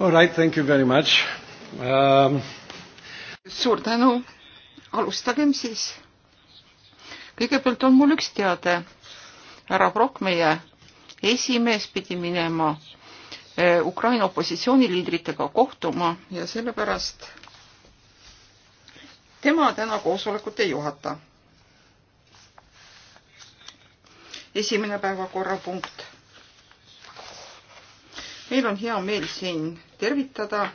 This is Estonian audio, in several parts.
All right, thank you very much um.... suur tänu, alustagem siis. kõigepealt on mul üks teade. härra Prokk, meie esimees pidi minema eh, Ukraina opositsiooniliidritega kohtuma ja sellepärast tema täna koosolekut ei juhata. esimene päevakorrapunkt. meil on hea meel siin tervitada.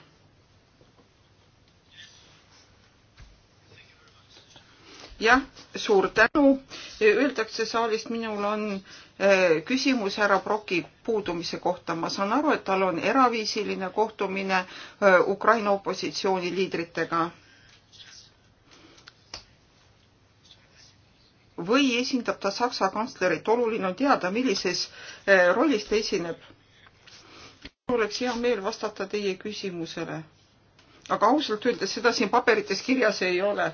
jah, suur tänu. Öeldakse saalist, minul on äh, küsimus härra Broki puudumise kohta. ma saan aru, et tal on eraviisiline kohtumine äh, Ukraina opositsiooni liidritega või esindab ta Saksa kantslerit. oluline on teada, millises äh, rollis ta esineb oleks hea meel vastata teie küsimusele. aga ausalt öeldes seda siin paberites kirjas ei ole.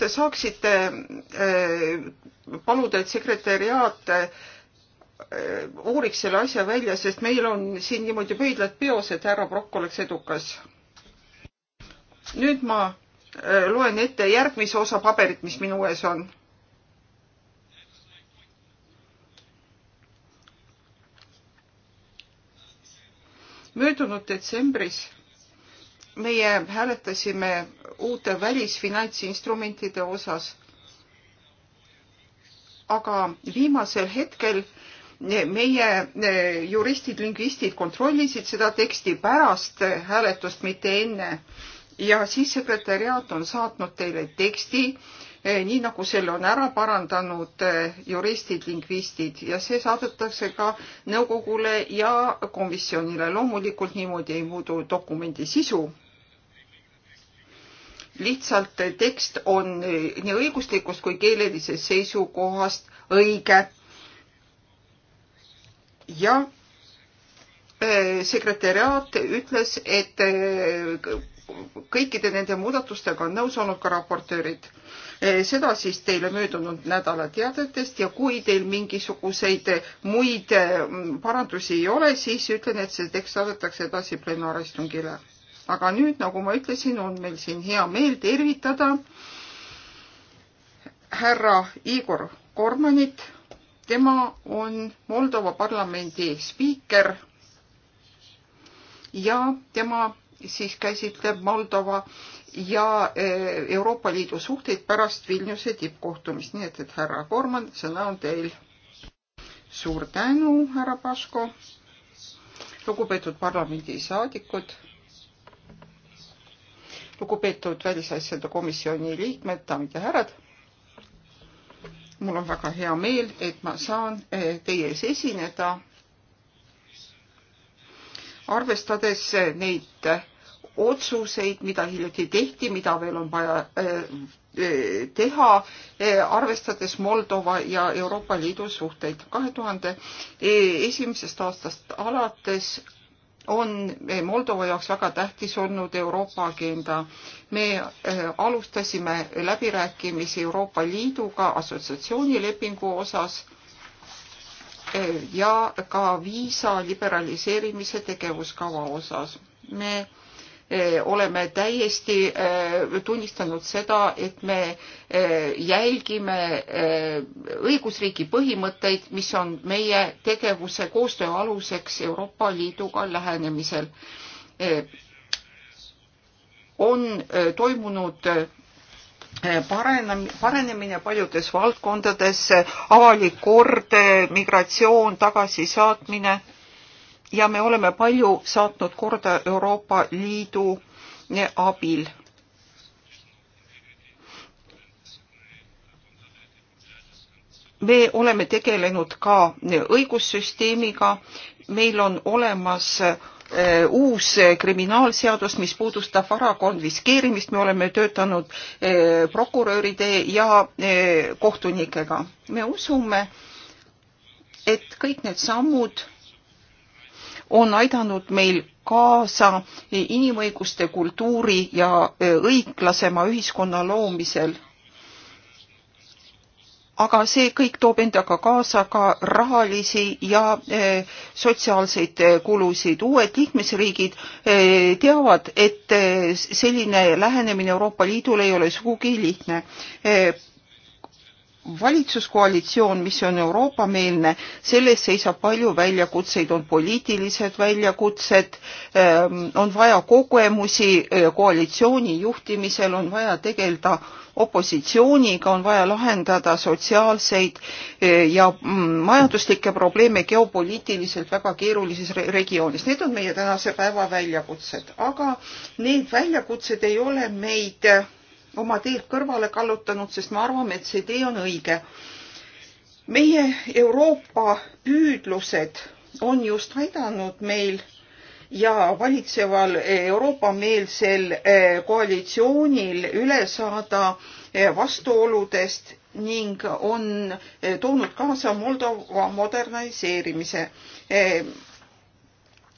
Te saaksite eh, paluda, et sekretäriaat eh, uuriks selle asja välja, sest meil on siin niimoodi pöidlad peos, et härra Prokk oleks edukas. nüüd ma eh, loen ette järgmise osa paberit, mis minu ees on möödunud detsembris meie hääletasime uute välisfinantsinstrumentide osas, aga viimasel hetkel meie eh, juristid, lingvistid kontrollisid seda teksti pärast hääletust, mitte enne. ja siis sekretäriaat on saatnud teile teksti, Eh, nii nagu selle on ära parandanud eh, juristid, lingvistid ja see saadetakse ka nõukogule ja komisjonile. loomulikult niimoodi ei muudu dokumendi sisu. lihtsalt eh, tekst on nii õiguslikust kui keelelisest seisukohast õige. ja sekretäriaat ütles, et kõikide nende muudatustega on nõus olnud ka raportöörid. E, seda siis teile möödunud nädala teadetest ja kui teil mingisuguseid muid e, parandusi ei ole, siis ütlen, et see tekst saadetakse edasi plenaaristungile. aga nüüd, nagu ma ütlesin, on meil siin hea meel tervitada härra Igor Kormanit. tema on Moldova parlamendi spiiker ja tema siis käsitleb Moldova ja eh, Euroopa Liidu suhteid pärast Vilniuse tippkohtumist. nii et, et härra Korman, sõna on teil. suur tänu, härra Pasko. lugupeetud parlamendisaadikud. lugupeetud välisasjade komisjoni liikmed, daamid ja härrad. mul on väga hea meel, et ma saan eh, teie ees esineda arvestades neid eh, otsuseid, mida hiljuti tehti, mida veel on vaja äh, äh, teha, äh, arvestades Moldova ja Euroopa Liidu suhteid. kahe tuhande esimesest aastast alates on Moldova jaoks väga tähtis olnud Euroopa agenda. me alustasime läbirääkimisi Euroopa Liiduga assotsiatsioonilepingu osas ja ka viisa liberaliseerimise tegevuskava osas. me Eh, oleme täiesti eh, tunnistanud seda, et me eh, jälgime õigusriigi põhimõtteid, mis on meie tegevuse koostöö aluseks Euroopa Liiduga lähenemisel. on toimunud parenemine paljudes valdkondades, avalik kord, migratsioon, tagasisaatmine ja me oleme palju saatnud korda Euroopa Liidu abil. me oleme tegelenud ka õigussüsteemiga, meil on olemas eh, uus kriminaalseadus, mis puudustab vara konfiskeerimist, me oleme töötanud eh, prokuröride ja eh, kohtunikega. me usume, et kõik need sammud on aidanud meil kaasa inimõiguste kultuuri ja e, õiglasema ühiskonna loomisel. aga see kõik toob endaga kaasa ka rahalisi ja e, sotsiaalseid e, kulusid. uued liikmesriigid teavad, et selline lähenemine Euroopa Liidul ei ole sugugi lihtne valitsuskoalitsioon, mis on Euroopa-meelne, selles seisab palju väljakutseid, on poliitilised väljakutsed, ähm, on vaja kogemusi äh, koalitsiooni juhtimisel, on vaja tegeleda opositsiooniga, on vaja lahendada sotsiaalseid äh, ja mm, majanduslikke probleeme geopoliitiliselt väga keerulises regioonis. Need on meie tänase päeva väljakutsed, aga need väljakutsed ei ole meid äh, oma teelt kõrvale kallutanud, sest me arvame, et see tee on õige. meie Euroopa püüdlused on just aidanud meil ja valitseval eh, Euroopa-meelsel eh, koalitsioonil üle saada eh, vastuoludest ning on toonud kaasa Moldova moderniseerimise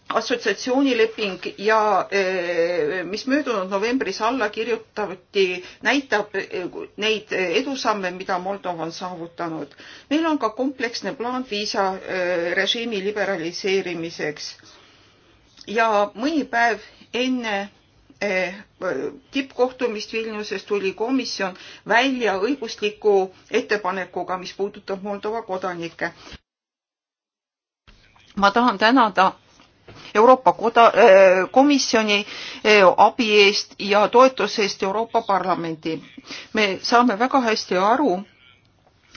assotsiatsioonileping ja eh, mis möödunud novembris alla kirjutati, näitab eh, neid eh, edusamme, mida Moldova on saavutanud. meil on ka kompleksne plaan viisarežiimi liberaliseerimiseks ja mõni päev enne tippkohtumist Vilniuses tuli komisjon välja õigusliku ettepanekuga, mis puudutab Moldova kodanikke. ma tahan tänada Euroopa koda, eh, Komisjoni eh, abi eest ja toetuse eest Euroopa Parlamendi. me saame väga hästi aru,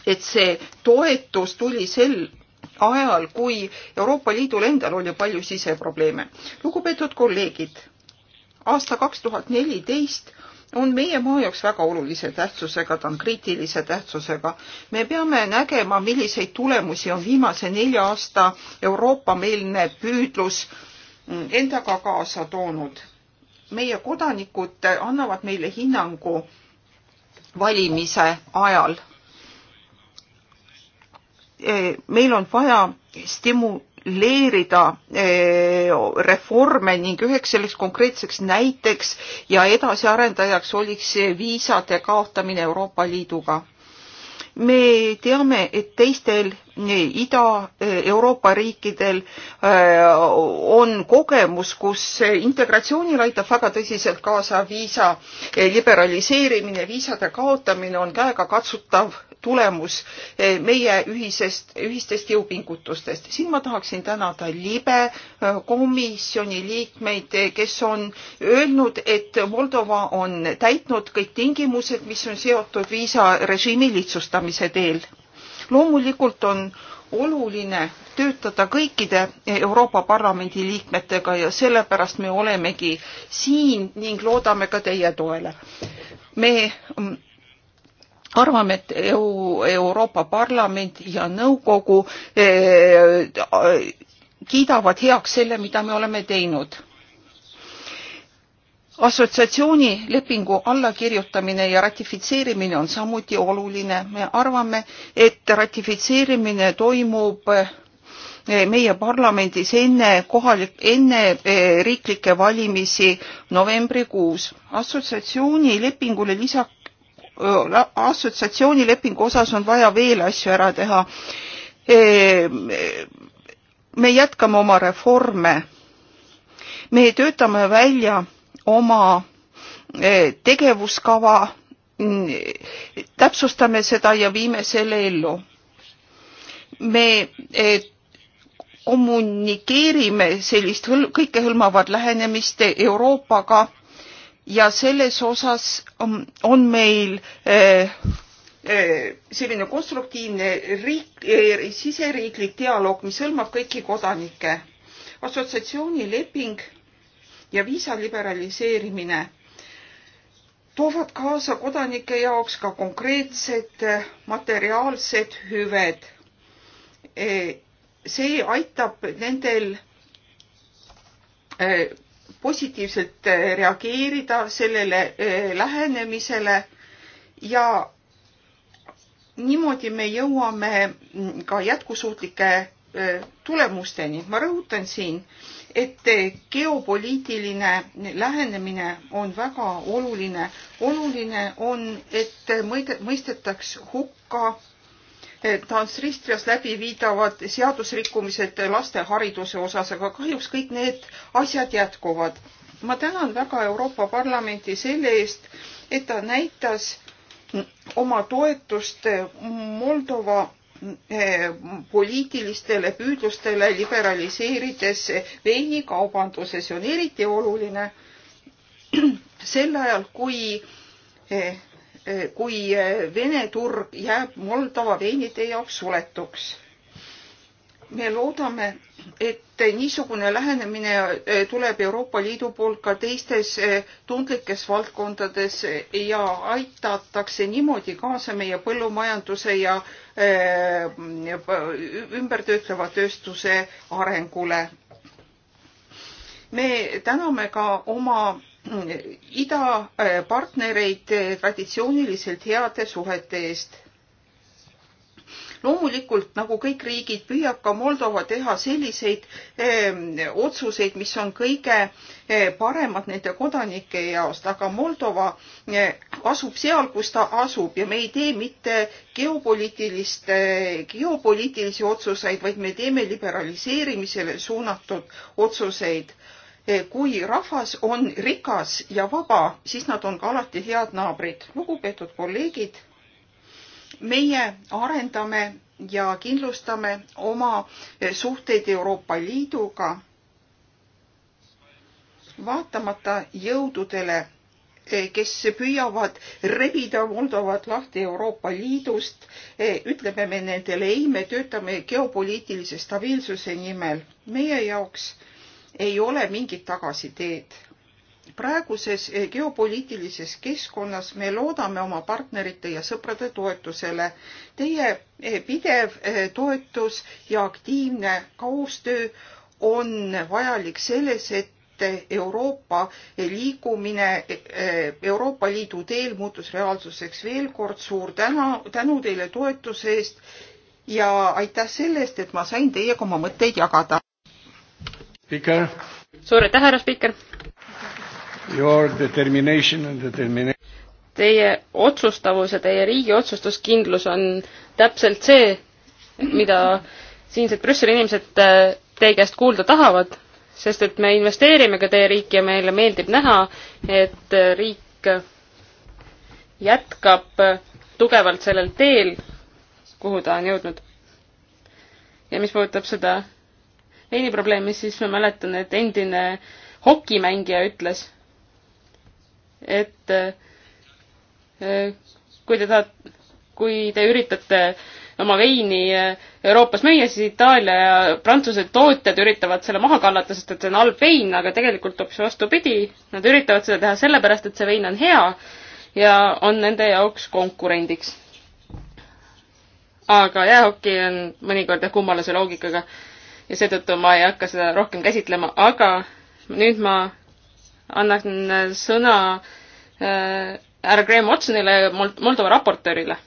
et see toetus tuli sel ajal, kui Euroopa Liidul endal oli palju siseprobleeme. lugupeetud kolleegid, aasta kaks tuhat neliteist on meie maa jaoks väga olulise tähtsusega, ta on kriitilise tähtsusega. me peame nägema, milliseid tulemusi on viimase nelja aasta Euroopa-meelne püüdlus endaga kaasa toonud. meie kodanikud annavad meile hinnangu valimise ajal. meil on vaja stimu-, leerida eh, reforme ning üheks selleks konkreetseks näiteks ja edasiarendajaks oliks viisade kaotamine Euroopa Liiduga. me teame, et teistel eh, Ida-Euroopa eh, riikidel on kogemus, kus integratsioonil aitab väga tõsiselt kaasa viisa liberaliseerimine, viisade kaotamine on käegakatsutav tulemus eh, meie ühisest, ühistest jõupingutustest. siin ma tahaksin tänada libe eh, komisjoni liikmeid, eh, kes on öelnud, et Moldova on täitnud kõik tingimused, mis on seotud viisarežiimi lihtsustamise teel. loomulikult on oluline töötada kõikide Euroopa Parlamendi liikmetega ja sellepärast me olemegi siin ning loodame ka teie toele. me mm, arvame, et EU, Euroopa Parlament ja Nõukogu eh, kiidavad heaks selle, mida me oleme teinud. assotsiatsiooni lepingu allakirjutamine ja ratifitseerimine on samuti oluline. me arvame, et ratifitseerimine toimub eh, meie parlamendis enne kohalik, enne eh, riiklikke valimisi novembrikuus. assotsiatsiooni lepingule lisaks assotsiatsioonilepingu osas on vaja veel asju ära teha. me jätkame oma reforme. me töötame välja oma e, tegevuskava, täpsustame seda ja viime selle ellu. me e, kommunikeerime sellist kõikehõlmavat lähenemist Euroopaga ja selles osas on, um, on meil eh, eh, selline konstruktiivne riik eh,, siseriiklik dialoog, mis hõlmab kõiki kodanikke. assotsiatsioonileping ja viisa liberaliseerimine toovad kaasa kodanike jaoks ka konkreetsed eh, materiaalsed hüved. Eh, see aitab nendel eh, positiivselt eh, reageerida sellele eh, lähenemisele ja niimoodi me jõuame mm, ka jätkusuutlike eh, tulemusteni. ma rõhutan siin, et geopoliitiline lähenemine on väga oluline. oluline on, et mõistetaks hukka Transnistrias läbi viidavad seadusrikkumised laste hariduse osas, aga kahjuks kõik need asjad jätkuvad. ma tänan väga Euroopa Parlamenti selle eest, et ta näitas oma toetust Moldova eh, poliitilistele püüdlustele liberaliseerides veinikaubanduse, see on eriti oluline sel ajal, kui eh, kui eh, Vene turg jääb Moldova veinide jaoks suletuks. me loodame, et niisugune lähenemine eh, tuleb Euroopa Liidu poolt ka teistes eh, tundlikes valdkondades ja aitatakse niimoodi kaasa meie põllumajanduse ja ümbertöötleva tööstuse arengule. me täname ka oma idapartnereid traditsiooniliselt heade suhete eest. loomulikult, nagu kõik riigid, püüab ka Moldova teha selliseid öö, ehm, otsuseid, mis on kõige öö, eh, paremad nende kodanike jaost, aga Moldova öö, eh, asub seal, kus ta asub ja me ei tee mitte geopoliitilist, eh, geopoliitilisi otsuseid, vaid me teeme liberaliseerimisele suunatud otsuseid Eh, kui rahvas on rikas ja vaba, siis nad on ka alati head naabrid. lugupeetud kolleegid, meie arendame ja kindlustame oma eh, suhteid Euroopa Liiduga vaatamata jõududele, eh, kes püüavad rebida Moldovat lahti Euroopa Liidust, ütleme me nendele ei, me töötame geopoliitilise stabiilsuse nimel. meie jaoks ei ole mingit tagasiteed praeguses eh, geopoliitilises keskkonnas me loodame oma partnerite ja sõprade toetusele. Teie eh, pidev eh, toetus ja aktiivne koostöö on vajalik selles, et Euroopa liikumine Euroopa Liidu teel muutus reaalsuseks. veel kord suur täna, tänu teile toetuse eest ja aitäh selle eest, et ma sain teiega oma mõtteid jagada suur aitäh, härra spiiker! Teie otsustavus ja teie riigi otsustuskindlus on täpselt see, mida siinsed Brüsseli inimesed äh, teie käest kuulda tahavad, sest et me investeerime ka teie riiki ja meile meeldib näha, et äh, riik jätkab tugevalt sellel teel, kuhu ta on jõudnud. ja mis puudutab seda veiniprobleemi, siis ma mäletan, et endine hokimängija ütles, et eh, kui te tahate, kui te üritate oma veini eh, Euroopas müüa, siis Itaalia ja Prantsuse tootjad üritavad selle maha kallata, sest et see on halb vein, aga tegelikult hoopis vastupidi, nad üritavad seda teha sellepärast, et see vein on hea ja on nende jaoks konkurendiks. aga jäähoki on mõnikord jah, kummalase loogikaga ja seetõttu ma ei hakka seda rohkem käsitlema, aga nüüd ma annan sõna äh, härra Graham Watsonile, Moldova raportöörile.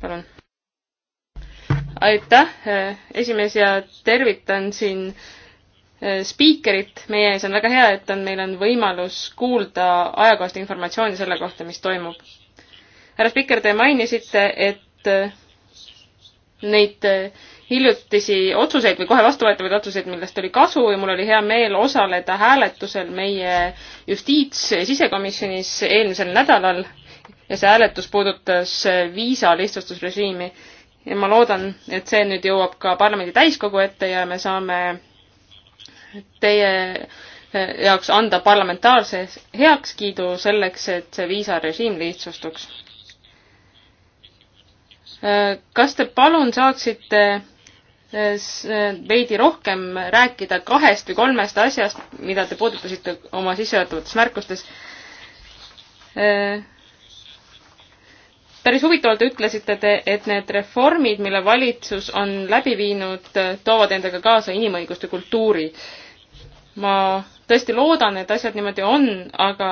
palun. aitäh, äh, esimees, ja tervitan siin äh, spiikerit meie ees, on väga hea, et on, meil on võimalus kuulda ajakohast informatsiooni selle kohta, mis toimub. härra spiiker, te mainisite, et neid äh, hiljutisi otsuseid või kohe vastuvõetavaid otsuseid, millest oli kasu ja mul oli hea meel osaleda hääletusel meie justiits- ja sisekomisjonis eelmisel nädalal ja see hääletus puudutas äh, viisa lihtsustusrežiimi. ja ma loodan, et see nüüd jõuab ka parlamendi täiskogu ette ja me saame teie äh, jaoks anda parlamentaarse heakskiidu selleks, et see viisarežiim lihtsustuks Äh, kas te palun saaksite äh, äh, veidi rohkem rääkida kahest või kolmest asjast, mida te puudutasite oma sissejuhatavates märkustes? päris huvitavalt ütlesite te, et need reformid, mille valitsus on läbi viinud, toovad endaga kaasa inimõiguste kultuuri. ma tõesti loodan, et asjad niimoodi on, aga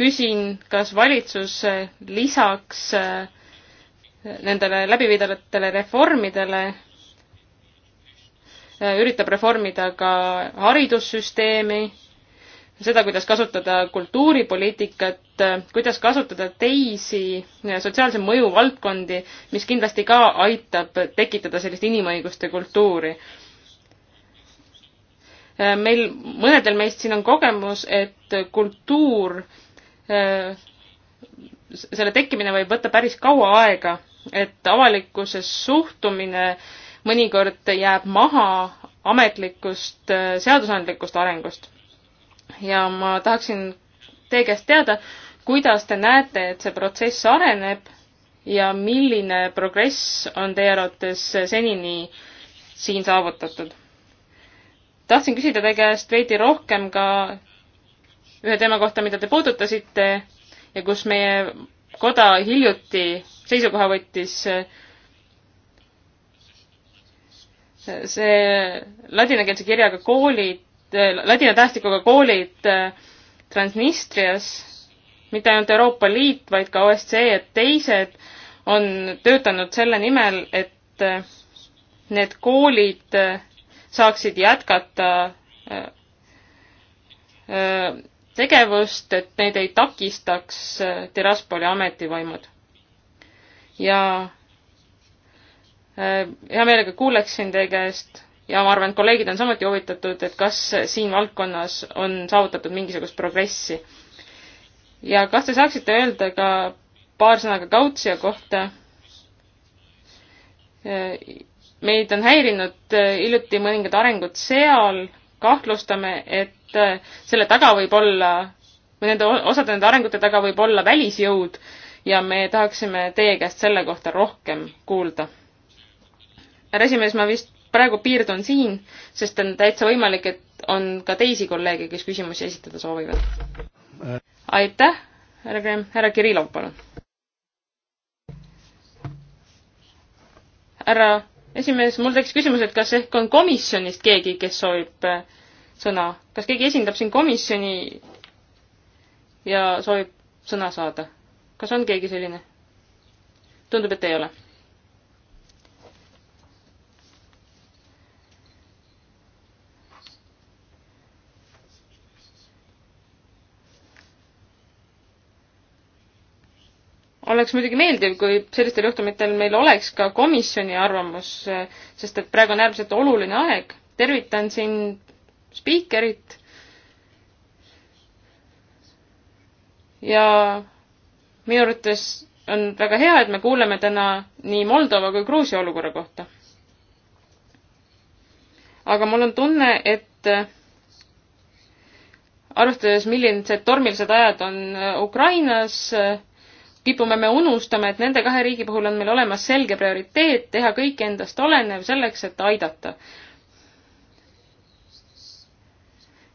küsin, kas valitsus lisaks äh, nendele läbiviidavatele reformidele, äh, üritab reformida ka haridussüsteemi, seda, kuidas kasutada kultuuripoliitikat, äh, kuidas kasutada teisi äh, sotsiaalse mõju valdkondi, mis kindlasti ka aitab tekitada sellist inimõiguste kultuuri. meil, mõnedel meist siin on kogemus, et kultuur selle tekkimine võib võtta päris kaua aega, et avalikkuse suhtumine mõnikord jääb maha ametlikust seadusandlikust arengust. ja ma tahaksin teie käest teada, kuidas te näete, et see protsess areneb ja milline progress on teie arvates senini siin saavutatud? tahtsin küsida teie käest veidi rohkem ka ühe teema kohta, mida te puudutasite ja kus meie koda hiljuti seisukoha võttis see ladinakeelse kirjaga koolid, ladina tähestikuga koolid Transnistrias, mitte ainult Euroopa Liit, vaid ka OSCE ja teised on töötanud selle nimel, et need koolid saaksid jätkata tegevust, et neid ei takistaks äh, Tiraspoli ametivaimud. ja äh, hea meelega kuuleksin teie käest ja ma arvan, et kolleegid on samuti huvitatud, et kas siin valdkonnas on saavutatud mingisugust progressi. ja kas te saaksite öelda ka paar sõna ka Kautsia kohta? Äh, meid on häirinud hiljuti mõningad arengud seal, kahtlustame, et et äh, selle taga võib olla või nende, osade nende arengute taga võib olla välisjõud ja me tahaksime teie käest selle kohta rohkem kuulda. härra esimees, ma vist praegu piirdun siin, sest on täitsa võimalik, et on ka teisi kolleege, kes küsimusi esitada soovivad. aitäh, härra Kreem, härra Kirillov, palun. härra esimees, mul tekkis küsimus, et kas ehk on komisjonist keegi, kes soovib äh, sõna. kas keegi esindab siin komisjoni ja soovib sõna saada? kas on keegi selline? tundub, et ei ole. oleks muidugi meeldiv, kui sellistel juhtumitel meil oleks ka komisjoni arvamus, sest et praegu on äärmiselt oluline aeg. tervitan siin spiikerit ja minu arvates on väga hea, et me kuuleme täna nii Moldova kui Gruusia olukorra kohta. aga mul on tunne, et arvestades, millised tormilised ajad on Ukrainas, kipume me unustama, et nende kahe riigi puhul on meil olemas selge prioriteet teha kõik endast olenev selleks, et aidata.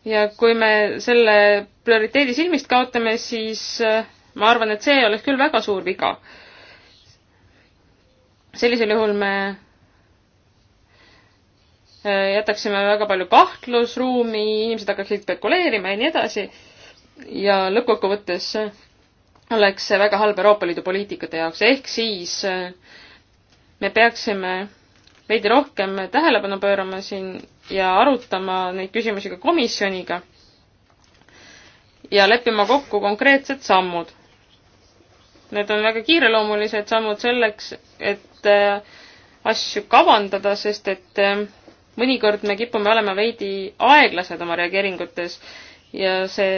ja kui me selle prioriteedi silmist kaotame, siis äh, ma arvan, et see oleks küll väga suur viga. sellisel juhul me äh, jätaksime väga palju kahtlusruumi, inimesed hakkaksid spekuleerima ja nii edasi. ja lõppkokkuvõttes äh, oleks see väga halb Euroopa Liidu poliitikate jaoks, ehk siis me peaksime veidi rohkem tähelepanu pöörama siin ja arutama neid küsimusi ka komisjoniga ja leppima kokku konkreetsed sammud. Need on väga kiireloomulised sammud selleks, et äh, asju kavandada, sest et äh, mõnikord me kipume olema veidi aeglased oma reageeringutes ja see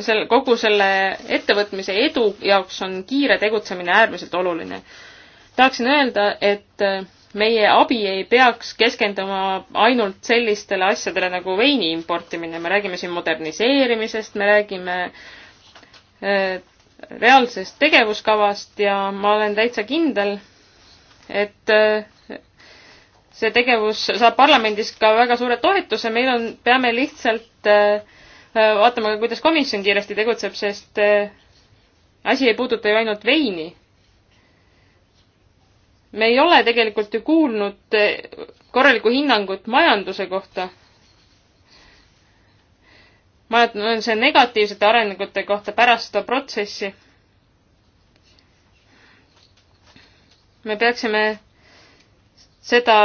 selle, kogu selle ettevõtmise edu jaoks on kiire tegutsemine äärmiselt oluline. tahaksin öelda, et äh, meie abi ei peaks keskenduma ainult sellistele asjadele nagu veini importimine, me räägime siin moderniseerimisest, me räägime äh, reaalsest tegevuskavast ja ma olen täitsa kindel, et äh, see tegevus saab parlamendis ka väga suure toetuse, meil on, peame lihtsalt äh, Äh, vaatame, kuidas komisjon kiiresti tegutseb, sest äh, asi ei puuduta ju ainult veini. me ei ole tegelikult ju kuulnud äh, korralikku hinnangut majanduse kohta. majanduse negatiivsete arengute kohta pärast seda protsessi. me peaksime seda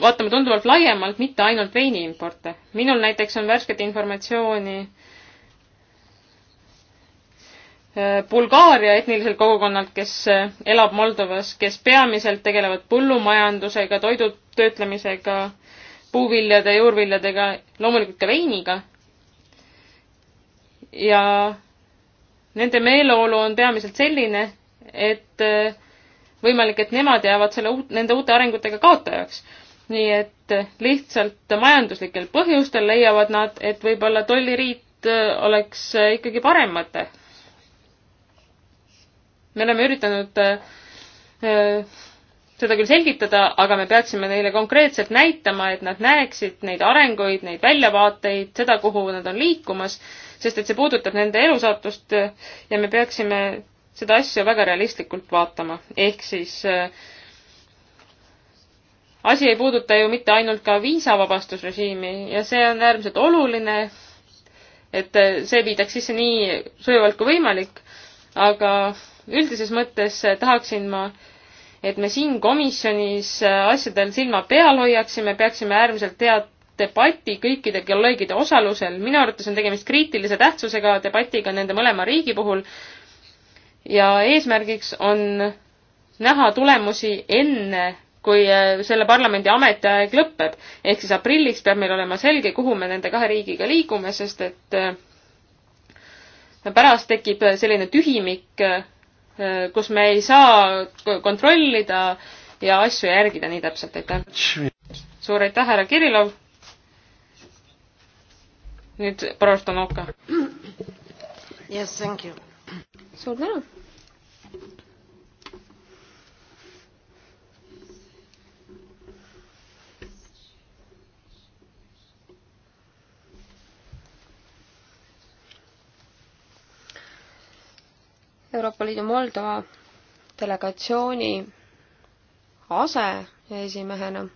vaatame tunduvalt laiemalt, mitte ainult veiniimporte. minul näiteks on värsket informatsiooni äh, Bulgaaria etniliselt kogukonnalt, kes äh, elab Moldovas, kes peamiselt tegelevad põllumajandusega, toidu töötlemisega, puuviljade, juurviljadega, loomulikult ka veiniga. ja nende meeleolu on peamiselt selline, et äh, võimalik, et nemad jäävad selle uut, nende uute arengutega kaotajaks. nii et lihtsalt majanduslikel põhjustel leiavad nad, et võib-olla tolliriit äh, oleks äh, ikkagi parem mõte. me oleme üritanud äh, äh, seda küll selgitada, aga me peaksime neile konkreetselt näitama, et nad näeksid neid arenguid, neid väljavaateid, seda, kuhu nad on liikumas, sest et see puudutab nende elusaatust ja me peaksime seda asja väga realistlikult vaatama, ehk siis äh, asi ei puuduta ju mitte ainult ka viisavabastusrežiimi ja see on äärmiselt oluline, et äh, see viidaks sisse nii sujuvalt kui võimalik, aga üldises mõttes äh, tahaksin ma, et me siin komisjonis asjadel silma peal hoiaksime, peaksime äärmiselt head debatti kõikide kolleegide osalusel, minu arvates on tegemist kriitilise tähtsusega debatiga nende mõlema riigi puhul, ja eesmärgiks on näha tulemusi enne, kui äh, selle parlamendi ametiaeg lõpeb. ehk siis aprilliks peab meil olema selge, kuhu me nende kahe riigiga liigume, sest et äh, pärast tekib selline tühimik, äh, kus me ei saa kontrollida ja asju järgida nii täpselt, aitäh. suur aitäh, härra Kirillov. nüüd proua Stanoka. Yes, thank you suur tänu. Euroopa Liidu Moldova delegatsiooni aseesimehena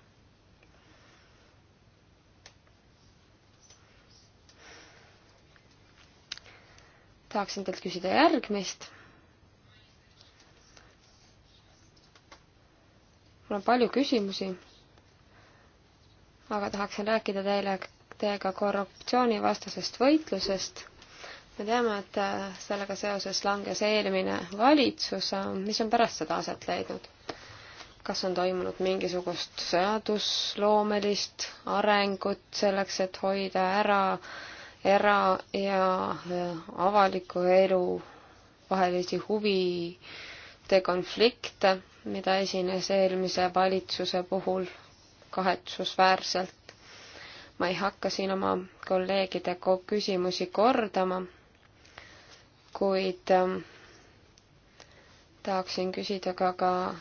tahaksin teilt küsida järgmist. mul on palju küsimusi, aga tahaksin rääkida teile, teiega korruptsioonivastasest võitlusest. me teame, et äh, sellega seoses langes eelmine valitsus, äh, mis on pärast seda aset leidnud? kas on toimunud mingisugust seadusloomelist arengut selleks, et hoida ära äh, era- ja avaliku elu vahelisi huvide konflikte, mida esines eelmise valitsuse puhul kahetsusväärselt. ma ei hakka siin oma kolleegide küsimusi kordama, kuid ähm, tahaksin küsida ka ka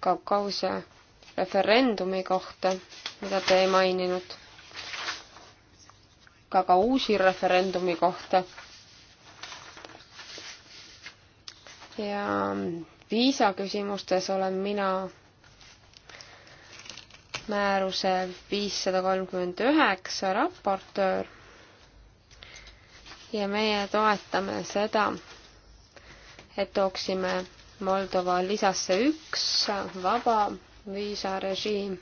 Kaukaasia referendumi kohta, mida te ei maininud paika ka uusi referendumi kohta. ja viisaküsimustes olen mina määruse viissada kolmkümmend üheksa raportöör ja meie toetame seda, et tooksime Moldova lisasse üks vaba viisarežiim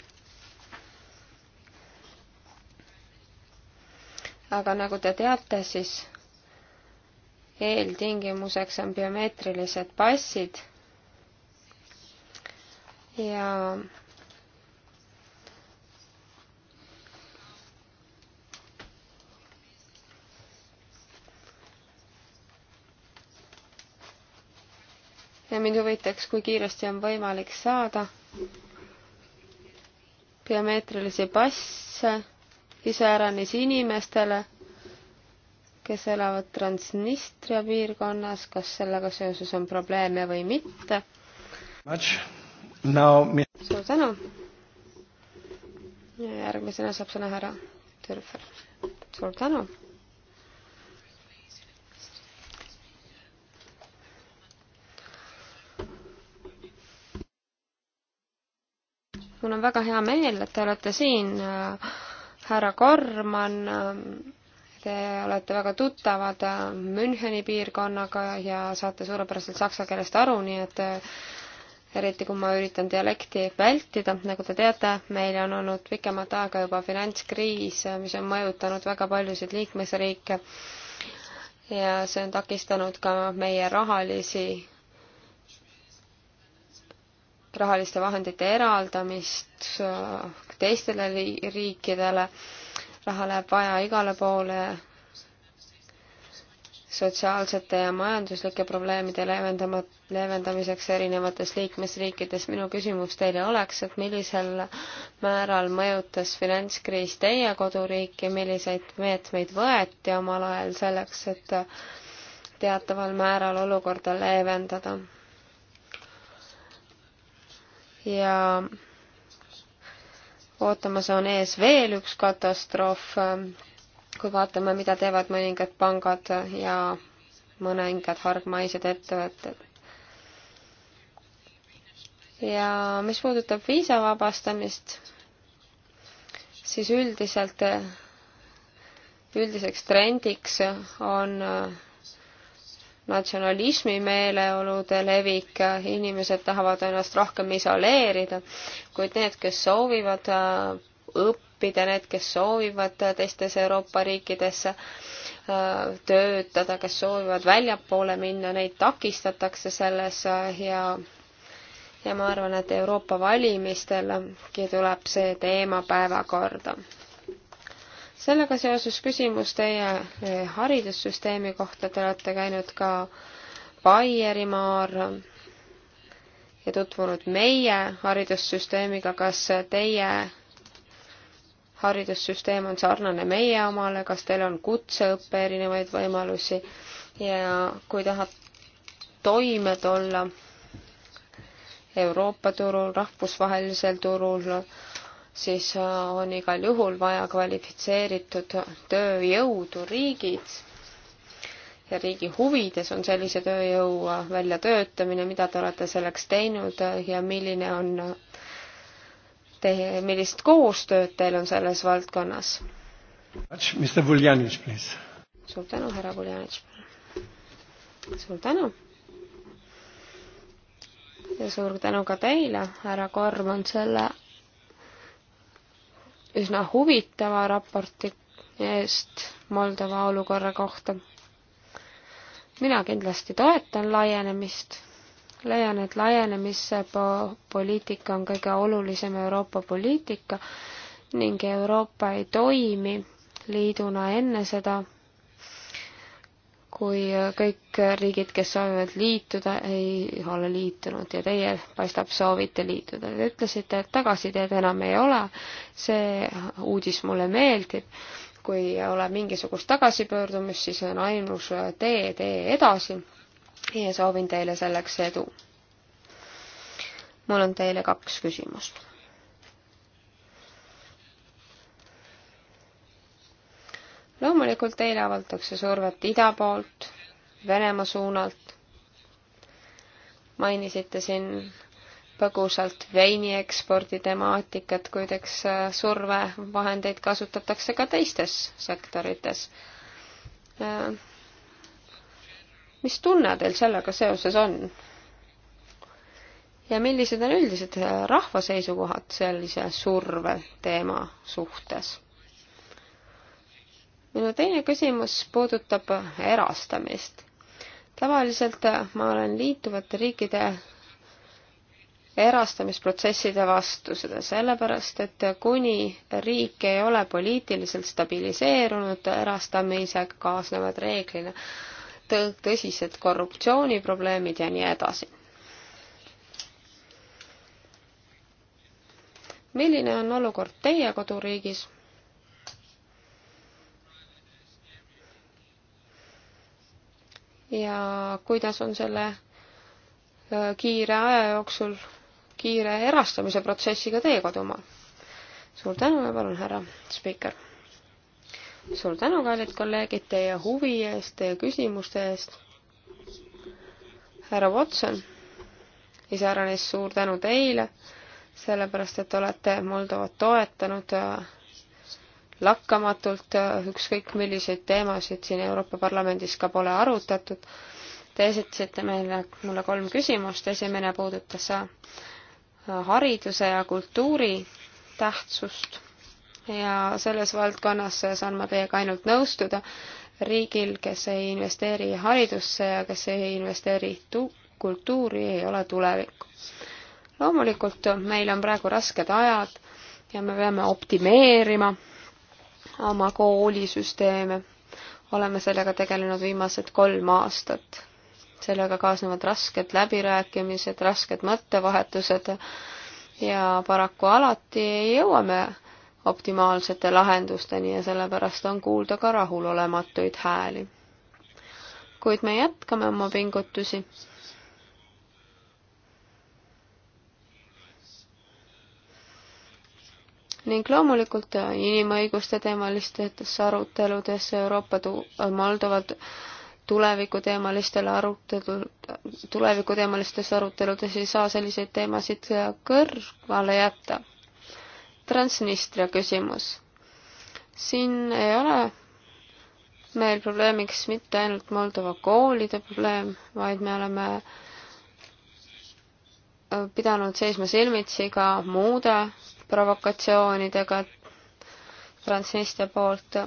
aga nagu te teate, siis eeltingimuseks on biomeetrilised passid ja ja mind huvitaks, kui kiiresti on võimalik saada biomeetrilisi passe iseäranis inimestele, kes elavad Transnistria piirkonnas, kas sellega seoses on probleeme või mitte. suur tänu. järgmisena saab sõna härra Türfer. suur tänu. mul on väga hea meel, et te olete siin äh, härra Korman, te olete väga tuttavad Müncheni piirkonnaga ja saate suurepäraselt saksa keelest aru, nii et äh, eriti kui ma üritan dialekti vältida, nagu te teate, meil on olnud pikemat aega juba finantskriis, mis on mõjutanud väga paljusid liikmesriike ja see on takistanud ka meie rahalisi rahaliste vahendite eraldamist äh, teistele riikidele, raha läheb vaja igale poole sotsiaalsete ja majanduslike probleemide leevendama, leevendamiseks erinevates liikmesriikides. minu küsimus teile oleks, et millisel määral mõjutas finantskriis teie koduriiki, milliseid meetmeid võeti omal ajal selleks, et teataval määral olukorda leevendada? ja ootamas on ees veel üks katastroof, kui vaatame, mida teevad mõningad pangad ja mõningad hargmaised ettevõtted. ja mis puudutab viisa vabastamist, siis üldiselt, üldiseks trendiks on natsionalismi meeleolude levik, inimesed tahavad ennast rohkem isoleerida, kuid need, kes soovivad äh, õppida, need, kes soovivad äh, teistes Euroopa riikides äh, töötada, kes soovivad väljapoole minna, neid takistatakse selles ja ja ma arvan, et Euroopa valimistelgi tuleb see teema päevakorda sellega seoses küsimus teie eh, haridussüsteemi kohta, te olete käinud ka Baierimaal ja tutvunud meie haridussüsteemiga, kas teie haridussüsteem on sarnane meie omale, kas teil on kutseõppe erinevaid võimalusi ja kui tahab toime tulla Euroopa turul, rahvusvahelisel turul, siis äh, on igal juhul vaja kvalifitseeritud tööjõudu riigid ja riigi huvides on sellise tööjõu äh, väljatöötamine, mida te olete selleks teinud äh, ja milline on teie, millist koostööd teil on selles valdkonnas? suur tänu, härra Vuljanitš. suur tänu. ja suur tänu ka teile, härra Korman, selle üsna huvitava raporti eest Moldova olukorra kohta. mina kindlasti toetan laienemist, leian, et laienemise poliitika on kõige olulisem Euroopa poliitika ning Euroopa ei toimi liiduna enne seda, kui kõik riigid, kes soovivad liituda, ei ole liitunud ja teie, paistab, soovite liituda. Te ütlesite, et tagasiteed enam ei ole. see uudis mulle meeldib. kui ei ole mingisugust tagasipöördumist, siis on ainus tee, tee edasi. ja soovin teile selleks edu. mul on teile kaks küsimust loomulikult teile avaldatakse survet ida poolt, Venemaa suunalt. mainisite siin põgusalt veini ekspordi temaatikat, kuid eks äh, survevahendeid kasutatakse ka teistes sektorites. Äh, mis tunne teil sellega seoses on? ja millised on üldised äh, rahva seisukohad sellise surve teema suhtes? minu teine küsimus puudutab erastamist. tavaliselt ma olen liituvate riikide erastamisprotsesside vastu, seda sellepärast, et kuni riik ei ole poliitiliselt stabiliseerunud, erastamisega kaasnevad reeglina tõ-, tõsised korruptsiooniprobleemid ja nii edasi. milline on olukord teie koduriigis? ja kuidas on selle kiire aja jooksul kiire erastamise protsessiga teie kodumaal. suur tänu ja palun, härra spiiker. suur tänu, kallid kolleegid, teie huvi eest, teie küsimuste eest. härra Watson, iseäranis suur tänu teile, sellepärast et olete Moldovat toetanud lakkamatult, ükskõik milliseid teemasid siin Euroopa Parlamendis ka pole arutatud. Te esitasite meile, mulle kolm küsimust, esimene puudutas äh, hariduse ja kultuuri tähtsust ja selles valdkonnas saan ma teiega ainult nõustuda. riigil, kes ei investeeri haridusse ja kes ei investeeri tu-, kultuuri, ei ole tulevikku. loomulikult meil on praegu rasked ajad ja me peame optimeerima oma koolisüsteeme. oleme sellega tegelenud viimased kolm aastat. sellega kaasnevad rasked läbirääkimised, rasked mõttevahetused ja paraku alati jõuame optimaalsete lahendusteni ja sellepärast on kuulda ka rahulolematuid hääli. kuid me jätkame oma pingutusi ning loomulikult äh, inimõiguste teemalistes aruteludes Euroopa tu-, äh, Moldova tulevikuteemalistel arutelul, tulevikuteemalistes aruteludes ei saa selliseid teemasid äh, kõrvale jätta. Transnistria küsimus. siin ei ole meil probleemiks mitte ainult Moldova koolide probleem, vaid me oleme pidanud seisma silmitsi ka muude provokatsioonidega transniste poolt.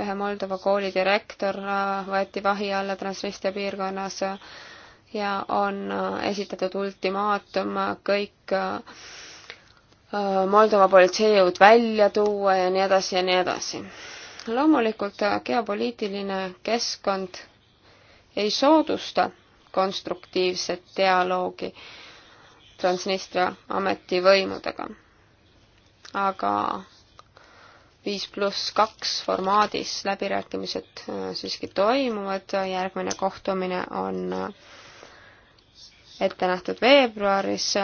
ühe Moldova kooli direktor äh, võeti vahi alla transniste piirkonnas ja on äh, esitatud ultimaatum kõik äh, Moldova politseijõud välja tuua ja nii edasi ja nii edasi. loomulikult geopoliitiline keskkond ei soodusta konstruktiivset dialoogi Transnistria ametivõimudega aga viis pluss kaks formaadis läbirääkimised äh, siiski toimuvad, järgmine kohtumine on äh, ette nähtud veebruaris.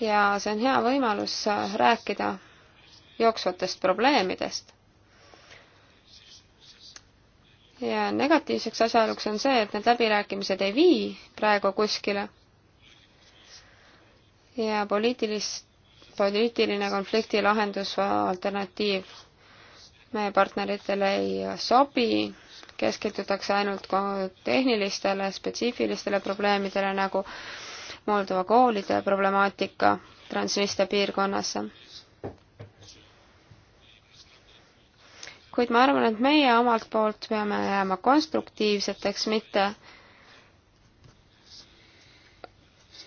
ja see on hea võimalus äh, rääkida jooksvatest probleemidest. ja negatiivseks asjaoluks on see, et need läbirääkimised ei vii praegu kuskile ja poliitilist, poliitiline konflikti lahendus alternatiiv meie partneritele ei sobi, keskendutakse ainult tehnilistele spetsiifilistele probleemidele nagu Moldova koolide problemaatika Transnistria piirkonnas. kuid ma arvan, et meie omalt poolt peame jääma konstruktiivseteks, mitte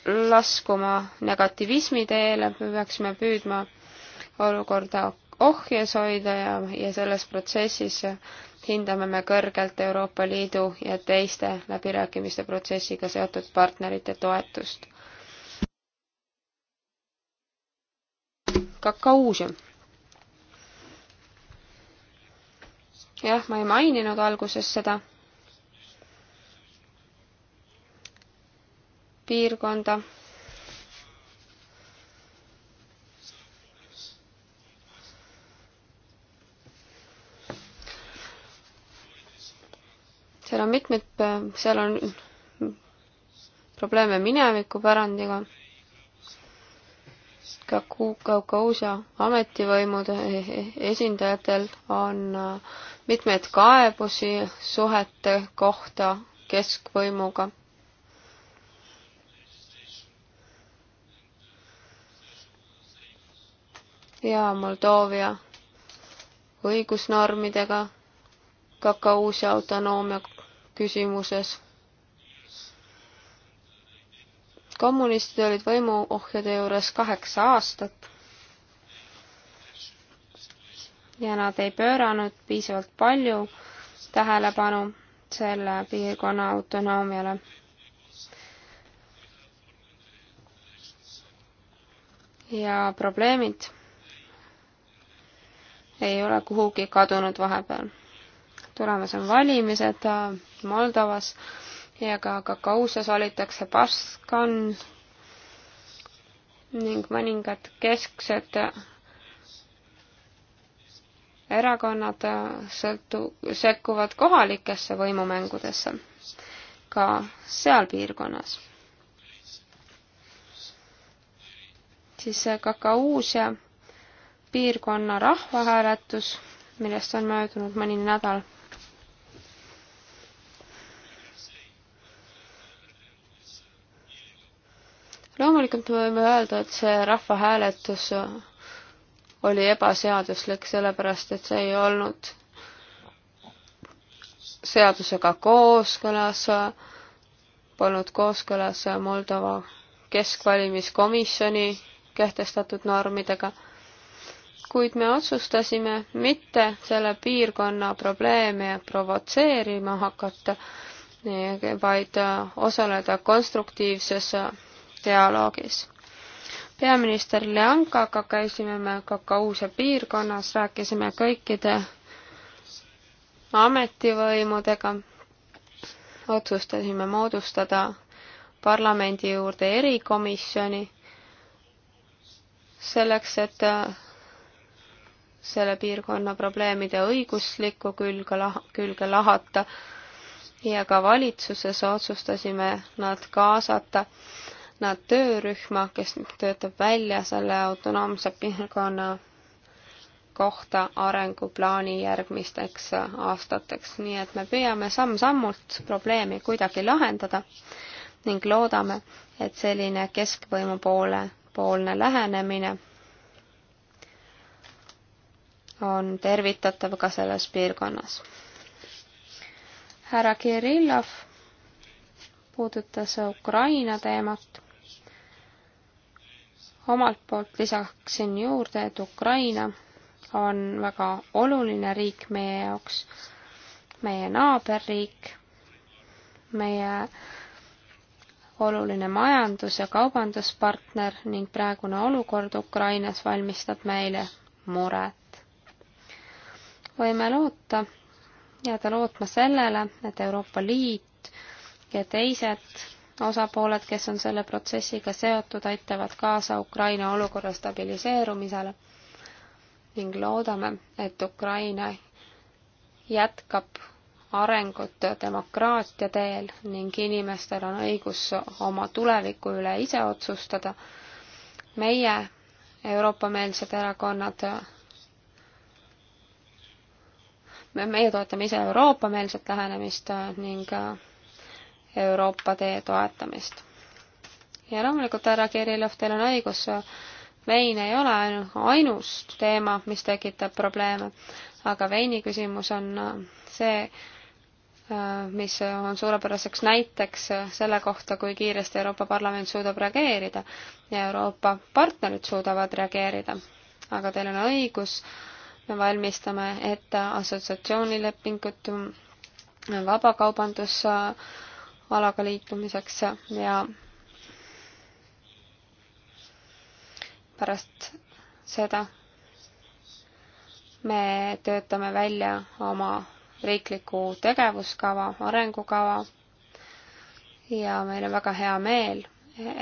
laskuma negativismi teele, me peaksime püüdma olukorda ohjes hoida ja, ja selles protsessis hindame me kõrgelt Euroopa Liidu ja teiste läbirääkimiste protsessiga seotud partnerite toetust. kakauusium. jah, ma ei maininud alguses seda piirkonda. seal on mitmeid, seal on probleeme minevikupärandiga ka Kaukausia ametivõimude esindajatel on äh, mitmeid kaebusi suhete kohta keskvõimuga. ja Moldoovia õigusnormidega kakauusia autonoomia küsimuses. kommunistid olid võimuohjade juures kaheksa aastat ja nad ei pööranud piisavalt palju tähelepanu selle piirkonna autonoomiale. ja probleemid ei ole kuhugi kadunud vahepeal. tulemas on valimised äh, Moldovas ja ka Kakausas valitakse Baskan ning mõningad kesksed erakonnad äh, sõltu-, sekkuvad kohalikesse võimumängudesse ka seal piirkonnas. siis Kakauusia äh, piirkonna rahvahääletus, millest on möödunud mõni nädal. loomulikult me võime öelda, et see rahvahääletus oli ebaseaduslik, sellepärast et see ei olnud seadusega kooskõlas, polnud kooskõlas Moldova keskvalimiskomisjoni kehtestatud normidega kuid me otsustasime mitte selle piirkonna probleeme provotseerima hakata, vaid äh, osaleda konstruktiivses äh, dialoogis. peaminister Leankaga käisime me Kakause piirkonnas, rääkisime kõikide ametivõimudega, otsustasime moodustada parlamendi juurde erikomisjoni selleks, et äh, selle piirkonna probleemide õiguslikku külge lah-, külge lahata ja ka valitsuses otsustasime nad kaasata nad töörühma, kes töötab välja selle autonoomse piirkonna kohta arenguplaani järgmisteks aastateks, nii et me püüame samm-sammult probleemi kuidagi lahendada ning loodame, et selline keskvõimu poole, poolne lähenemine on tervitatav ka selles piirkonnas. härra Kirillov puudutas Ukraina teemat. omalt poolt lisaksin juurde, et Ukraina on väga oluline riik meie jaoks, meie naaberriik, meie oluline majandus- ja kaubanduspartner ning praegune olukord Ukrainas valmistab meile muret võime loota, jääda lootma sellele, et Euroopa Liit ja teised osapooled, kes on selle protsessiga seotud, aitavad kaasa Ukraina olukorra stabiliseerumisele ning loodame, et Ukraina jätkab arengut demokraatia teel ning inimestel on õigus oma tuleviku üle ise otsustada. meie Euroopa-meelsed erakonnad meie toetame ise Euroopa-meelset lähenemist äh, ning äh, Euroopa tee toetamist. ja loomulikult, härra Kirillov, teil on õigus, äh, vein ei ole ainus teema, mis tekitab probleeme, aga veini küsimus on see, mis on suurepäraseks näiteks selle kohta, kui kiiresti Euroopa Parlament suudab reageerida ja Euroopa partnerid suudavad reageerida. aga teil on õigus äh, me valmistame ette assotsiatsioonilepingut vabakaubandusalaga liitumiseks ja pärast seda me töötame välja oma riikliku tegevuskava, arengukava ja meil on väga hea meel,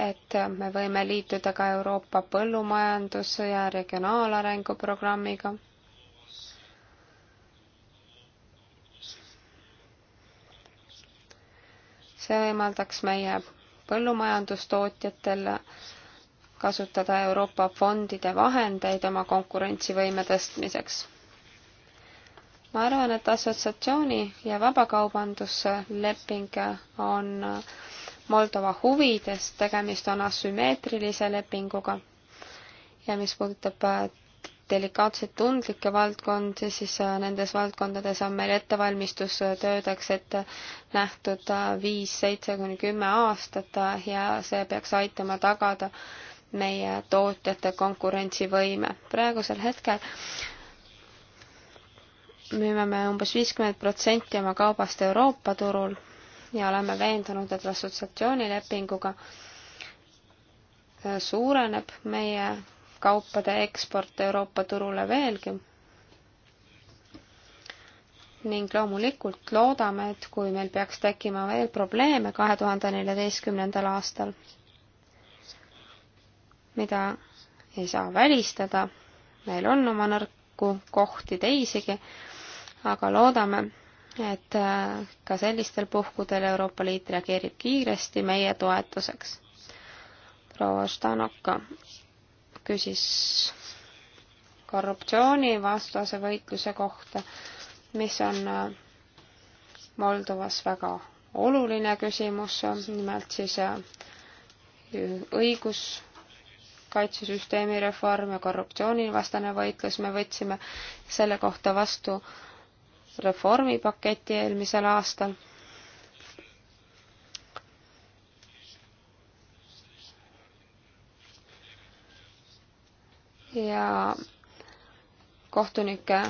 et me võime liituda ka Euroopa põllumajandus- ja regionaalarengu programmiga see võimaldaks meie põllumajandustootjatel kasutada Euroopa fondide vahendeid oma konkurentsivõime tõstmiseks. ma arvan, et assotsiatsiooni ja vabakaubandusleping on Moldova huvides, tegemist on asümmeetrilise lepinguga ja mis puudutab delikaatseid tundlikke valdkondi, siis äh, nendes valdkondades on meil ettevalmistustöödeks ette nähtud äh, viis, seitse kuni kümme aastat äh, ja see peaks aitama tagada meie tootjate konkurentsivõime. praegusel hetkel müüme me umbes viiskümmend protsenti oma kaubast Euroopa turul ja oleme veendunud, et assotsiatsioonilepinguga suureneb meie kaupade eksport Euroopa turule veelgi. ning loomulikult loodame, et kui meil peaks tekkima veel probleeme kahe tuhande neljateistkümnendal aastal, mida ei saa välistada, meil on oma nõrku kohti teisigi, aga loodame, et äh, ka sellistel puhkudel Euroopa Liit reageerib kiiresti meie toetuseks. proua Štanoka, küsis korruptsioonivastase võitluse kohta, mis on äh, Moldovas väga oluline küsimus, nimelt siis äh, õiguskaitsesüsteemi reform ja korruptsioonivastane võitlus, me võtsime selle kohta vastu reformipaketi eelmisel aastal ja kohtunike,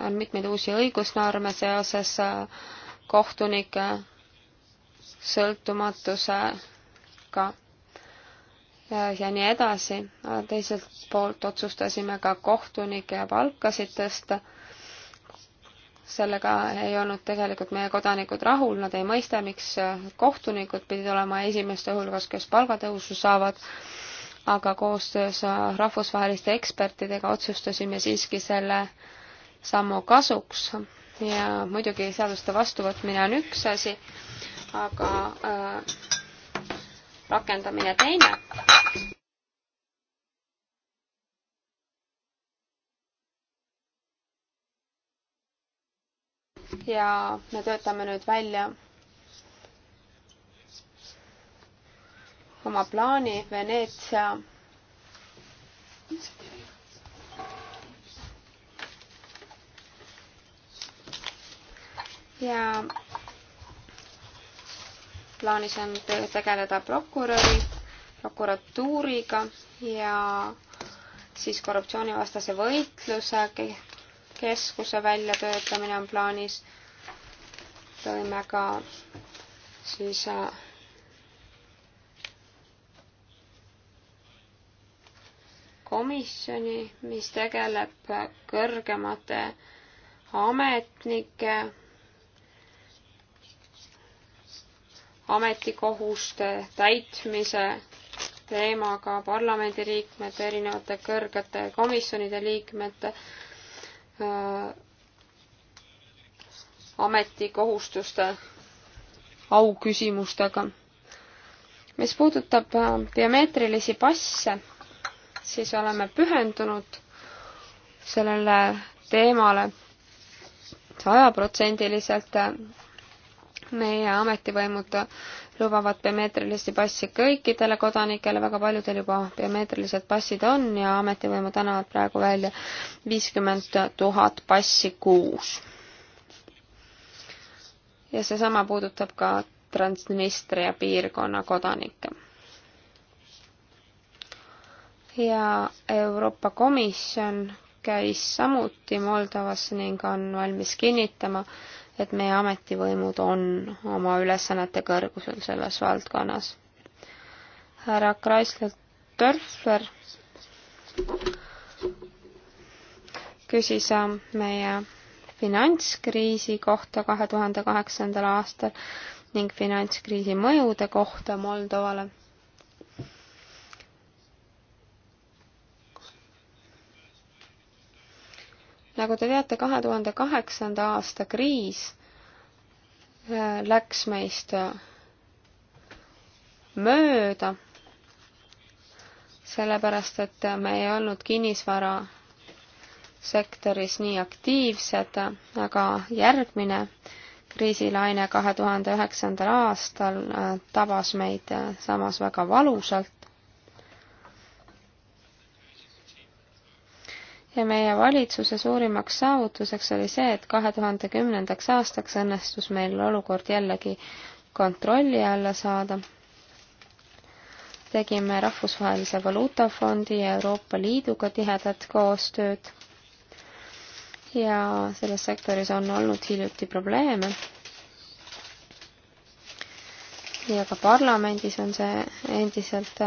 on mitmeid uusi õigusnorme seoses äh, kohtunike sõltumatusega ja, ja nii edasi. teiselt poolt otsustasime ka kohtunike palkasid tõsta. sellega ei olnud tegelikult meie kodanikud rahul, nad ei mõista, miks kohtunikud pidid olema esimeste hulgas, kes palgatõusu saavad aga koostöös rahvusvaheliste ekspertidega otsustasime siiski selle sammu kasuks ja muidugi seaduste vastuvõtmine on üks asi, aga äh, rakendamine teine. ja me töötame nüüd välja oma plaani Veneetsia ja plaanis on tegeleda prokuröri, prokuratuuriga ja siis korruptsioonivastase võitluse keskuse väljatöötamine on plaanis. tõime ka siis äh, komisjoni, mis tegeleb kõrgemate ametnike ametikohuste täitmise teemaga, parlamendiliikmete, erinevate kõrgete komisjonide liikmete ametikohustuste auküsimustega. mis puudutab biomeetrilisi passe, siis oleme pühendunud sellele teemale sajaprotsendiliselt. meie ametivõimud lubavad biomeetrilisi passi kõikidele kodanikele, väga paljudel juba biomeetrilised passid on ja ametivõimud annavad praegu välja viiskümmend tuhat passi kuus. ja seesama puudutab ka Transnistria piirkonna kodanikke ja Euroopa Komisjon käis samuti Moldovas ning on valmis kinnitama, et meie ametivõimud on oma ülesannete kõrgusel selles valdkonnas. härra Kreisler-Dörfler küsis meie finantskriisi kohta kahe tuhande kaheksandal aastal ning finantskriisi mõjude kohta Moldovale nagu te teate, kahe tuhande kaheksanda aasta kriis äh, läks meist äh, mööda, sellepärast et äh, me ei olnud kinnisvara sektoris nii aktiivsed, aga järgmine kriisilaine kahe tuhande üheksandal aastal tabas meid samas väga valusalt. ja meie valitsuse suurimaks saavutuseks oli see, et kahe tuhande kümnendaks aastaks õnnestus meil olukord jällegi kontrolli alla saada. tegime Rahvusvahelise Valuutafondi ja Euroopa Liiduga tihedat koostööd ja selles sektoris on olnud hiljuti probleeme. ja ka parlamendis on see endiselt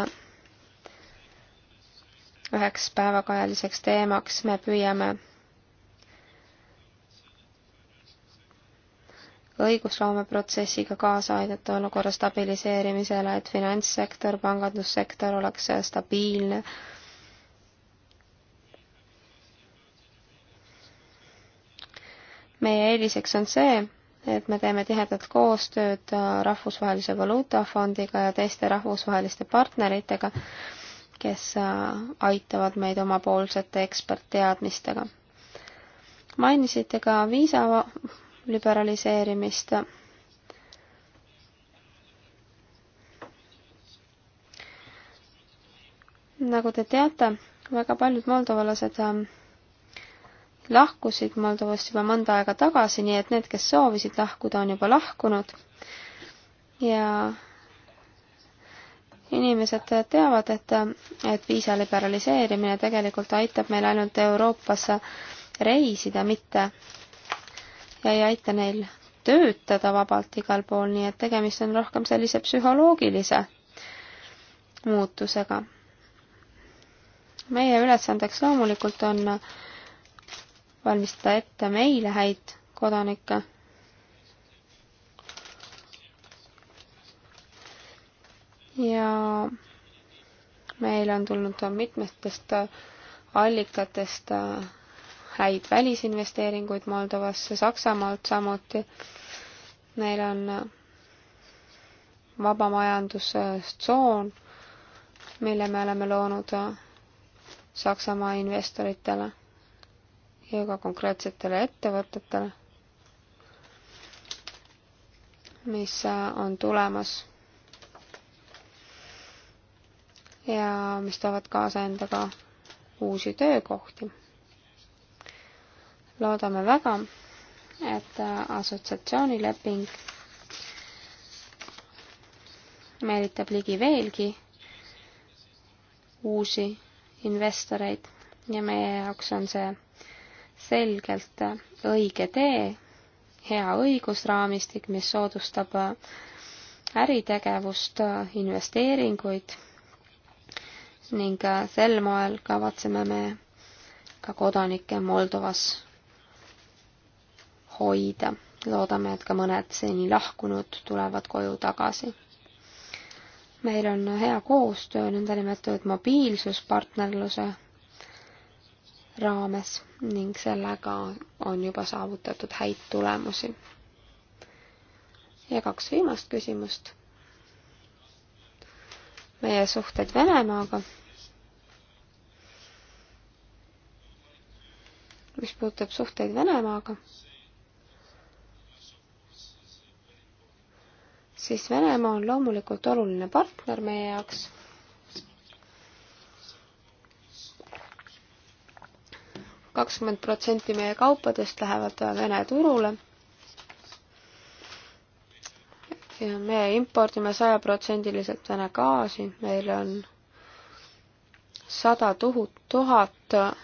üheks päevakajaliseks teemaks, me püüame õigusloomeprotsessiga kaasa aidata olukorra stabiliseerimisele, et finantssektor, pangandussektor oleks stabiilne. meie eeliseks on see, et me teeme tihedat koostööd Rahvusvahelise Valuutafondiga ja teiste rahvusvaheliste partneritega kes äh, aitavad meid omapoolsete ekspertteadmistega. mainisite ka viisa liberaliseerimist. nagu te teate, väga paljud moldovalased ähm, lahkusid Moldovast juba mõnda aega tagasi, nii et need, kes soovisid lahkuda, on juba lahkunud. ja inimesed teavad, et, et viisa liberaliseerimine tegelikult aitab meil ainult Euroopasse reisida, mitte ja ei aita neil töötada vabalt igal pool, nii et tegemist on rohkem sellise psühholoogilise muutusega. meie ülesandeks loomulikult on valmistada ette meile häid kodanikke ja meile on tulnud mitmetest allikatest äh, häid välisinvesteeringuid Moldovasse, Saksamaalt samuti. Neil on äh, vaba majandustsoon, mille me oleme loonud äh, Saksamaa investoritele ja ka konkreetsetele ettevõtetele, mis on tulemas ja mis toovad kaasa endaga uusi töökohti. loodame väga, et assotsiatsioonileping meelitab ligi veelgi uusi investoreid ja meie jaoks on see selgelt õige tee, hea õigusraamistik, mis soodustab äritegevust, investeeringuid ning äh, sel moel kavatseme me ka kodanikke Moldovas hoida. loodame, et ka mõned seni lahkunud tulevad koju tagasi. meil on hea koostöö nõndanimetatud mobiilsuspartnerluse raames ning sellega on juba saavutatud häid tulemusi. ja kaks viimast küsimust. meie suhted Venemaaga mis puudutab suhteid Venemaaga, siis Venemaa on loomulikult oluline partner meie jaoks. kakskümmend protsenti meie kaupadest lähevad Vene turule. ja me impordime sajaprotsendiliselt Vene gaasi, meil on sada tuhat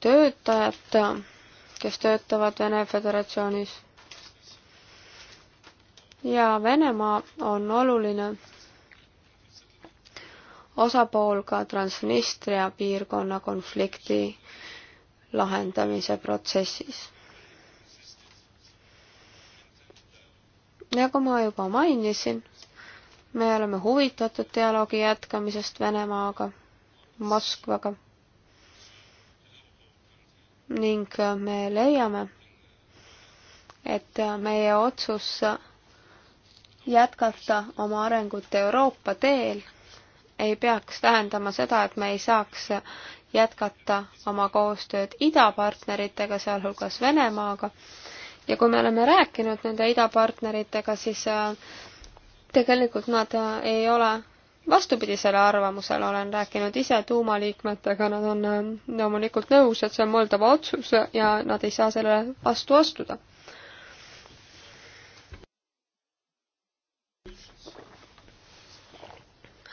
töötajat, kes töötavad Vene Föderatsioonis. ja Venemaa on oluline osapool ka Transnistria piirkonna konflikti lahendamise protsessis. nagu ma juba mainisin, me oleme huvitatud dialoogi jätkamisest Venemaaga, Moskvaga ning äh, me leiame, et äh, meie otsus äh, jätkata oma arengut Euroopa teel ei peaks tähendama seda, et me ei saaks jätkata oma koostööd idapartneritega, sealhulgas Venemaaga. ja kui me oleme rääkinud nende idapartneritega, siis tegelikult nad ei ole vastupidisele arvamusele, olen rääkinud ise tuumaliikmetega, nad on äh, loomulikult nõus, et see on Moldova otsus ja nad ei saa sellele vastu astuda.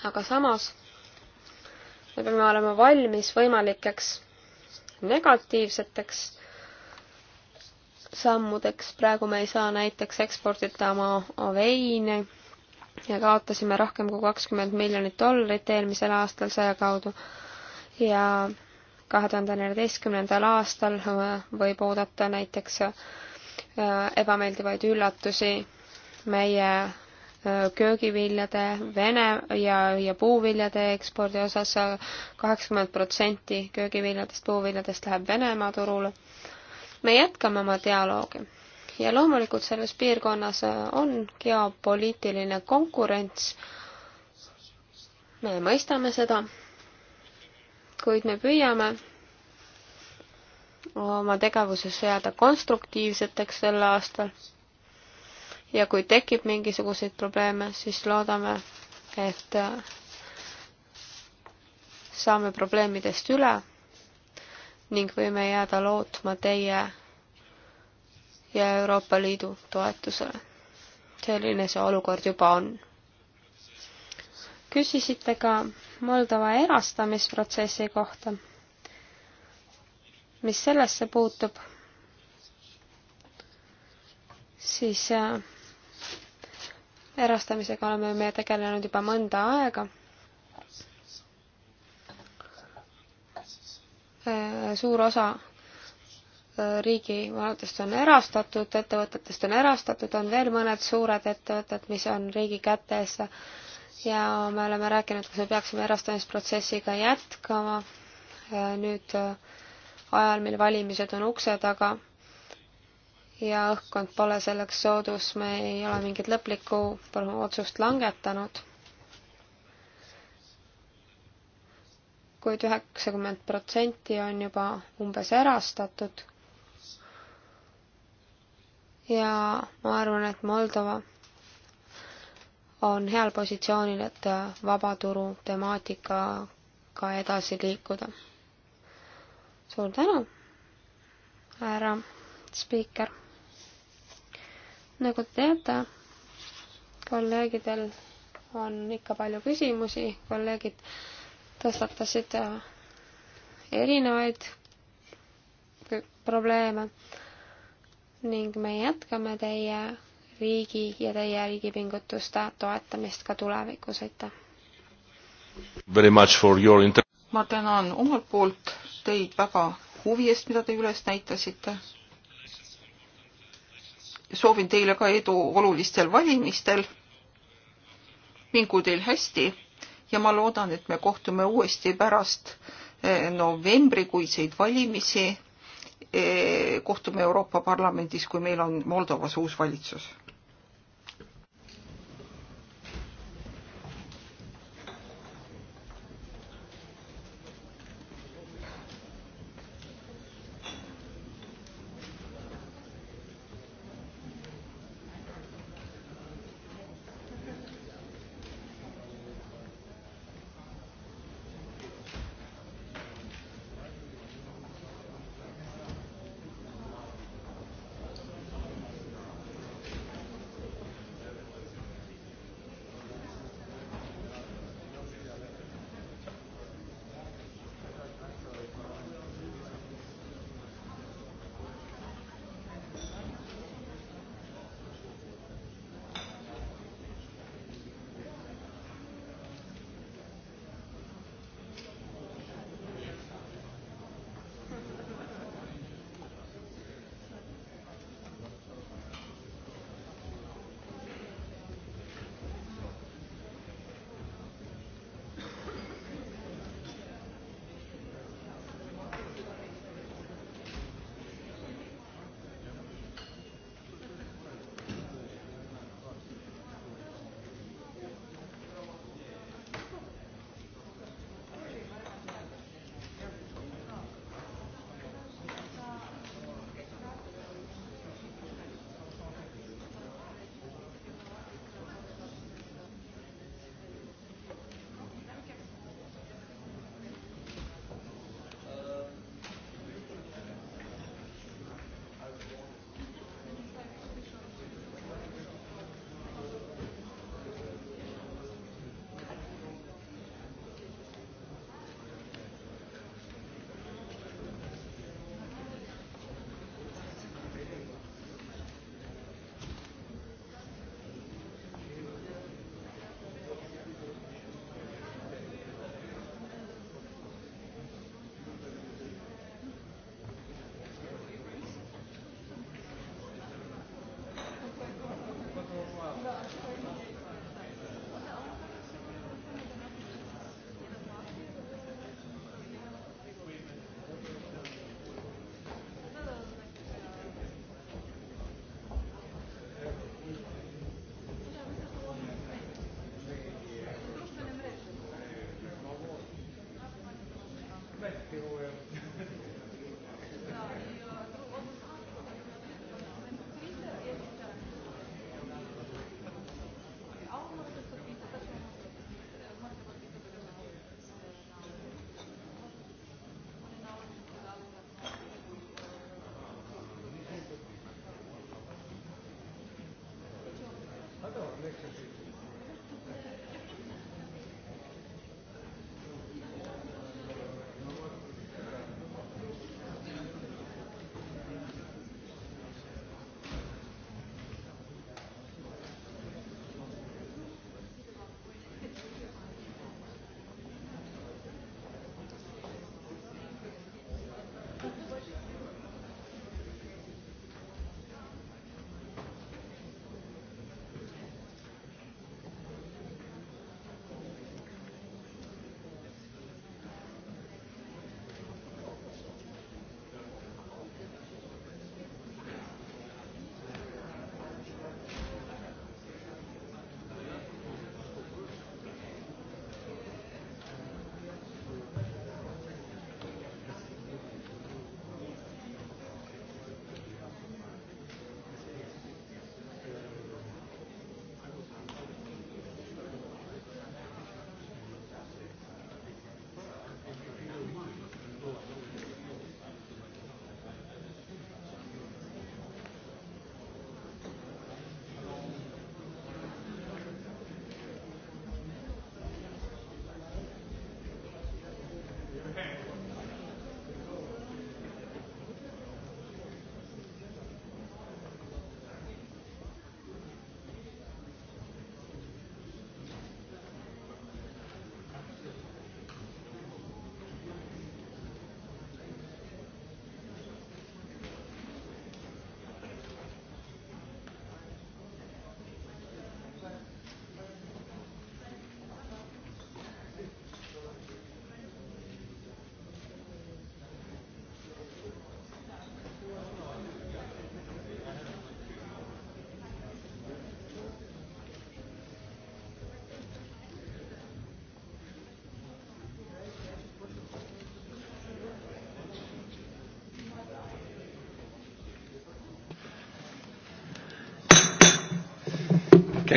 aga samas me peame olema valmis võimalikeks negatiivseteks sammudeks, praegu me ei saa näiteks eksportida oma veine ja kaotasime rohkem kui kakskümmend miljonit dollarit eelmisel aastal sõja kaudu ja kahe tuhande neljateistkümnendal aastal äh, võib oodata näiteks äh, ebameeldivaid üllatusi meie äh, köögiviljade, vene- ja, ja puuviljade ekspordi osas kaheksakümmend protsenti köögiviljadest, puuviljadest läheb Venemaa turule. me jätkame oma dialoogi ja loomulikult selles piirkonnas äh, on geopoliitiline konkurents. me mõistame seda, kuid me püüame oma tegevuses jääda konstruktiivseteks sel aastal. ja kui tekib mingisuguseid probleeme, siis loodame, et äh, saame probleemidest üle ning võime jääda lootma teie ja Euroopa Liidu toetusele. selline see olukord juba on. küsisite ka Moldova erastamisprotsessi kohta. mis sellesse puutub, siis äh, erastamisega oleme me tegelenud juba mõnda aega äh, suur osa riigi valdadest on erastatud, ettevõtetest on erastatud, on veel mõned suured ettevõtted, mis on riigi kätes ja me oleme rääkinud, kas me peaksime erastamisprotsessiga jätkama nüüd äh, ajal, mil valimised on ukse taga ja õhkkond pole selleks soodus, me ei ole mingit lõplikku otsust langetanud kuid. kuid üheksakümmend protsenti on juba umbes erastatud ja ma arvan, et Moldova on heal positsioonil, et vabaturu temaatikaga edasi liikuda. suur tänu, härra spiiker. nagu te teate, kolleegidel on ikka palju küsimusi, kolleegid tõstatasid erinevaid probleeme ning me jätkame teie riigi ja teie riigi pingutuste toetamist ka tulevikus, aitäh! ma tänan omalt poolt teid väga huvi eest, mida te üles näitasite. soovin teile ka edu olulistel valimistel. mingu teil hästi ja ma loodan, et me kohtume uuesti pärast eh, novembrikuiseid valimisi kohtume Euroopa Parlamendis, kui meil on Moldovas uus valitsus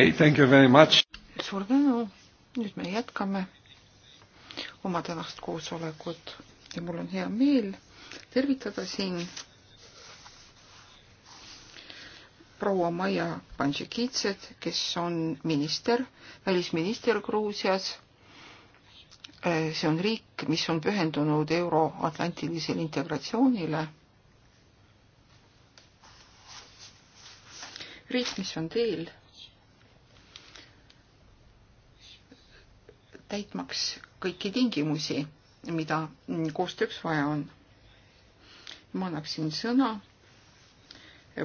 okay,, thank you very much. suur tänu, nüüd me jätkame oma tänast koosolekut ja mul on hea meel tervitada siin proua Maia Pandžikitset, kes on minister, välisminister Gruusias see on riik, mis on pühendunud euroatlantilisele integratsioonile. riik, mis on teel täitmaks kõiki tingimusi, mida koostööks vaja on. ma annaksin sõna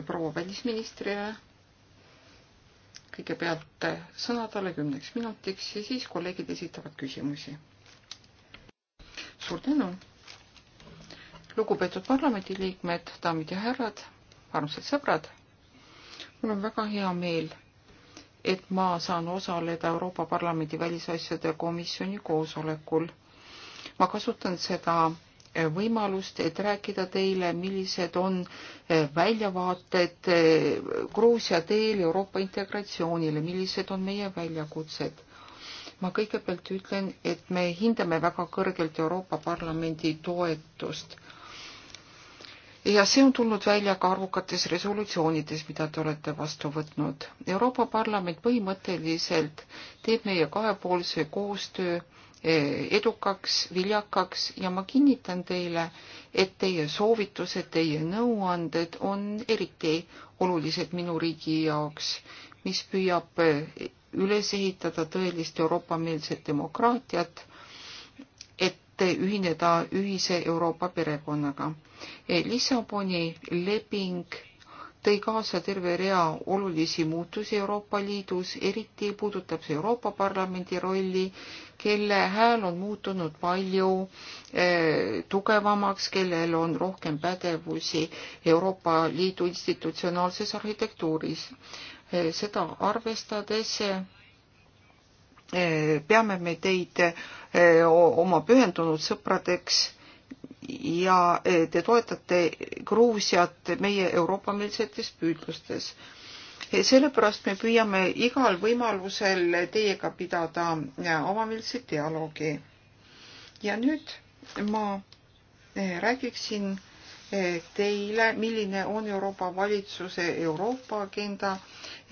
proua välisministrile kõigepealt sõna talle kümneks minutiks ja siis kolleegid esitavad küsimusi. suur tänu. lugupeetud parlamendiliikmed, daamid ja härrad, armsad sõbrad. mul on väga hea meel et ma saan osaleda Euroopa Parlamendi välisasjade komisjoni koosolekul. ma kasutan seda võimalust, et rääkida teile, millised on eh, väljavaated eh, Gruusia teel Euroopa integratsioonile, millised on meie väljakutsed. ma kõigepealt ütlen, et me hindame väga kõrgelt Euroopa Parlamendi toetust ja see on tulnud välja ka arvukates resolutsioonides, mida te olete vastu võtnud. Euroopa Parlament põhimõtteliselt teeb meie kahepoolse koostöö eh, edukaks, viljakaks ja ma kinnitan teile, et teie soovitused, teie nõuanded on eriti olulised minu riigi jaoks, mis püüab eh, üles ehitada tõelist Euroopa-meelset demokraatiat ühineda ühise Euroopa perekonnaga. E, Lissaboni leping tõi kaasa terve rea olulisi muutusi Euroopa Liidus, eriti puudutab see Euroopa Parlamendi rolli, kelle hääl on muutunud palju eh, tugevamaks, kellel on rohkem pädevusi Euroopa Liidu institutsionaalses arhitektuuris eh,. seda arvestades eh, peame me teid eh, oma pühendunud sõpradeks ja eh, te toetate Gruusiat meie Euroopa-meelsetes püüdlustes. Eh, sellepärast me püüame igal võimalusel teiega pidada avameelset dialoogi. ja nüüd ma räägiksin teile, milline on Euroopa valitsuse Euroopa agenda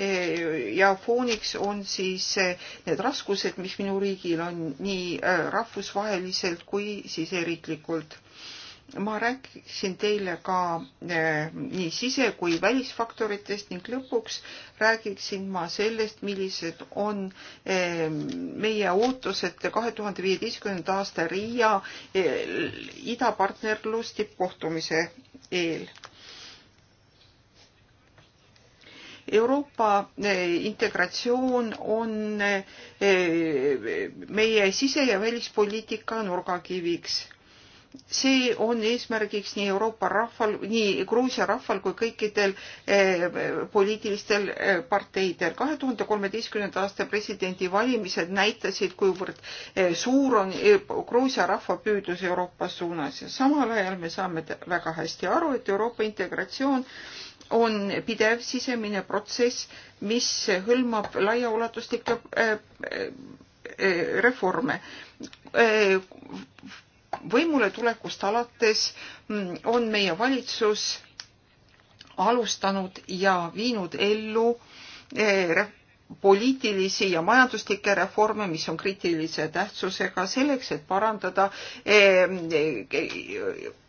Eh, ja fooniks on siis eh, need raskused, mis minu riigil on nii eh, rahvusvaheliselt kui siseriiklikult. ma rääkisin teile ka nii sise- kui välisfaktoritest ning lõpuks räägiksin ma sellest, millised on meie ootused kahe tuhande viieteistkümnenda aasta Riia idapartnerlus tippkohtumise eel Euroopa eh, integratsioon on eh, meie sise- ja välispoliitika nurgakiviks see on eesmärgiks nii Euroopa rahval, nii Gruusia rahval kui kõikidel eh, poliitilistel parteidel. kahe tuhande kolmeteistkümnenda aasta presidendivalimised näitasid, kuivõrd suur on Gruusia rahva püüdlus Euroopa suunas ja samal ajal me saame väga hästi aru, et Euroopa integratsioon on pidev sisemine protsess, mis hõlmab laiaulatuslikke äh, äh, äh, reforme. võimule tulekust alates mm, on meie valitsus alustanud ja viinud ellu poliitilisi ja majanduslikke reforme, mis on kriitilise tähtsusega selleks, et parandada eh, eh,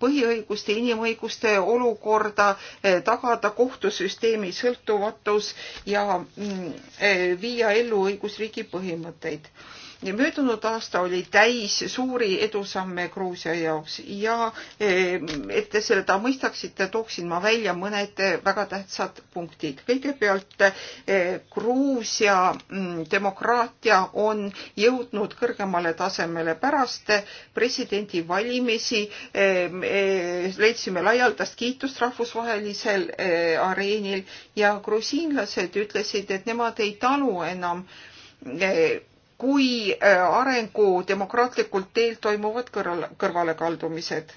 põhiõiguste, inimõiguste olukorda, eh, tagada kohtusüsteemi sõltumatus ja mm, viia ellu õigusriigi põhimõtteid möödunud aasta oli täis suuri edusamme Gruusia jaoks ja eh, et te seda mõistaksite, tooksin ma välja mõned väga tähtsad punktid. kõigepealt eh, Gruusia mm, demokraatia on jõudnud kõrgemale tasemele pärast presidendivalimisi. Eh, leidsime laialdast kiitust rahvusvahelisel areenil ja grusiinlased ütlesid, et nemad ei talu enam kui äh, arengu demokraatlikult teelt toimuvad kõrval, kõrvalekaldumised.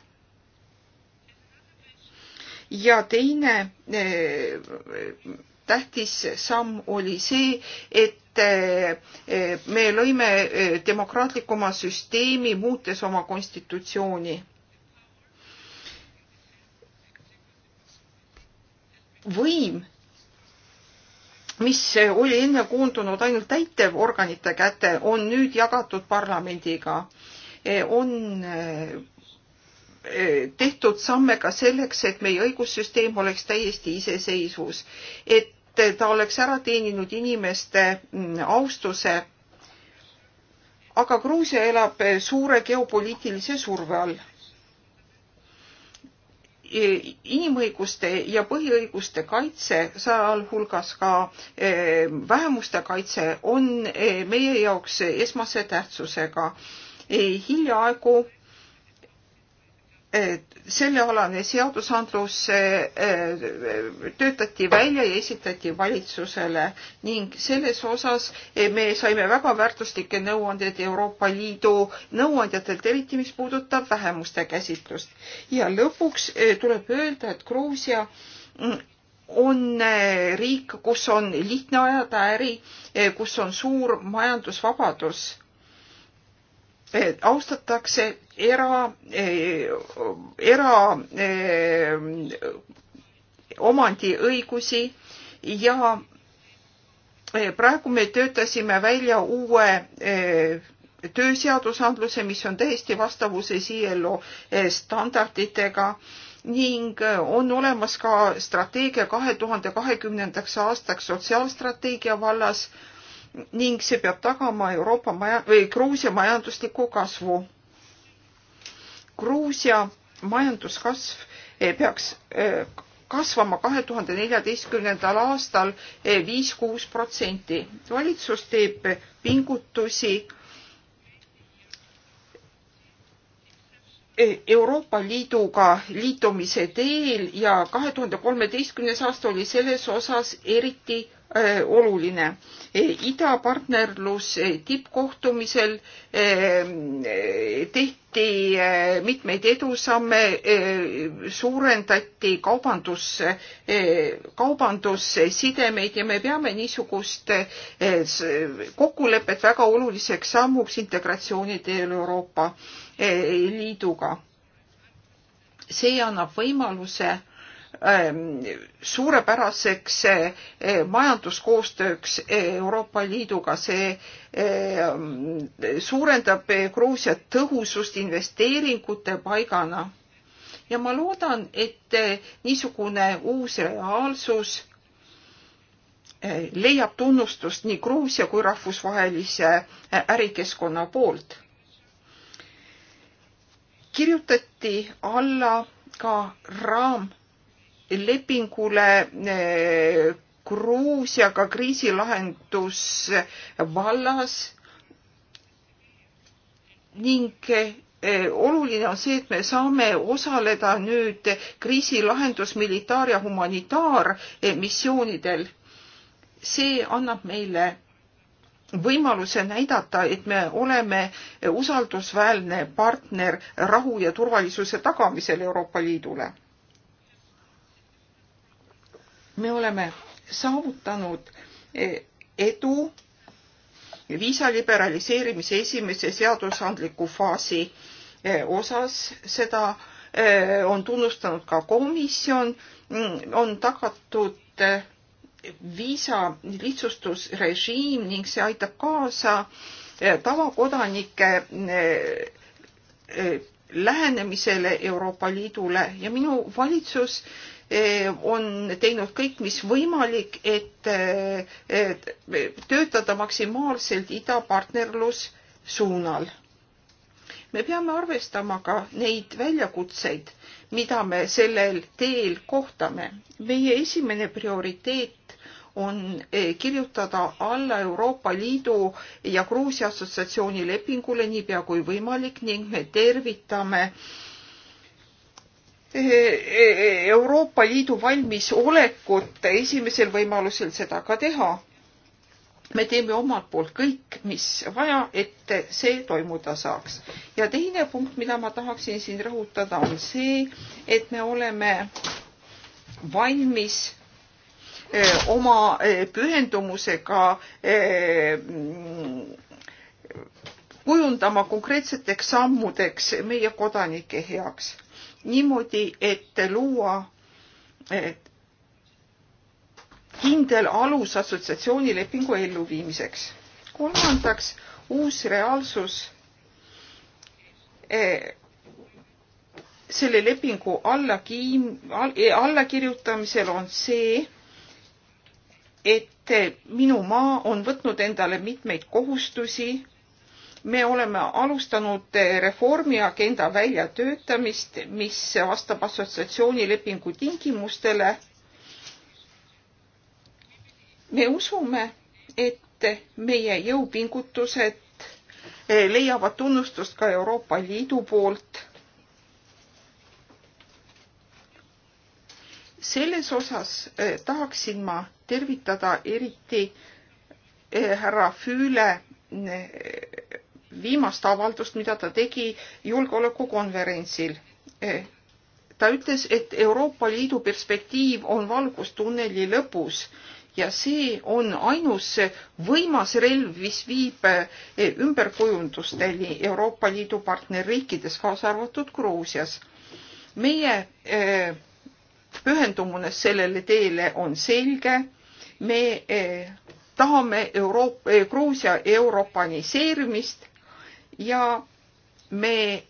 ja teine äh, tähtis samm oli see, et äh, me lõime demokraatlikuma süsteemi, muutes oma konstitutsiooni võim mis oli enne koondunud ainult täitevorganite käte, on nüüd jagatud parlamendiga. on eh, tehtud samme ka selleks, et meie õigussüsteem oleks täiesti iseseisvus, et ta oleks ära teeninud inimeste mm, austuse. aga Gruusia elab eh, suure geopoliitilise surve all E, inimõiguste ja põhiõiguste kaitse, sealhulgas ka e, vähemuste kaitse, on e, meie jaoks esmase tähtsusega. hiljaaegu sellealane seadusandlus eh, eh, töötati välja ja esitati valitsusele ning selles osas eh, me saime väga väärtuslikke nõuandeid Euroopa Liidu nõuandjatelt, eriti mis puudutab vähemuste käsitlust. ja lõpuks tuleb öelda, et Gruusia mm, on riik, kus on lihtne ajada äri, kus on suur majandusvabadus austatakse era, eh, era eh, omandiõigusi ja eh, praegu me töötasime välja uue tööseadusandluse, mis on täiesti vastavuses ILO standarditega ning on olemas ka strateegia kahe tuhande kahekümnendaks aastaks sotsiaalstrateegia vallas ning see peab tagama Euroopa maja, või Gruusia majandusliku kasvu. Gruusia majanduskasv eh, peaks eh, kasvama kahe tuhande neljateistkümnendal aastal eh, viis kuus protsenti. valitsus teeb pingutusi Euroopa Liiduga liitumise teel ja kahe tuhande kolmeteistkümnes aasta oli selles osas eriti Äh, oluline. Äh, idapartnerlus äh, tippkohtumisel tehti mitmeid edusamme, suurendati kaubandus, kaubandussidemeid ja me peame niisugust kokkulepet väga oluliseks sammuks integratsiooni teel Euroopa Liiduga. see annab võimaluse Ähm, suurepäraseks äh, majanduskoostööks äh, Euroopa Liiduga, see äh, suurendab Gruusia tõhusust investeeringute paigana. ja ma loodan, et niisugune uus reaalsus leiab tunnustust nii Gruusia kui rahvusvahelise ärikeskkonna poolt. kirjutati alla ka raam lepingule eh, Gruusiaga kriisilahendus vallas ning eh, oluline on see, et me saame osaleda nüüd kriisilahendus militaar- ja humanitaarmissioonidel. see annab meile võimaluse näidata, et me oleme usaldusväärne partner rahu ja turvalisuse tagamisel Euroopa Liidule me oleme saavutanud eh, edu viisa liberaliseerimise esimese seadusandliku faasi eh, osas, seda eh, on tunnustanud ka komisjon, mm, on tagatud viisa lihtsustusrežiim ning see aitab kaasa tavakodanike lähenemisele Euroopa Liidule ja minu valitsus Eh, on teinud kõik, mis võimalik, eh, et töötada maksimaalselt idapartnerlus suunal. me peame arvestama ka neid väljakutseid, mida me sellel teel kohtame. meie esimene prioriteet on eh, kirjutada alla Euroopa Liidu ja Gruusia assotsiatsiooni lepingule niipea kui võimalik ning me tervitame äh, Eh, Euroopa Liidu valmisolekut esimesel võimalusel seda ka teha. me teeme omalt poolt kõik, mis vaja, et see toimuda saaks. ja teine punkt, mida ma tahaksin siin rõhutada, on see, et me oleme valmis eh, oma eh, pühendumusega kujundama konkreetseteks sammudeks meie kodanike heaks niimoodi, et luua et kindel alus assotsiatsioonilepingu elluviimiseks. kolmandaks, uus reaalsus eh, selle lepingu alla kiim-, eh, allakirjutamisel on see, et minu maa on võtnud endale mitmeid kohustusi me oleme alustanud eh, reformi agenda väljatöötamist, mis vastab assotsiatsioonilepingu tingimustele. me usume, et meie jõupingutused eh, leiavad tunnustust ka Euroopa Liidu poolt. selles osas eh, tahaksin ma tervitada eriti härra Füüle viimast avaldust, mida ta tegi julgeolekukonverentsil. ta ütles, et Euroopa Liidu perspektiiv on valgustunneli lõpus ja see on ainus võimas relv, mis viib eh, ümberkujundusteni Euroopa Liidu partnerriikides, kaasa arvatud Gruusias. meie eh, pühendumune sellele teele on selge. me eh, tahame Euroopa, Gruusia europaniseerimist ja me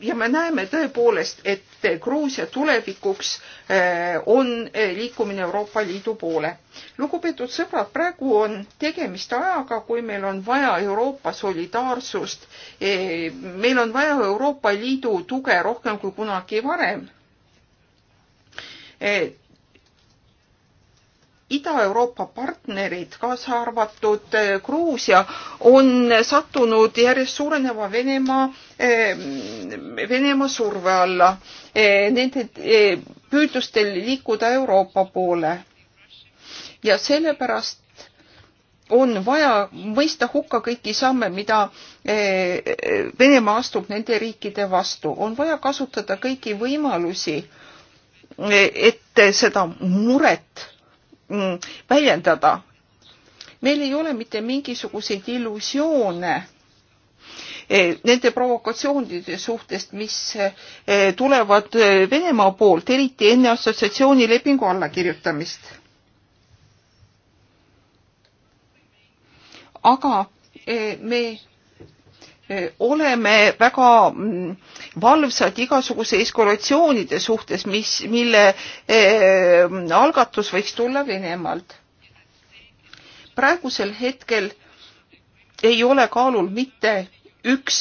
ja me näeme tõepoolest, et Gruusia tulevikuks eh, on eh, liikumine Euroopa Liidu poole. lugupeetud sõbrad, praegu on tegemist ajaga, kui meil on vaja Euroopa solidaarsust. Eh, meil on vaja Euroopa Liidu tuge rohkem kui kunagi varem Ida-Euroopa partnerid, kaasa arvatud eh, Gruusia, on sattunud järjest suureneva Venemaa, eh, Venemaa surve alla, eh, nende püüdlustel liikuda Euroopa poole. ja sellepärast on vaja mõista hukka kõiki samme, mida Venemaa astub nende riikide vastu, on vaja kasutada kõiki võimalusi, et seda muret Mm, väljendada. meil ei ole mitte mingisuguseid illusioone eh, nende provokatsioonide suhtest, mis eh, tulevad eh, Venemaa poolt, eriti enne assotsiatsioonilepingu allakirjutamist. aga me oleme väga mm, valvsad igasuguse eskalatsioonide suhtes, mis, mille eh, algatus võiks tulla Venemaalt. praegusel hetkel ei ole kaalul mitte üks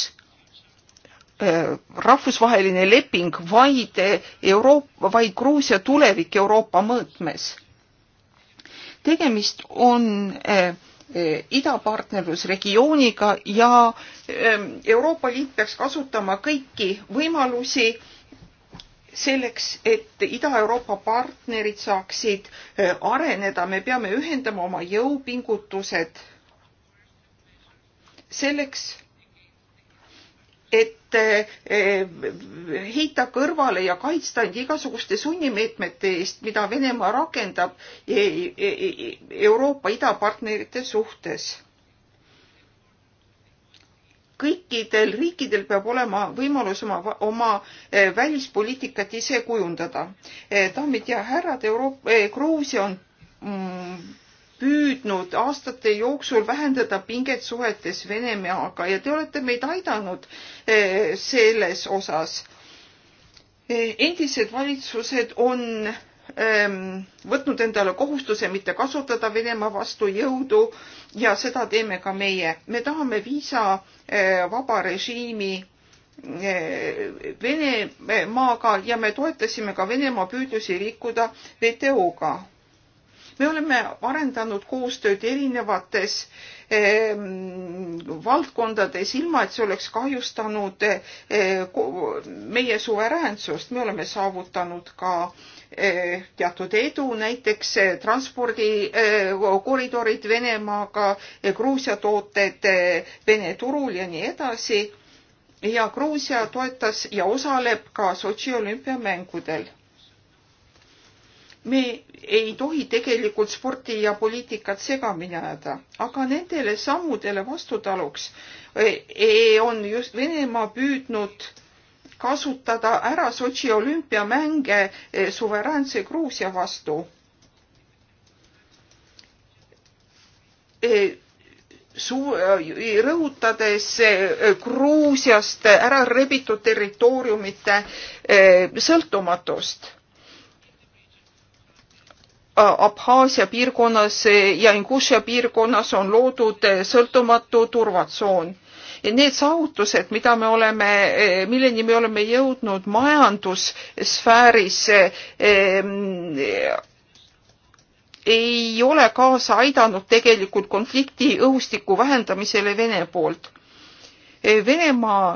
eh, rahvusvaheline leping, vaid eh, Euroopa, vaid Gruusia tulevik Euroopa mõõtmes. tegemist on äh, Eh, idapartnerlusregiooniga ja ehm, Euroopa Liit peaks kasutama kõiki võimalusi selleks, et Ida-Euroopa partnerid saaksid eh, areneda, me peame ühendama oma jõupingutused selleks, et eh, heita kõrvale ja kaitsta end igasuguste sunnimeetmete eest, mida Venemaa rakendab Euroopa idapartnerite suhtes. kõikidel riikidel peab olema võimalus oma, oma eh, välispoliitikat ise kujundada. Eh, daamid ja härrad, Euroopa, Gruusia on mm, püüdnud aastate jooksul vähendada pinget suhetes Venemaaga ja te olete meid aidanud eh, selles osas. Eh, endised valitsused on ehm, võtnud endale kohustuse mitte kasutada Venemaa vastu jõudu ja seda teeme ka meie. me tahame viisavaba eh, režiimi Venemaaga ja me toetasime ka Venemaa püüdlusi rikkuda WTO-ga me oleme arendanud koostööd erinevates ehm, valdkondades, ilma et see oleks kahjustanud eh, meie suveräänsust, me oleme saavutanud ka eh, teatud edu, näiteks eh, transpordikoridorid Venemaaga, Gruusia tooted Vene turul ja nii edasi. ja Gruusia toetas ja osaleb ka Sotši olümpiamängudel me ei tohi tegelikult sporti ja poliitikat segamini ajada, aga nendele sammudele vastutaluks e, e, on just Venemaa püüdnud kasutada ära Sotši olümpiamänge e, suveräänse Gruusia vastu. Suu, rõhutades Gruusiast ära rebitud territooriumite sõltumatust Äh, Abhaasia piirkonnas äh, ja Ingušia piirkonnas on loodud äh, sõltumatu turvatsoon. Need saavutused, mida me oleme, milleni me oleme jõudnud majandussfääris, ei ole kaasa aidanud tegelikult konflikti õhustiku vähendamisele Vene poolt. Venemaa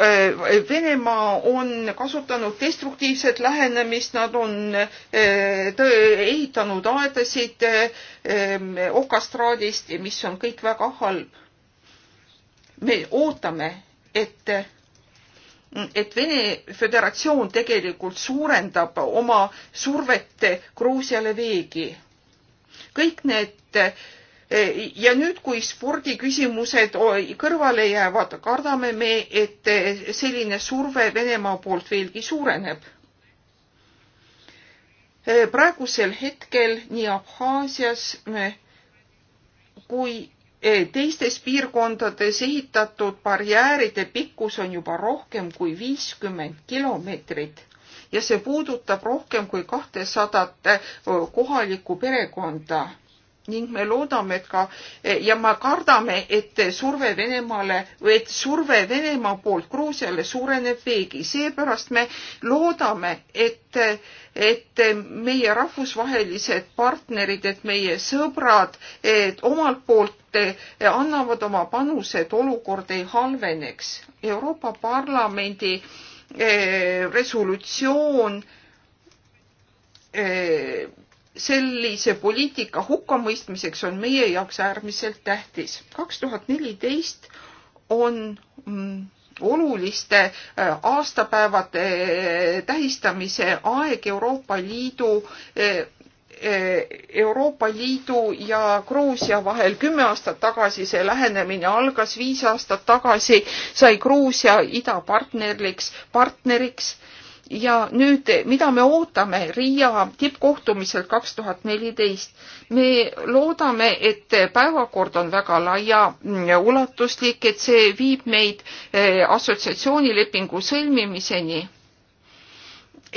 Äh, Venemaa on kasutanud destruktiivset lähenemist, nad on äh, ehitanud aedasid äh, okastraadist, mis on kõik väga halb. me ootame, et et Vene Föderatsioon tegelikult suurendab oma survet Gruusiale veegi. kõik need Äh, ja nüüd, kui spordiküsimused kõrvale jäävad, kardame me, et äh, selline surve Venemaa poolt veelgi suureneb. Äh, praegusel hetkel nii Abhaasias kui teistes piirkondades ehitatud barjääride pikkus on juba rohkem kui viiskümmend kilomeetrit ja see puudutab rohkem kui kahtesadat kohalikku perekonda ning me loodame, et ka ja me kardame, et surve Venemaale või et surve Venemaa poolt Gruusiale suureneb veegi, seepärast me loodame, et, et meie rahvusvahelised partnerid, et meie sõbrad et omalt poolt annavad oma panuse, et olukord ei halveneks. Euroopa Parlamendi eh, resolutsioon eh, sellise poliitika hukkamõistmiseks on meie jaoks äärmiselt tähtis. kaks tuhat neliteist on mm, oluliste äh, aastapäevade äh, tähistamise aeg Euroopa Liidu äh, Euroopa Liidu ja Gruusia vahel kümme aastat tagasi see lähenemine algas, viis aastat tagasi sai Gruusia idapartneriks, partneriks, partneriks ja nüüd, mida me ootame Riia tippkohtumiselt kaks tuhat neliteist? me loodame, et päevakord on väga laiaulatuslik, et see viib meid eh, assotsiatsioonilepingu sõlmimiseni.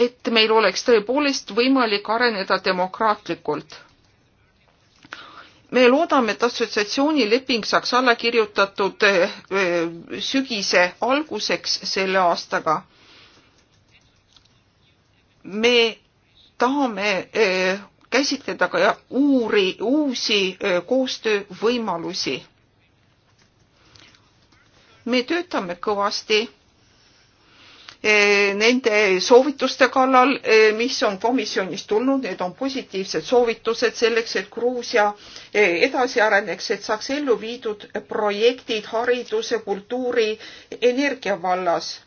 et meil oleks tõepoolest võimalik areneda demokraatlikult me loodame, et assotsiatsioonileping saaks alla kirjutatud eh, eh, sügise alguseks selle aastaga me tahame käsitleda ka uuri, uusi koostöövõimalusi. me töötame kõvasti nende soovituste kallal, mis on komisjonist tulnud, need on positiivsed soovitused selleks, et Gruusia edasi areneks, et saaks ellu viidud projektid hariduse, kultuuri, energia vallas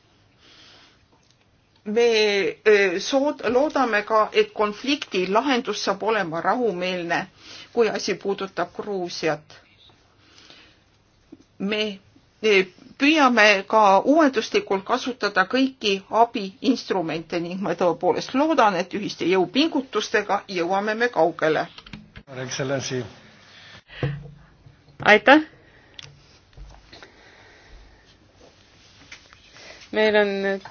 me sood, loodame ka, et konflikti lahendus saab olema rahumeelne, kui asi puudutab Gruusiat. me püüame ka uuenduslikult kasutada kõiki abiinstrumente ning ma tõepoolest loodan, et ühiste jõupingutustega jõuame me kaugele. aitäh. meil on nüüd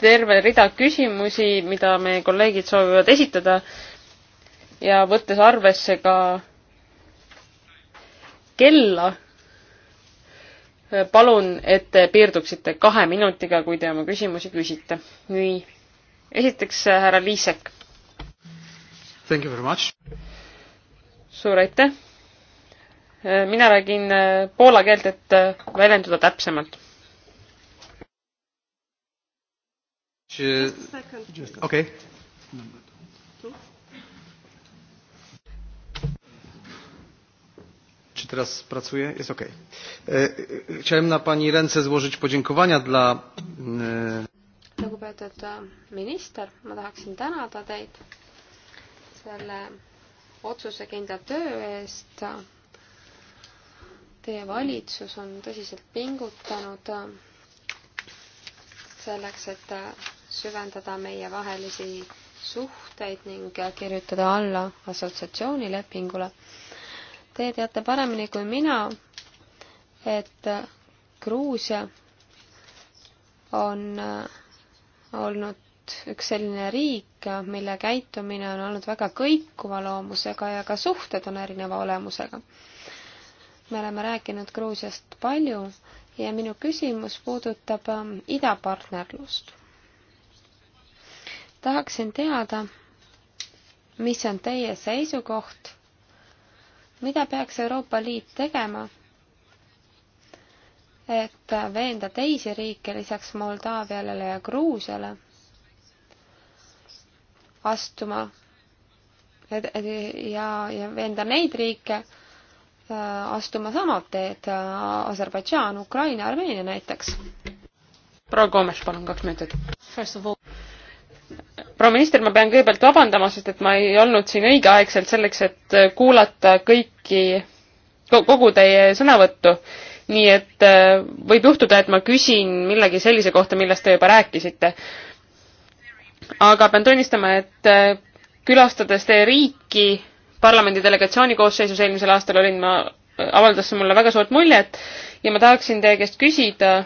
terve rida küsimusi, mida meie kolleegid soovivad esitada ja võttes arvesse ka kella, palun, et te piirduksite kahe minutiga, kui te oma küsimusi küsite. nii. esiteks härra Liisek. Thank you very much. suur aitäh. mina räägin poola keelt, et väljenduda täpsemalt. okei. Czy teraz pracuje? Jest okej. Okay. E, e, chciałem na Pani ręce złożyć podziękowania dla... E, Lugupeetud minister, ma tahaksin tänada teid selle otsusekindla töö eest. Teie valitsus on tõsiselt pingutanud selleks, et süvendada meievahelisi suhteid ning kirjutada alla assotsiatsioonilepingule. Te teate paremini kui mina, et Gruusia on olnud üks selline riik, mille käitumine on olnud väga kõikuva loomusega ja ka suhted on erineva olemusega. me oleme rääkinud Gruusiast palju ja minu küsimus puudutab idapartnerlust tahaksin teada, mis on teie seisukoht, mida peaks Euroopa Liit tegema, et veenda teisi riike lisaks Moldaaviale ja Gruusiale astuma et, et, ja, ja veenda neid riike äh, astuma samad teed, äh, Aserbaidžaan, Ukraina, Armeenia näiteks. proua Koomes, palun kaks minutit proua minister, ma pean kõigepealt vabandama, sest et ma ei olnud siin õigeaegselt selleks, et äh, kuulata kõiki, kogu teie sõnavõttu. nii et äh, võib juhtuda, et ma küsin millegi sellise kohta, millest te juba rääkisite. aga pean tunnistama, et äh, külastades teie riiki parlamendi delegatsiooni koosseisus eelmisel aastal olin ma, avaldas see mulle väga suurt muljet ja ma tahaksin teie käest küsida,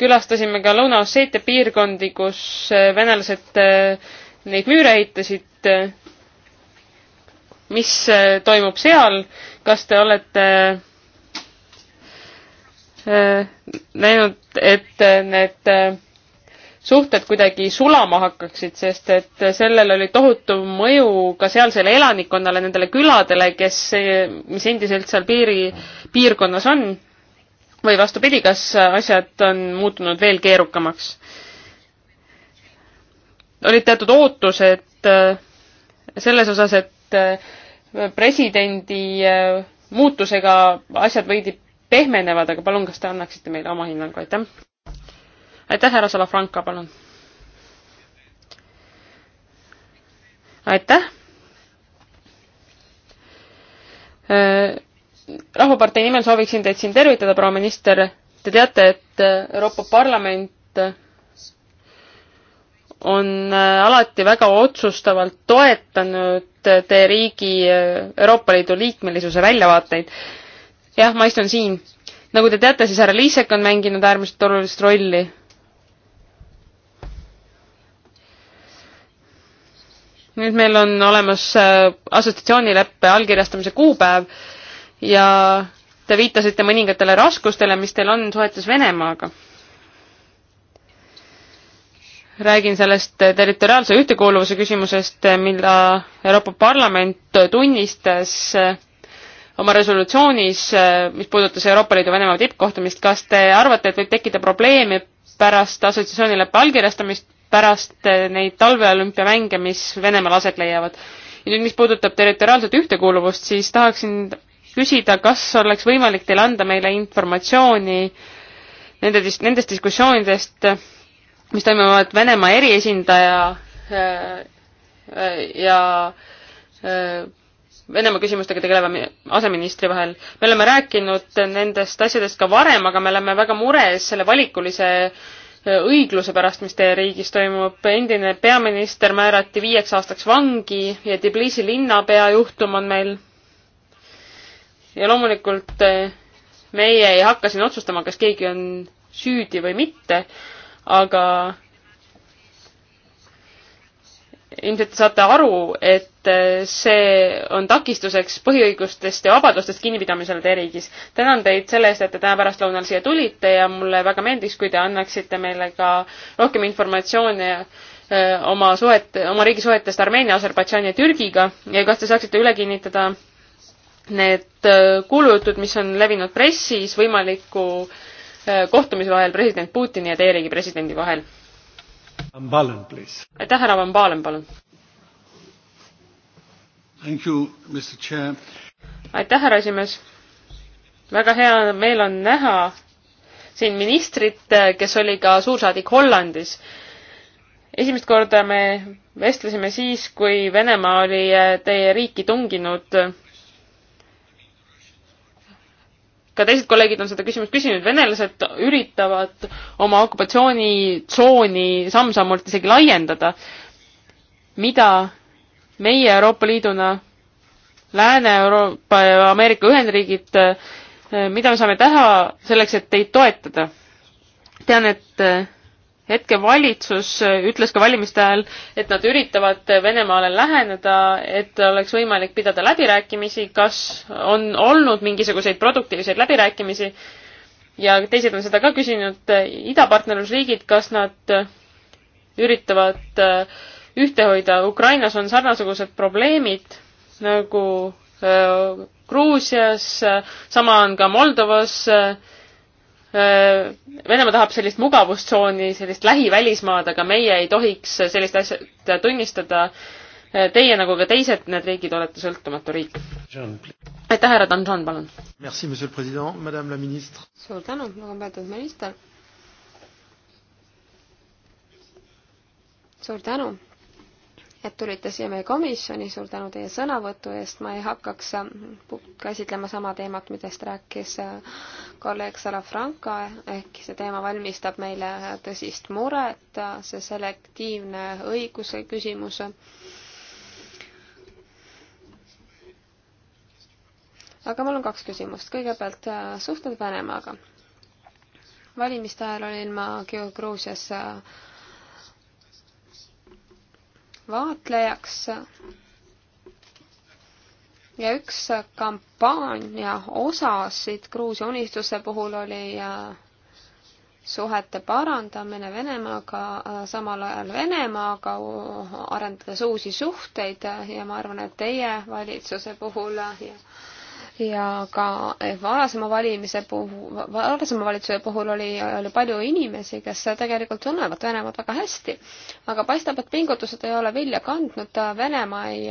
külastasime ka Lõuna-Osseetia piirkondi, kus äh, venelased äh, neid müüre ehitasid. mis äh, toimub seal, kas te olete näinud, et need suhted kuidagi sulama hakkaksid, sest et sellel oli tohutu mõju ka sealsele elanikkonnale, nendele küladele, kes, mis endiselt seal piiri, piirkonnas on või vastupidi, kas asjad on muutunud veel keerukamaks? olid teatud ootused äh, selles osas, et äh, presidendi äh, muutusega asjad veidi pehmenevad, aga palun, kas te annaksite meile oma hinnangu, aitäh! aitäh, härra Salafranca, palun! aitäh! Rahvapartei nimel sooviksin teid siin tervitada, proua minister. Te teate, et äh, Euroopa Parlament äh, on äh, alati väga otsustavalt toetanud teie riigi Euroopa Liidu liikmelisuse väljavaateid. jah, ma istun siin. nagu te teate, siis härra Liisek on mänginud äärmiselt olulist rolli. nüüd meil on olemas assotsiatsioonileppe allkirjastamise kuupäev ja te viitasite mõningatele raskustele, mis teil on suhetes Venemaaga. räägin sellest territoriaalse ühtekuuluvuse küsimusest, mille Euroopa Parlament tunnistas oma resolutsioonis, mis puudutas Euroopa Liidu Venemaa tippkohtumist, kas te arvate, et võib tekkida probleeme pärast assotsiatsioonileppe allkirjastamist, pärast neid talveolümpiamänge, mis Venemaal aset leiavad? ja nüüd, mis puudutab territoriaalset ühtekuuluvust, siis tahaksin küsida, kas oleks võimalik teil anda meile informatsiooni nende, nendest diskussioonidest, mis toimuvad Venemaa eriesindaja äh, ja äh, Venemaa küsimustega tegeleva aseministri vahel. me oleme rääkinud nendest asjadest ka varem, aga me oleme väga mures selle valikulise äh, õigluse pärast, mis teie riigis toimub. endine peaminister määrati viieks aastaks vangi ja Tbilisi linnapea juhtum on meil ja loomulikult eh, meie ei hakka siin otsustama, kas keegi on süüdi või mitte, aga ilmselt te saate aru, et eh, see on takistuseks põhiõigustest ja vabadustest kinnipidamisele teie riigis. tänan teid selle eest, et te täna pärastlõunal siia tulite ja mulle väga meeldiks, kui te annaksite meile ka rohkem informatsiooni eh, oma suhet, oma riigi suhetest Armeenia, Aserbaidžaani ja Türgiga ja kas te saaksite üle kinnitada need äh, kuulujutud, mis on levinud pressis võimaliku äh, kohtumise vahel president Putini ja teie riigi presidendi vahel. aitäh, härra Van Balen, palun. aitäh, härra esimees. väga hea meel on näha siin ministrit, äh, kes oli ka suursaadik Hollandis. esimest korda me vestlesime siis, kui Venemaa oli teie riiki tunginud ka teised kolleegid on seda küsimust küsinud, venelased üritavad oma okupatsioonitsooni samm-sammult isegi laiendada, mida meie Euroopa Liiduna, Lääne-Euroopa ja Ameerika Ühendriigid, mida me saame teha selleks, et teid toetada? tean, et hetke valitsus ütles ka valimiste ajal, et nad üritavad Venemaale läheneda, et oleks võimalik pidada läbirääkimisi, kas on olnud mingisuguseid produktiivseid läbirääkimisi ja teised on seda ka küsinud, idapartnerlusriigid, kas nad üritavad ühte hoida, Ukrainas on sarnasugused probleemid nagu äh, Gruusias, sama on ka Moldovas, äh, Venemaa tahab sellist mugavustsooni, sellist lähivälismaad, aga meie ei tohiks sellist asja tunnistada. Teie nagu ka teised need riigid olete sõltumatu riik. aitäh, härra Danton, palun. suur tänu, lugupeetud minister. suur tänu et tulite siia meie komisjoni, suur tänu teie sõnavõtu eest, ma ei hakkaks äh, käsitlema sama teemat, millest rääkis äh, kolleeg Salafranca, ehkki see teema valmistab meile äh, tõsist muret, see selektiivne õiguse küsimus. aga mul on kaks küsimust, kõigepealt suhted Venemaaga. valimiste ajal olin ma Gruusias vaatlejaks. ja üks kampaania osasid Gruusia unistuse puhul oli äh, suhete parandamine Venemaaga, äh, samal ajal Venemaaga arendades uusi suhteid ja ma arvan, et teie valitsuse puhul äh, ja ja ka varasema valimise puhul, varasema valitsuse puhul oli, oli palju inimesi, kes tegelikult tunnevad Venemaad väga hästi, aga paistab, et pingutused ei ole vilja kandnud, Venemaa ei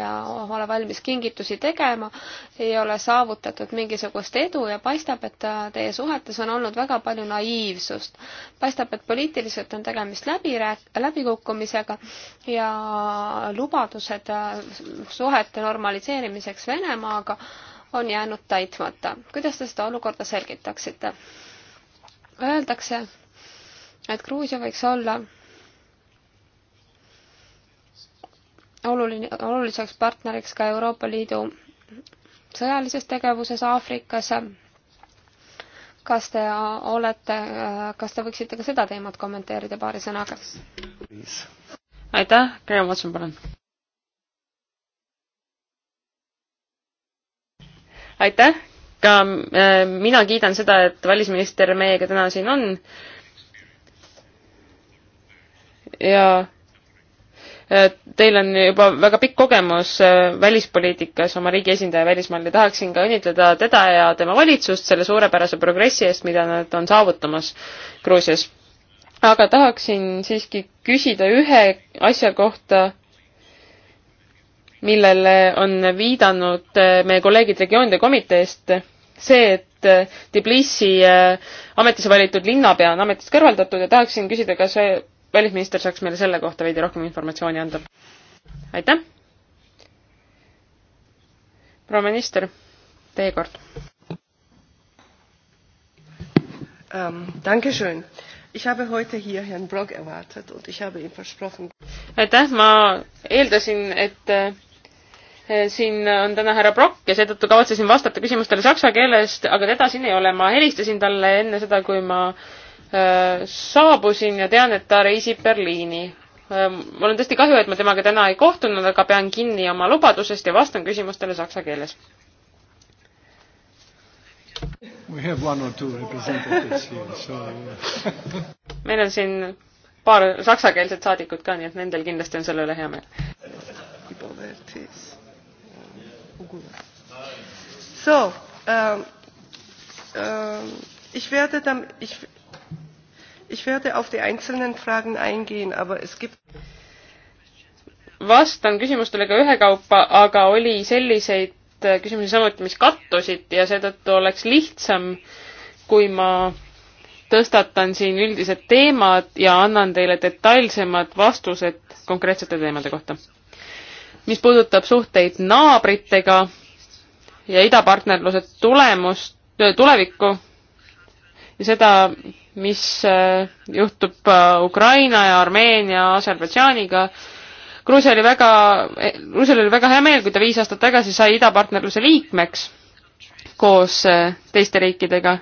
ole valmis kingitusi tegema, ei ole saavutatud mingisugust edu ja paistab, et teie suhetes on olnud väga palju naiivsust. paistab, et poliitiliselt on tegemist läbirääk-, läbikukkumisega ja lubadused suhete normaliseerimiseks Venemaaga on jäänud täitmata. kuidas te seda olukorda selgitaksite? Öeldakse, et Gruusia võiks olla oluline, oluliseks partneriks ka Euroopa Liidu sõjalises tegevuses Aafrikas. kas te olete, kas te võiksite ka seda teemat kommenteerida paari sõnaga? aitäh, Kreem Otsun, palun! aitäh, ka äh, mina kiidan seda, et välisminister meiega täna siin on. ja äh, teil on juba väga pikk kogemus äh, välispoliitikas oma riigi esindaja välismaal ja tahaksin ka õnnitleda teda ja tema valitsust selle suurepärase progressi eest, mida nad on saavutamas Gruusias. aga tahaksin siiski küsida ühe asja kohta millele on viidanud eh, meie kolleegid regioonide komiteest, see, et eh, Tbilisi eh, ametisse valitud linnapea on ametist kõrvaldatud ja tahaksin küsida, kas välisminister saaks meile selle kohta veidi rohkem informatsiooni anda. aitäh! proua minister, teie kord um,. Ähm, Dankeschön. Ich habe heute hier Herrn Brok erwartet und ich habe ihm versprochen. aitäh, ma eeldasin, et Eh, siin on täna härra Brock ja seetõttu kavatsesin vastata küsimustele saksa keelest, aga teda siin ei ole. ma helistasin talle enne seda, kui ma äh, saabusin ja tean, et ta reisib Berliini äh,. mul on tõesti kahju, et ma temaga täna ei kohtunud, aga pean kinni oma lubadusest ja vastan küsimustele saksa keeles. We have one or two representatives here, so meil on siin paar saksakeelset saadikut ka, nii et nendel kindlasti on selle üle hea meel. Liberties. So, ähm, ähm, ich, werde dann, ich, ich werde auf die einzelnen Fragen eingehen, aber es gibt vastan küsimustele ka ühekaupa, aga oli selliseid äh, küsimusi samuti, mis kattusid ja seetõttu oleks lihtsam, kui ma tõstatan siin üldised teemad ja annan teile detailsemad vastused konkreetsete teemade kohta mis puudutab suhteid naabritega ja idapartnerluse tulemust, tulevikku ja seda, mis äh, juhtub äh, Ukraina ja Armeenia, Aserbaidžaaniga. Gruusia oli väga, Gruusial oli väga hea meel, kui ta viis aastat tagasi sai idapartnerluse liikmeks koos äh, teiste riikidega.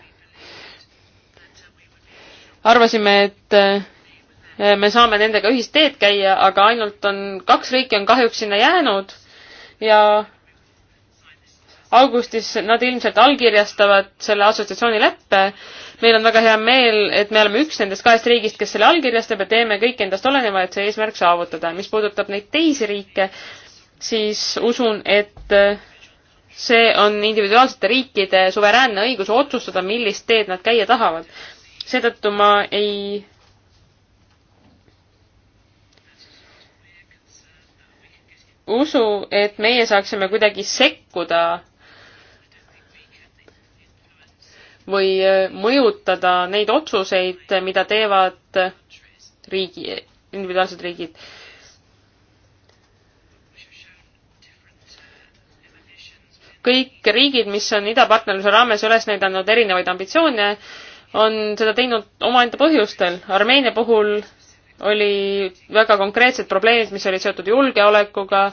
arvasime, et Eh, me saame nendega ühist teed käia, aga ainult on, kaks riiki on kahjuks sinna jäänud ja augustis nad ilmselt allkirjastavad selle assotsiatsiooni leppe. meil on väga hea meel, et me oleme üks nendest kahest riigist, kes selle allkirjastab ja teeme kõik endast oleneva, et see eesmärk saavutada. mis puudutab neid teisi riike, siis usun, et eh, see on individuaalsete riikide suveräänne õigus otsustada, millist teed nad käia tahavad. seetõttu ma ei usu, et meie saaksime kuidagi sekkuda või äh, mõjutada neid otsuseid, mida teevad riigi, individuaalsed riigid. kõik riigid, mis on idapartnerluse raames üles näidanud erinevaid ambitsioone, on seda teinud omaenda põhjustel. Armeenia puhul oli väga konkreetsed probleemid, mis olid seotud julgeolekuga,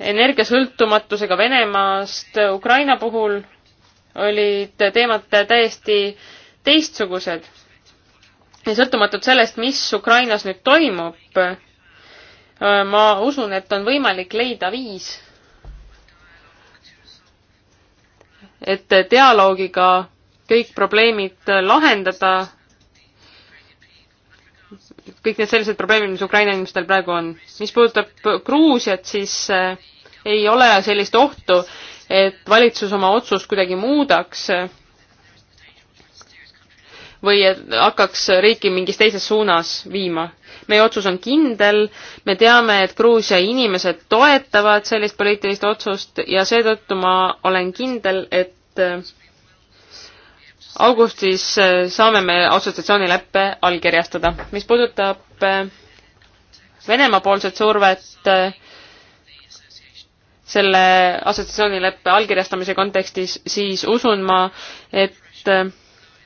energiasõltumatusega Venemaast, Ukraina puhul olid teemad täiesti teistsugused. ja sõltumatult sellest, mis Ukrainas nüüd toimub, ma usun, et on võimalik leida viis, et dialoogiga kõik probleemid lahendada kõik need sellised probleemid, mis Ukraina inimestel praegu on. mis puudutab Gruusiat, siis äh, ei ole sellist ohtu, et valitsus oma otsust kuidagi muudaks äh, või et hakkaks riiki mingis teises suunas viima. meie otsus on kindel, me teame, et Gruusia inimesed toetavad sellist poliitilist otsust ja seetõttu ma olen kindel, et äh, augustis äh, saame me assotsiatsioonileppe allkirjastada. mis puudutab äh, Venemaa-poolset survet äh, selle assotsiatsioonileppe allkirjastamise kontekstis, siis usun ma, et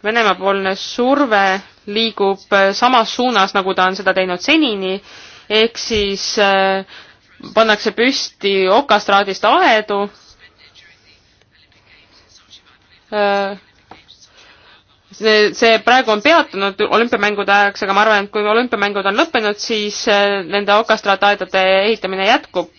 Venemaa-poolne surve liigub samas suunas, nagu ta on seda teinud senini, ehk siis äh, pannakse püsti okastraadist aedu äh,, see praegu on peatunud olümpiamängude ajaks, aga ma arvan, et kui olümpiamängud on lõppenud, siis äh, nende okastraataedade ehitamine jätkub.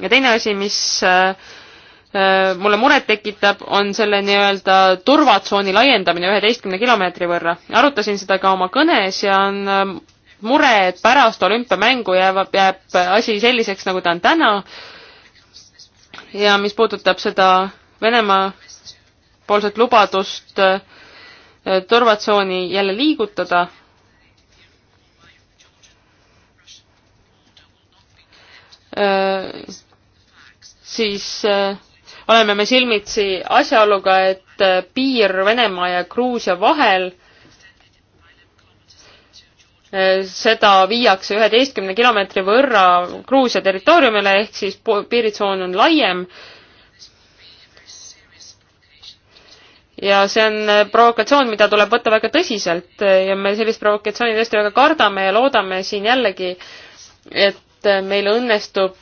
ja teine asi, mis äh, äh, mulle muret tekitab, on selle nii-öelda turvatsooni laiendamine üheteistkümne kilomeetri võrra. arutasin seda ka oma kõnes ja on mure, et pärast olümpiamängu jääb, jääb asi selliseks, nagu ta on täna. ja mis puudutab seda Venemaa poolset lubadust äh, Äh, turvatsooni jälle liigutada. Äh, siis äh, oleme me silmitsi asjaoluga, et piir Venemaa ja Gruusia vahel seda viiakse üheteistkümne kilomeetri võrra Gruusia territooriumile ehk siis piiritsoon on laiem ja see on äh, provokatsioon, mida tuleb võtta väga tõsiselt äh, ja me sellist provokatsiooni tõesti väga kardame ja loodame siin jällegi, et äh, meil õnnestub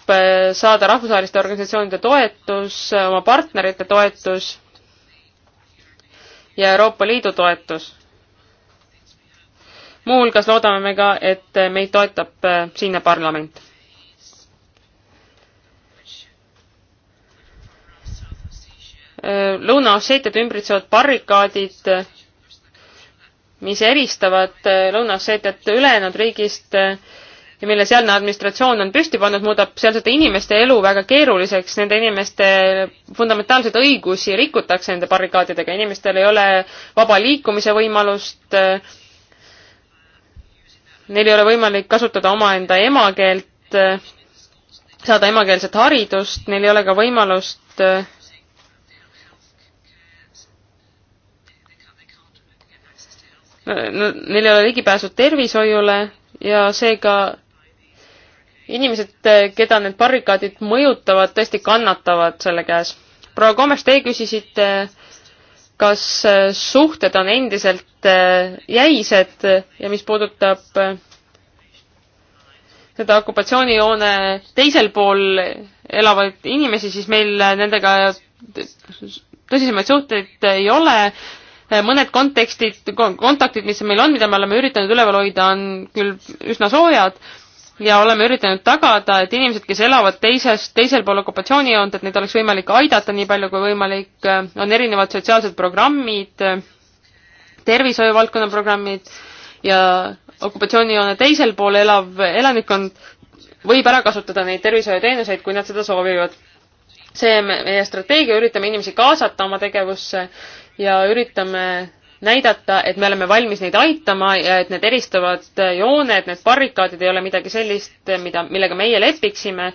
saada rahvusvaheliste organisatsioonide toetus, oma partnerite toetus ja Euroopa Liidu toetus. muuhulgas loodame me ka, et meid toetab siinne parlament Lõuna-Osseetiat ümbritsevad barrikaadid, mis eristavad äh, Lõuna-Osseetiat ülejäänud riigist äh, ja mille sealne administratsioon on püsti pannud, muudab sealsete inimeste elu väga keeruliseks, nende inimeste fundamentaalseid õigusi rikutakse nende barrikaadidega, inimestel ei ole vaba liikumise võimalust, äh, neil ei ole võimalik kasutada omaenda emakeelt, saada emakeelset haridust, neil ei ole ka võimalust neil ei ole ligipääsu tervishoiule ja seega inimesed, keda need barrikaadid mõjutavad, tõesti kannatavad selle käes. proua Komes, teie küsisite, kas suhted on endiselt eh, jäised ja mis puudutab eh, seda okupatsioonijoone teisel pool elavaid inimesi, siis meil eh, nendega tõsisemaid suhteid ei ole, Äh, mõned kontekstid, kontaktid, mis meil on, mida me oleme üritanud üleval hoida, on küll üsna soojad ja oleme üritanud tagada, et inimesed, kes elavad teises, teisel pool okupatsioonijoont, et neid oleks võimalik aidata nii palju kui võimalik, äh, on erinevad sotsiaalsed programmid, äh, tervishoiu valdkonna programmid ja okupatsioonijoone teisel pool elav elanikkond võib ära kasutada neid tervishoiuteenuseid, kui nad seda soovivad. see meie strateegia, üritame inimesi kaasata oma tegevusse ja üritame näidata, et me oleme valmis neid aitama ja et need eristuvad jooned, need barrikaadid ei ole midagi sellist, mida, millega meie lepiksime.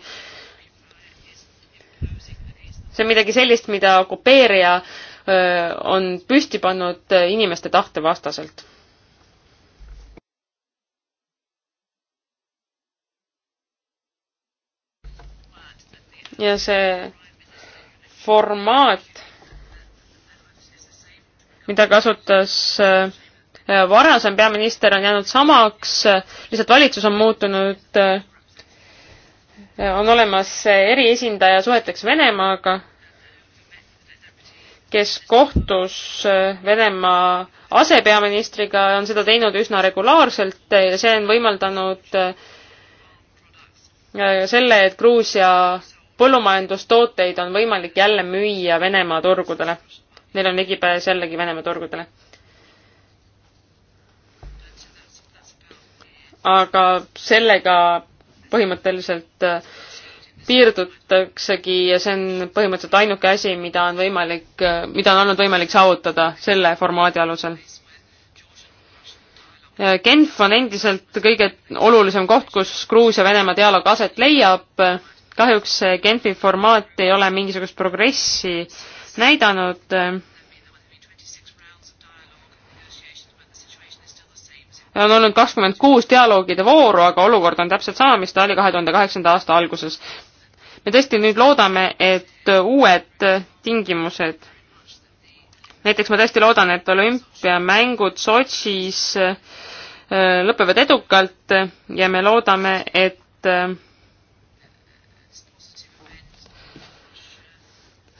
see on midagi sellist, mida okupeerija on püsti pannud inimeste tahte vastaselt ja see formaat, mida kasutas äh, varasem peaminister, on jäänud samaks, lihtsalt valitsus on muutunud, äh, on olemas eriesindaja suheteks Venemaaga, kes kohtus äh, Venemaa asepeaministriga, on seda teinud üsna regulaarselt ja see on võimaldanud selle, et Gruusia põllumajandustooteid on võimalik jälle müüa Venemaa turgudele neil on ligipääs jällegi Venemaa turgudele. aga sellega põhimõtteliselt äh, piirdutaksegi ja see on põhimõtteliselt ainuke asi, mida on võimalik, äh, mida on olnud võimalik saavutada selle formaadi alusel. Äh, Genf on endiselt kõige olulisem koht, kus Gruusia-Venemaa dialoog aset leiab. kahjuks Genfi formaat ei ole mingisugust progressi äh, näidanud äh, on olnud kakskümmend kuus dialoogide vooru, aga olukord on täpselt sama, mis ta oli kahe tuhande kaheksanda aasta alguses. me tõesti nüüd loodame, et uued tingimused, näiteks ma tõesti loodan, et olümpiamängud Sotšis äh, lõpevad edukalt ja me loodame, et äh,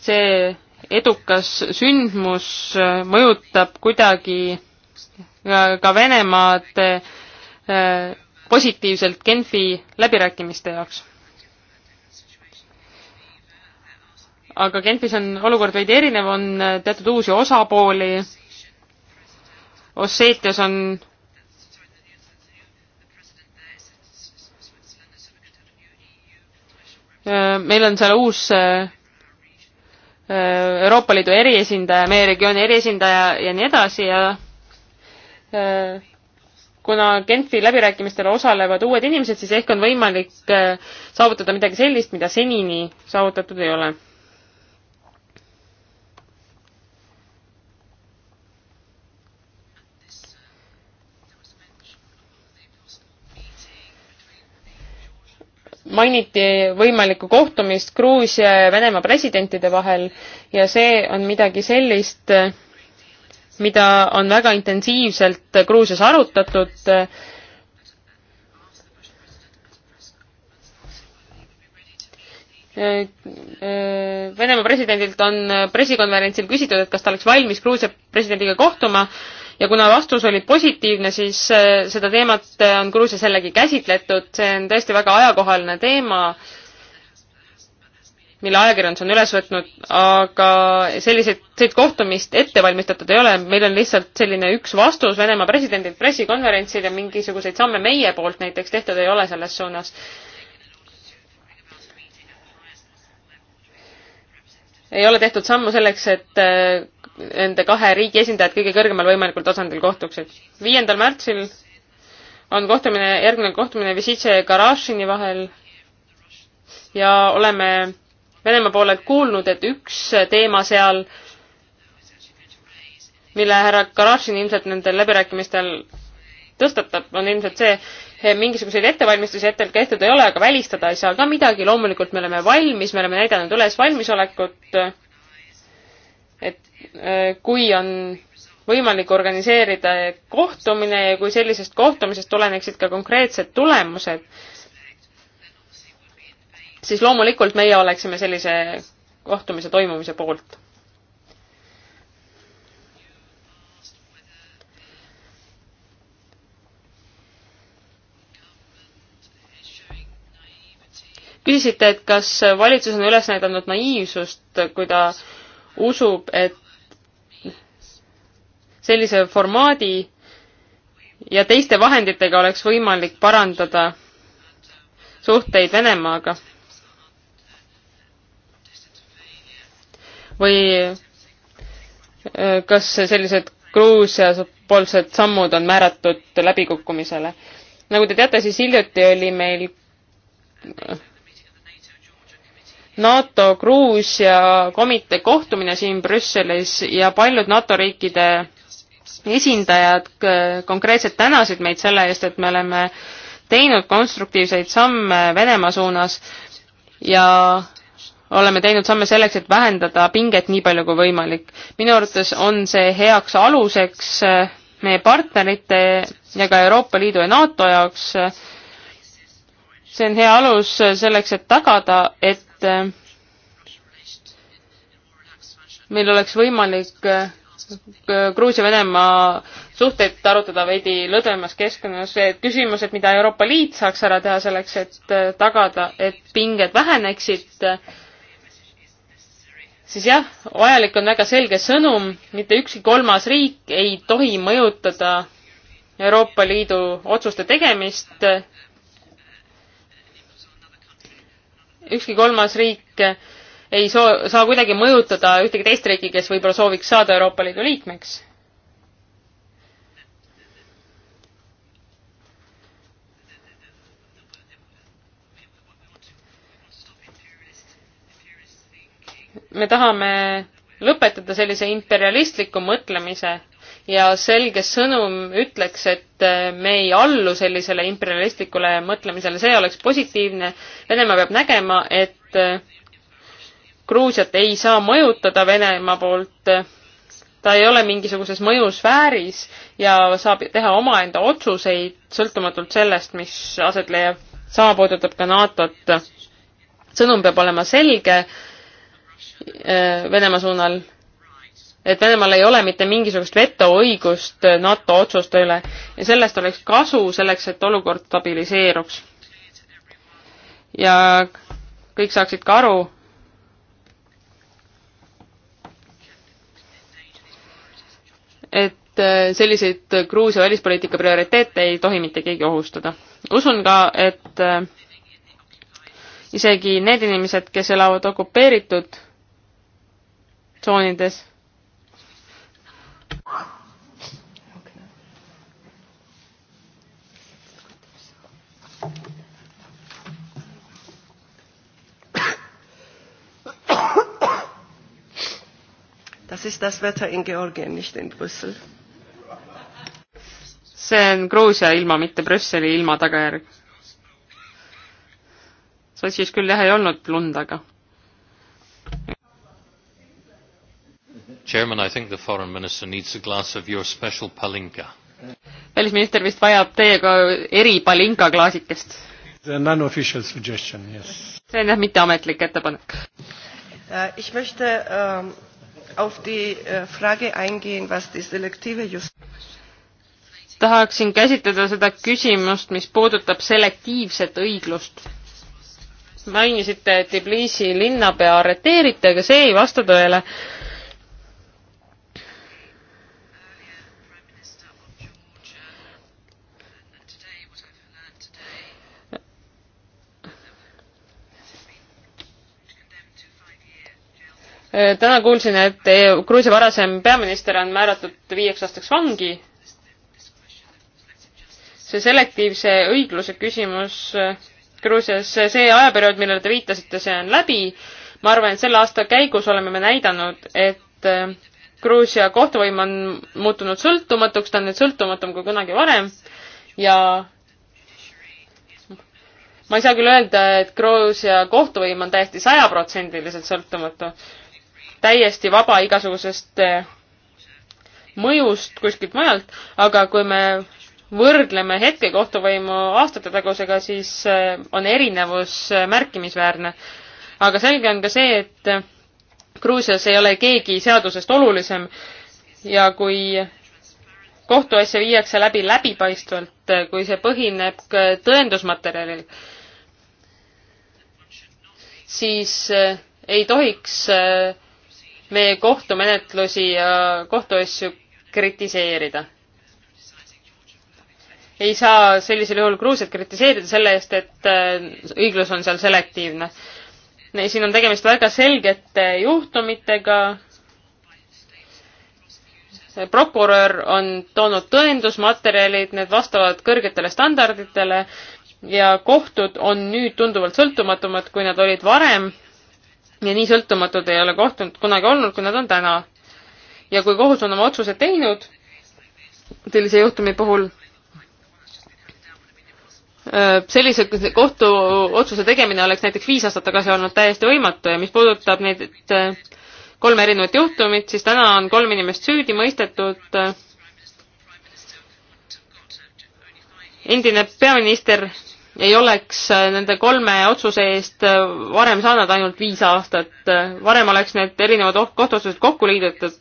see edukas sündmus äh, mõjutab kuidagi äh, ka Venemaad äh, positiivselt Genfi läbirääkimiste jaoks. aga Genfis on olukord veidi erinev, on teatud uusi osapooli, Osseetias on meil on seal uus Äh, Euroopa Liidu eriesindaja, meie regiooni eriesindaja ja nii edasi ja äh, kuna Genfi läbirääkimistel osalevad uued inimesed, siis ehk on võimalik äh, saavutada midagi sellist, mida senini saavutatud ei ole. mainiti võimalikku kohtumist Gruusia ja Venemaa presidentide vahel ja see on midagi sellist, mida on väga intensiivselt Gruusias arutatud. Venemaa presidendilt on pressikonverentsil küsitud, et kas ta oleks valmis Gruusia presidendiga kohtuma ja kuna vastus oli positiivne, siis äh, seda teemat äh, on Gruusias jällegi käsitletud, see on tõesti väga ajakohaline teema, mille ajakirjandus on üles võtnud, aga selliseid, sellist kohtumist ette valmistatud ei ole, meil on lihtsalt selline üks vastus Venemaa presidendilt pressikonverentsil ja mingisuguseid samme meie poolt näiteks tehtud ei ole selles suunas ei ole tehtud sammu selleks, et äh, nende kahe riigi esindajad kõige kõrgemal võimalikul tasandil kohtuksid. viiendal märtsil on kohtumine, järgmine kohtumine Visitše ja Garašini vahel ja oleme Venemaa poolelt kuulnud, et üks teema seal, mille härra Garašin ilmselt nendel läbirääkimistel tõstatab, on ilmselt see, eh, mingisuguseid ettevalmistusi hetkel tehtud ei ole, aga välistada ei saa ka midagi, loomulikult me oleme valmis, me oleme näidanud üles valmisolekut, eh, et eh, kui on võimalik organiseerida kohtumine ja kui sellisest kohtumisest tuleneksid ka konkreetsed tulemused, siis loomulikult meie oleksime sellise kohtumise toimumise poolt küsisite, et kas valitsus on üles näidanud naiivsust, kui ta usub, et sellise formaadi ja teiste vahenditega oleks võimalik parandada suhteid Venemaaga. või äh, kas sellised Gruusia poolsed sammud on määratud läbikukkumisele? nagu te teate, siis hiljuti oli meil NATO Gruusia komitee kohtumine siin Brüsselis ja paljud NATO riikide esindajad konkreetselt tänasid meid selle eest, et me oleme teinud konstruktiivseid samme Venemaa suunas ja oleme teinud samme selleks, et vähendada pinget nii palju kui võimalik. minu arvates on see heaks aluseks eh, meie partnerite ja ka Euroopa Liidu ja NATO jaoks. see on hea alus selleks, et tagada, et et äh, meil oleks võimalik äh, Gruusia-Venemaa suhteid arutada veidi lõdvemas keskkonnas, et küsimused, mida Euroopa Liit saaks ära teha selleks, et äh, tagada, et pinged väheneksid, siis jah, vajalik on väga selge sõnum, mitte ükski kolmas riik ei tohi mõjutada Euroopa Liidu otsuste tegemist ükski kolmas riik ei soo-, saa kuidagi mõjutada ühtegi teist riiki, kes võib-olla sooviks saada Euroopa Liidu liikmeks. me tahame lõpetada sellise imperialistliku mõtlemise ja selge sõnum ütleks, et äh, me ei allu sellisele imperialistlikule mõtlemisele, see oleks positiivne. Venemaa peab nägema, et äh, Gruusiat ei saa mõjutada Venemaa poolt, ta ei ole mingisuguses mõjusfääris ja saab teha omaenda otsuseid sõltumatult sellest, mis aset leiab. sama puudutab ka NATO-t. sõnum peab olema selge äh, Venemaa suunal et Venemaal ei ole mitte mingisugust vetoõigust NATO otsuste üle ja sellest oleks kasu selleks, et olukord stabiliseeruks. ja kõik saaksid ka aru, et äh, selliseid Gruusia välispoliitika prioriteete ei tohi mitte keegi ohustada. usun ka, et äh, isegi need inimesed, kes elavad okupeeritud tsoonides Das ist das Wetter in Georgien, nicht in Brüssel. see on Gruusia ilma, mitte Brüsseli ilma tagajärg. Sotšis küll jah ei olnud lund, aga. Chairman, I think the foreign minister needs a glass of your special palinka. välisminister vist vajab teiega eri palinka klaasikest. The non-official suggestion, yes. see on jah mitteametlik ettepanek uh,. Ich möchte uh, auf die äh, Frage eingehen, was die selektive Justiz tahaksin käsitleda seda küsimust, mis puudutab selektiivset õiglust. mainisite, et Tbilisi linnapea arreteeriti, aga see ei vasta tõele. Äh, täna kuulsin, et e- Gruusia varasem peaminister on määratud viieks aastaks vangi. see selektiivse õigluse küsimus äh, Gruusias, see ajaperiood, millele te viitasite, see on läbi. ma arvan, et selle aasta käigus oleme me näidanud, et äh, Gruusia kohtuvõim on muutunud sõltumatuks, ta on nüüd sõltumatum kui kunagi varem ja ma ei saa küll öelda, et Gruusia kohtuvõim on täiesti sajaprotsendiliselt sõltumatu, täiesti vaba igasugusest eh, mõjust kuskilt mujalt, aga kui me võrdleme hetke kohtuvõimu aastate tagusega, siis eh, on erinevus eh, märkimisväärne. aga selge on ka see, et Gruusias ei ole keegi seadusest olulisem ja kui kohtuasja viiakse läbi läbipaistvalt, kui see põhineb tõendusmaterjalil, siis ei tohiks äh, meie kohtumenetlusi ja kohtuasju kritiseerida. ei saa sellisel juhul Gruusiat kritiseerida selle eest, et äh, õiglus on seal selektiivne. siin on tegemist väga selgete juhtumitega. prokurör on toonud tõendusmaterjalid, need vastavad kõrgetele standarditele ja kohtud on nüüd tunduvalt sõltumatumad, kui nad olid varem ja nii sõltumatud ei ole kohtud kunagi olnud, kui nad on täna. ja kui kohus on oma otsuse teinud sellise juhtumi puhul, sellise kohtuotsuse tegemine oleks näiteks viis aastat tagasi olnud täiesti võimatu ja mis puudutab neid kolme erinevat juhtumit, siis täna on kolm inimest süüdi mõistetud. endine peaminister ei oleks äh, nende kolme otsuse eest äh, varem saanud ainult viis aastat. Äh, varem oleks need erinevad oh-, kohtuotsused kokku liidetud.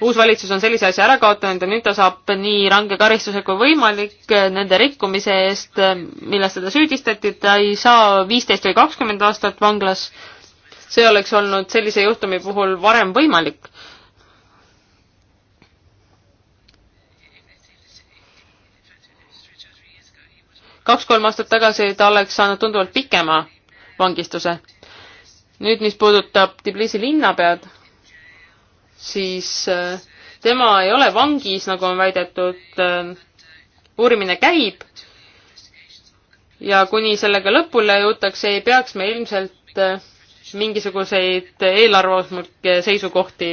uus valitsus on sellise asja ära kaotanud ja nüüd ta saab nii range karistuse kui võimalik nende rikkumise eest, milles teda süüdistati. ta ei saa viisteist või kakskümmend aastat vanglas. see oleks olnud sellise juhtumi puhul varem võimalik kaks-kolm aastat tagasi ta oleks saanud tunduvalt pikema vangistuse. nüüd, mis puudutab Tbilisi linnapead, siis äh, tema ei ole vangis, nagu on väidetud, äh, uurimine käib ja kuni sellega lõpule jõutakse, ei peaks me ilmselt äh, mingisuguseid eelarvamuslikke seisukohti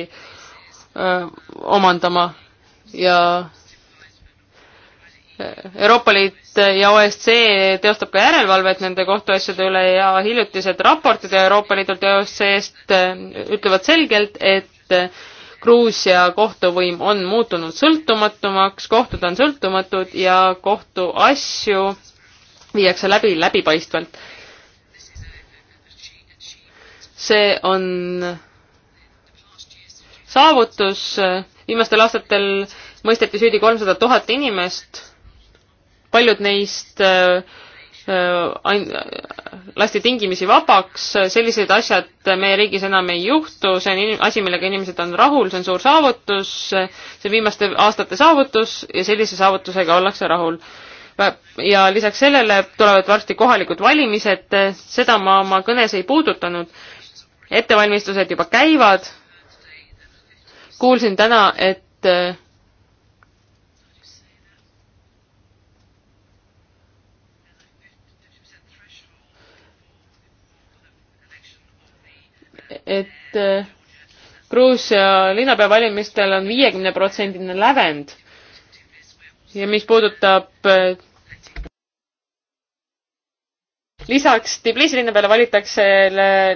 öö, omandama ja Euroopa Liit ja OSCE teostab ka järelevalvet nende kohtuasjade üle ja hiljutised raportid Euroopa Liidult ja OSCE-st eh, ütlevad selgelt, et eh, Gruusia kohtuvõim on muutunud sõltumatumaks, kohtud on sõltumatud ja kohtuasju viiakse läbi läbipaistvalt. see on saavutus, viimastel aastatel mõisteti süüdi kolmsada tuhat inimest paljud neist äh, äh, lasti tingimisi vabaks, sellised asjad meie riigis enam ei juhtu, see on asi, millega inimesed on rahul, see on suur saavutus, see on viimaste aastate saavutus ja sellise saavutusega ollakse rahul. ja lisaks sellele tulevad varsti kohalikud valimised, seda ma oma kõnes ei puudutanud. ettevalmistused juba käivad. kuulsin täna, et äh, et eh, Gruusia linnapeavalimistel on viiekümne protsendine lävend ja mis puudutab eh, lisaks Tbilisi linnapeale valitakse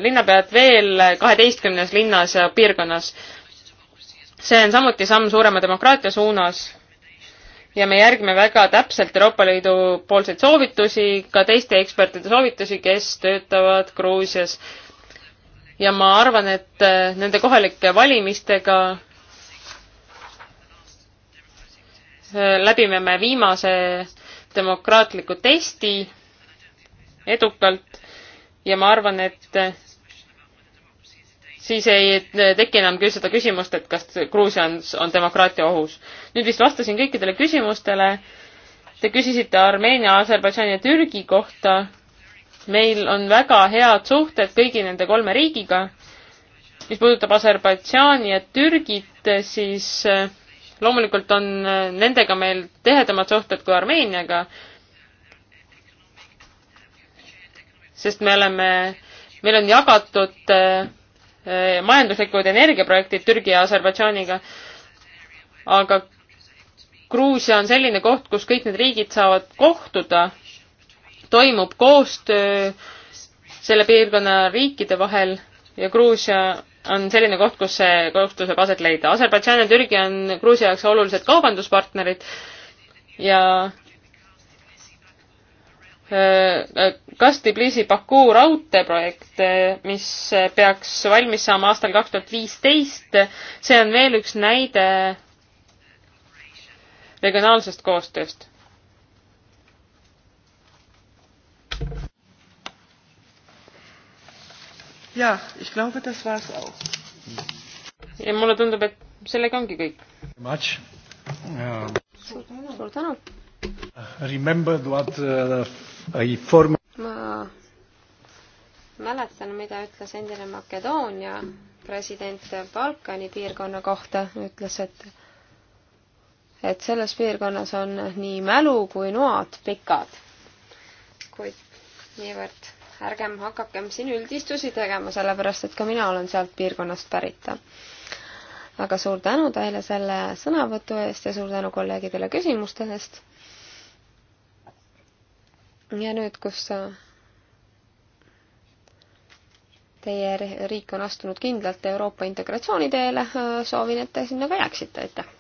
linnapead veel kaheteistkümnes linnas ja piirkonnas. see on samuti samm suurema demokraatia suunas ja me järgime väga täpselt Euroopa Liidu poolseid soovitusi, ka teiste ekspertide soovitusi, kes töötavad Gruusias ja ma arvan, et äh, nende kohalike valimistega äh, läbime me viimase demokraatliku testi edukalt ja ma arvan, et äh, siis ei teki enam küll seda küsimust, et kas Gruusia on, on demokraatia ohus. nüüd vist vastasin kõikidele küsimustele. Te küsisite Armeenia, Aserbaidžaani ja Türgi kohta meil on väga head suhted kõigi nende kolme riigiga. mis puudutab Aserbaidžaani ja Türgit, siis eh, loomulikult on eh, nendega meil tihedamad suhted kui Armeeniaga, sest me oleme, meil on jagatud eh, majanduslikud energiaprojektid Türgi ja Aserbaidžaaniga, aga Gruusia on selline koht, kus kõik need riigid saavad kohtuda toimub koostöö selle piirkonna riikide vahel ja Gruusia on selline koht, kus see kohtu saab aset leida. Aserbaidžaan ja Türgi on Gruusia jaoks olulised kaubanduspartnerid ja äh, kas Tbilisi Baku raudteeprojekt, äh, mis peaks valmis saama aastal kaks tuhat viisteist, see on veel üks näide regionaalsest koostööst. jah, ich glaube, das war's auch. ja mulle tundub, et sellega ongi kõik. Yeah. suur tänu. suur uh, tänu. Remembered what uh, I form-. ma mäletan, mida ütles endine Makedoonia president Balkani piirkonna kohta, ütles, et et selles piirkonnas on nii mälu kui noad pikad. kuid niivõrd ärgem hakakem siin üldistusi tegema, sellepärast et ka mina olen sealt piirkonnast pärit. aga suur tänu teile selle sõnavõtu eest ja suur tänu kolleegidele küsimuste eest. ja nüüd, kus teie riik on astunud kindlalt Euroopa integratsiooni teele, soovin, et te sinna ka jääksite, aitäh!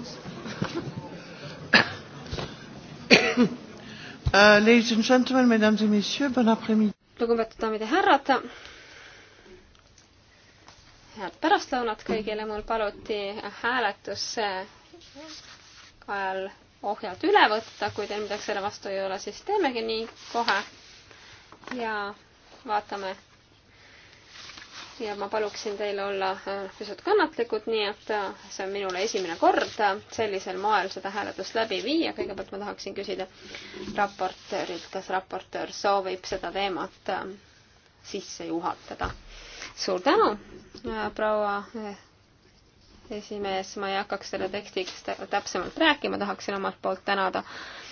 Uh, lugupeetud daamid ja härrad. head pärastlõunat kõigile, mul paluti hääletusse ajal ohjad üle võtta, kui teil midagi selle vastu ei ole, siis teemegi nii kohe. ja vaatame ja ma paluksin teil olla äh, pisut kannatlikud, nii et äh, see on minule esimene kord äh, sellisel moel seda hääletust läbi viia. kõigepealt ma tahaksin küsida raportöörilt, kas raportöör soovib seda teemat sisse juhatada. suur tänu, proua esimees, ma ei hakkaks selle teksti täpsemalt rääkima, tahaksin omalt poolt tänada äh,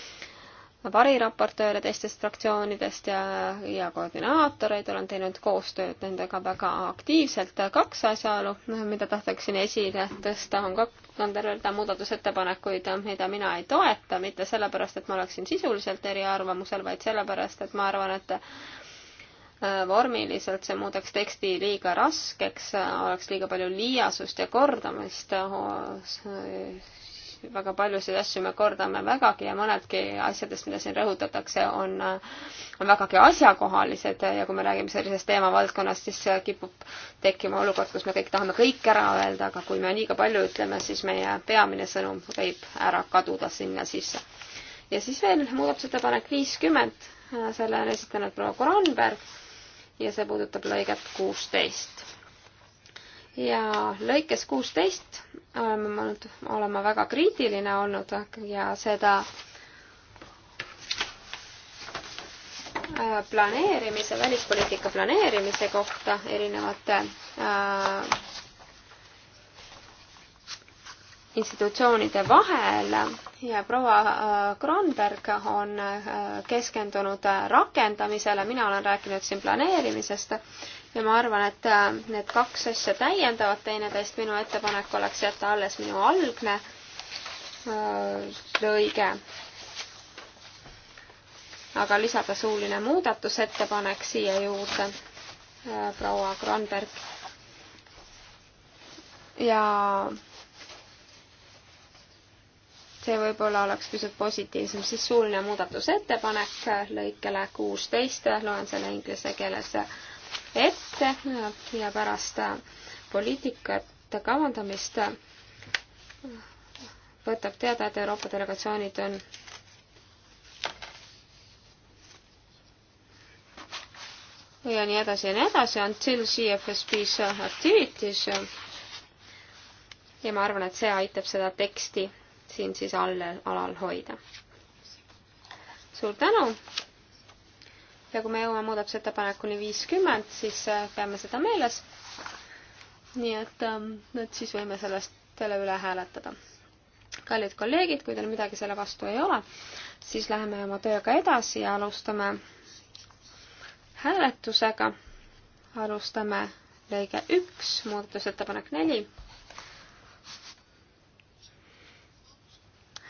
variraportööre teistest fraktsioonidest ja, ja koordinaatoreid, olen teinud koostööd nendega väga aktiivselt. kaks asjaolu, mida tahtaksin esile tõsta, on ka, on terve rida muudatusettepanekuid, mida mina ei toeta, mitte sellepärast, et ma oleksin sisuliselt eriarvamusel, vaid sellepärast, et ma arvan, et äh, vormiliselt see muudaks teksti liiga raskeks, oleks liiga palju liiasust ja kordamist väga paljusid asju me kordame vägagi ja mõnedki asjadest, mida siin rõhutatakse, on, on vägagi asjakohalised ja kui me räägime sellisest teemavaldkonnast, siis kipub tekkima olukord, kus me kõik tahame kõik ära öelda, aga kui me liiga palju ütleme, siis meie peamine sõnum võib ära kaduda sinna sisse. ja siis veel muudatusettepanek viiskümmend, selle on esitanud proua Koranberg ja see puudutab lõiget kuusteist ja lõikes kuusteist oleme ma nüüd, olen ma väga kriitiline olnud ja seda äh, planeerimise, välispoliitika planeerimise kohta erinevate äh, institutsioonide vahel ja proua äh, Kronberg on äh, keskendunud rakendamisele, mina olen rääkinud siin planeerimisest ja ma arvan, et äh, need kaks asja täiendavad teineteist, minu ettepanek oleks jätta alles minu algne äh, lõige, aga lisada suuline muudatusettepanek siia juurde, äh, proua Kronberg. ja see võib-olla oleks pisut positiivsem, siis suuline muudatusettepanek lõikele kuusteist, loen selle inglise keeles ette ja pärast poliitikate kavandamist võtab teada, et Euroopa delegatsioonid on ja nii edasi ja nii edasi, until CFSB-s activities. ja ma arvan, et see aitab seda teksti siin siis all, alal hoida. suur tänu! ja kui me jõuame muudatusettepanekuni viiskümmend, siis äh, peame seda meeles. nii et, et ähm, siis võime sellest selle üle hääletada. kallid kolleegid, kui teil midagi selle vastu ei ole, siis läheme oma tööga edasi ja alustame hääletusega. alustame lõige üks, muudatusettepanek neli.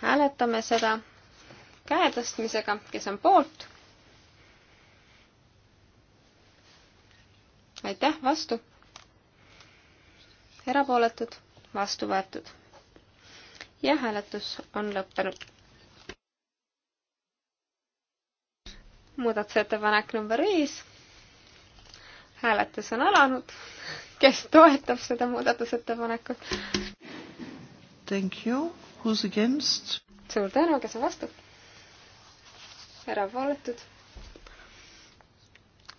hääletame seda käe tõstmisega, kes on poolt aitäh, vastu. erapooletud, vastu võetud. ja hääletus on lõppenud. muudatusettepanek number viis. hääletus on alanud. kes toetab seda muudatusettepanekut? Thank you. Who's against? suur tänu, kes on vastu? erapooletud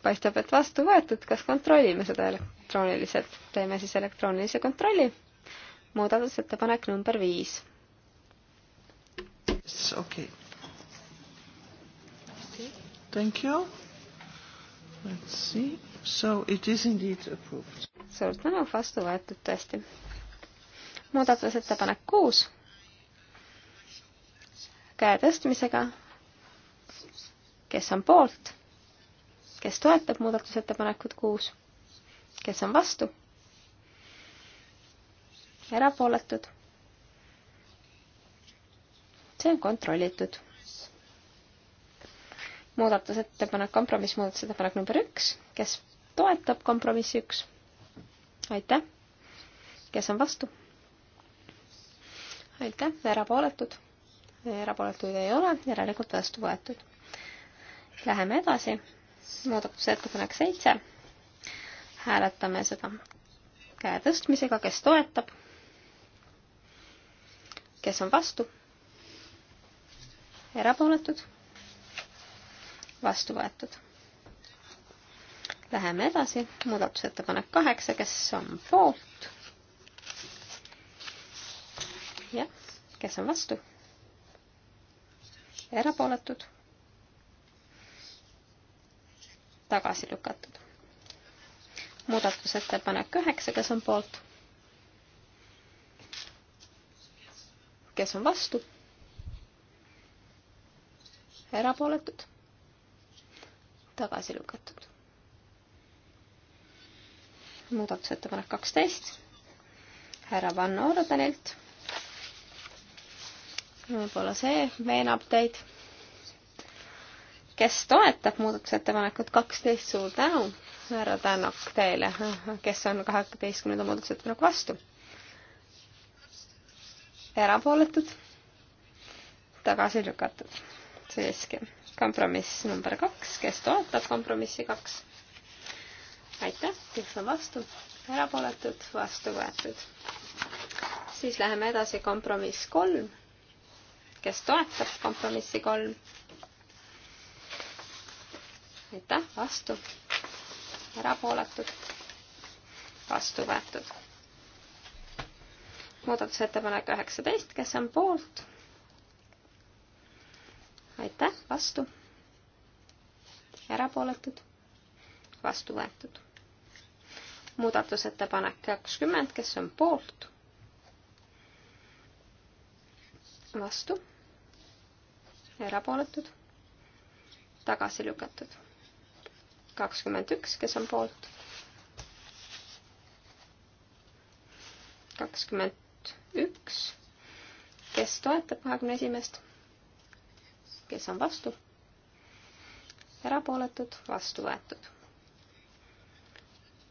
paistab, et vastu võetud, kas kontrollime seda elektrooniliselt? teeme siis elektroonilise kontrolli. muudatusettepanek number viis. okei okay.. Thank you. Let's see. So it is indeed approved. suur tänu, vastu võetud tõesti. muudatusettepanek kuus. käe tõstmisega. kes on poolt? kes toetab muudatusettepanekut kuus, kes on vastu, erapooletud. see on kontrollitud. muudatusettepanek, kompromissmuudatusettepanek number üks, kes toetab kompromissi üks. aitäh. kes on vastu? aitäh, erapooletud. erapooletuid ei ole, järelikult vastu võetud. Läheme edasi muudatusettepanek seitse. hääletame seda käe tõstmisega, kes toetab, kes on vastu, erapooletud, vastu võetud. Läheme edasi, muudatusettepanek kaheksa, kes on poolt? jah, kes on vastu? erapooletud tagasi lükatud. muudatusettepanek üheksa, kes on poolt? kes on vastu? erapooletud? tagasi lükatud. muudatusettepanek kaksteist härra Van Ordenilt. võib-olla see veenab teid kes toetab muudatusettepanekut kaksteist, suur tänu, härra Tänak teile, kes on kaheteistkümnenda muudatusettepaneku vastu. erapooletud, tagasi lükatud, siiski. kompromiss number kaks, kes toetab kompromissi kaks? aitäh, kes on vastu, erapooletud, vastu võetud. siis läheme edasi, kompromiss kolm, kes toetab kompromissi kolm? aitäh, vastu, erapooletud, vastu võetud. muudatusettepanek üheksateist, kes on poolt? aitäh, vastu, erapooletud, vastu võetud. muudatusettepanek kakskümmend, kes on poolt? vastu, erapooletud, tagasi lükatud kakskümmend üks, kes on poolt. kakskümmend üks, kes toetab kahekümne esimest, kes on vastu, erapooletud, vastu võetud.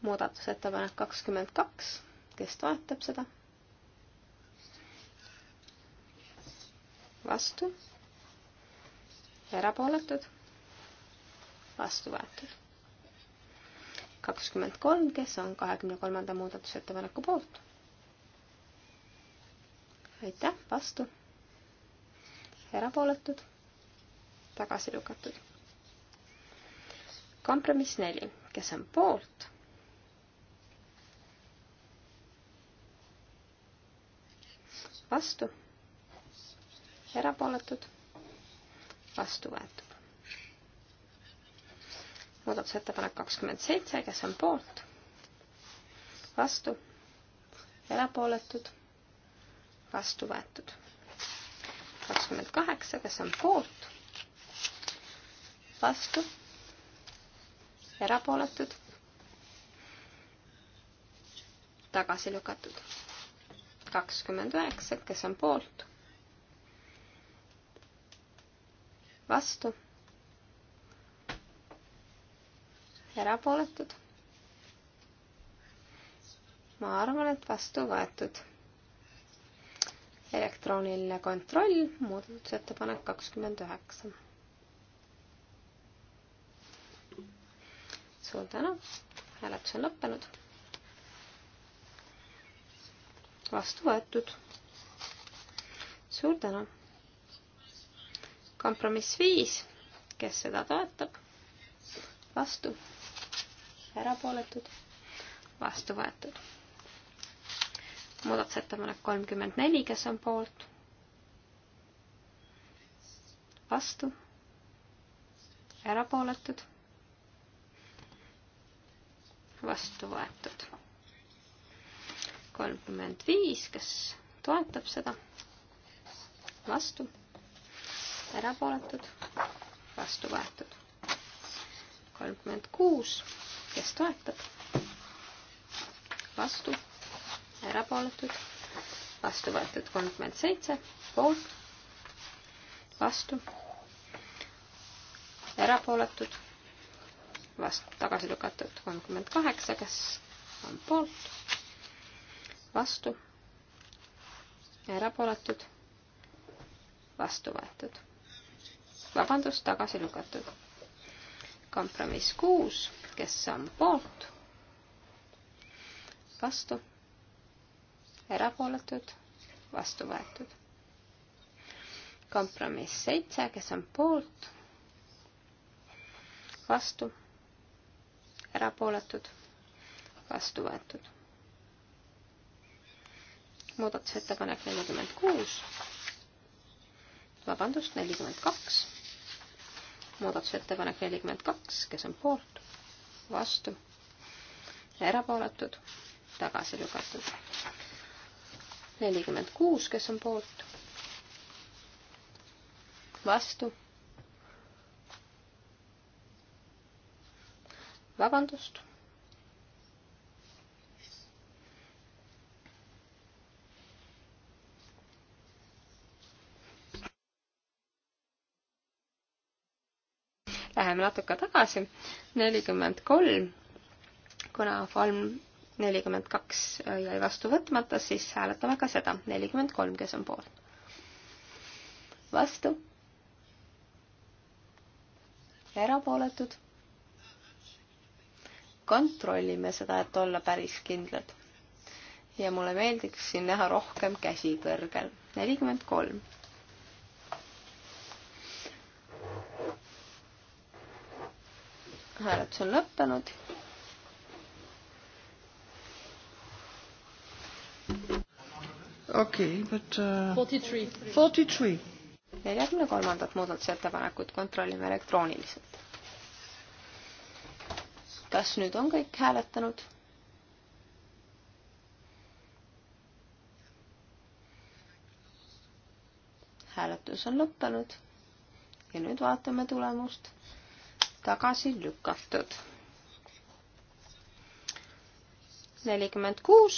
muudatusettepanek kakskümmend kaks, kes toetab seda vastu, erapooletud, vastu võetud kakskümmend kolm, kes on kahekümne kolmanda muudatusettepaneku poolt? aitäh, vastu. erapooletud, tagasi lükatud. kompromiss neli, kes on poolt? vastu, erapooletud, vastu võetud muudatusettepanek kakskümmend seitse, kes on poolt, vastu, erapooletud, vastu võetud. kakskümmend kaheksa, kes on poolt, vastu, erapooletud, tagasi lükatud. kakskümmend üheksa, kes on poolt, vastu erapooletud. ma arvan, et vastu võetud. elektrooniline kontroll, muudatusettepanek kakskümmend üheksa. suur tänu, hääletus on lõppenud. vastu võetud. suur tänu. kompromiss viis, kes seda toetab? vastu erapooletud, vastu võetud. muudatusettepanek kolmkümmend neli, kes on poolt, vastu, erapooletud, vastu võetud. kolmkümmend viis, kes toetab seda, vastu, erapooletud, vastu võetud. kolmkümmend kuus kes toetab, vastu, erapooletud, vastu võetud kolmkümmend seitse, poolt, vastu, erapooletud, vastu, tagasi lükatud kolmkümmend kaheksa, kes on poolt, vastu, erapooletud, vastu võetud vabandust, tagasi lükatud. kompromiss kuus kes on poolt, vastu, erapooletud, vastu võetud. kompromiss seitse, kes on poolt, vastu, erapooletud, vastu võetud. muudatusettepanek nelikümmend kuus, vabandust, nelikümmend kaks muudatusettepanek nelikümmend kaks, kes on poolt, vastu, erapooletud, tagasi lükatud. nelikümmend kuus, kes on poolt, vastu. vabandust läheme natuke tagasi, nelikümmend kolm, kuna Falm nelikümmend kaks jäi vastu võtmata, siis hääletame ka seda, nelikümmend kolm, kes on poolt. vastu. erapooletud. kontrollime seda, et olla päris kindlad. ja mulle meeldiks siin näha rohkem käsi kõrgel, nelikümmend kolm hääletus on lõppenud. okei okay,, but uh, forty three. neljakümne kolmandat muudatusettepanekut kontrollime elektrooniliselt. kas nüüd on kõik hääletanud? hääletus on lõppenud ja nüüd vaatame tulemust tagasi lükatud. nelikümmend kuus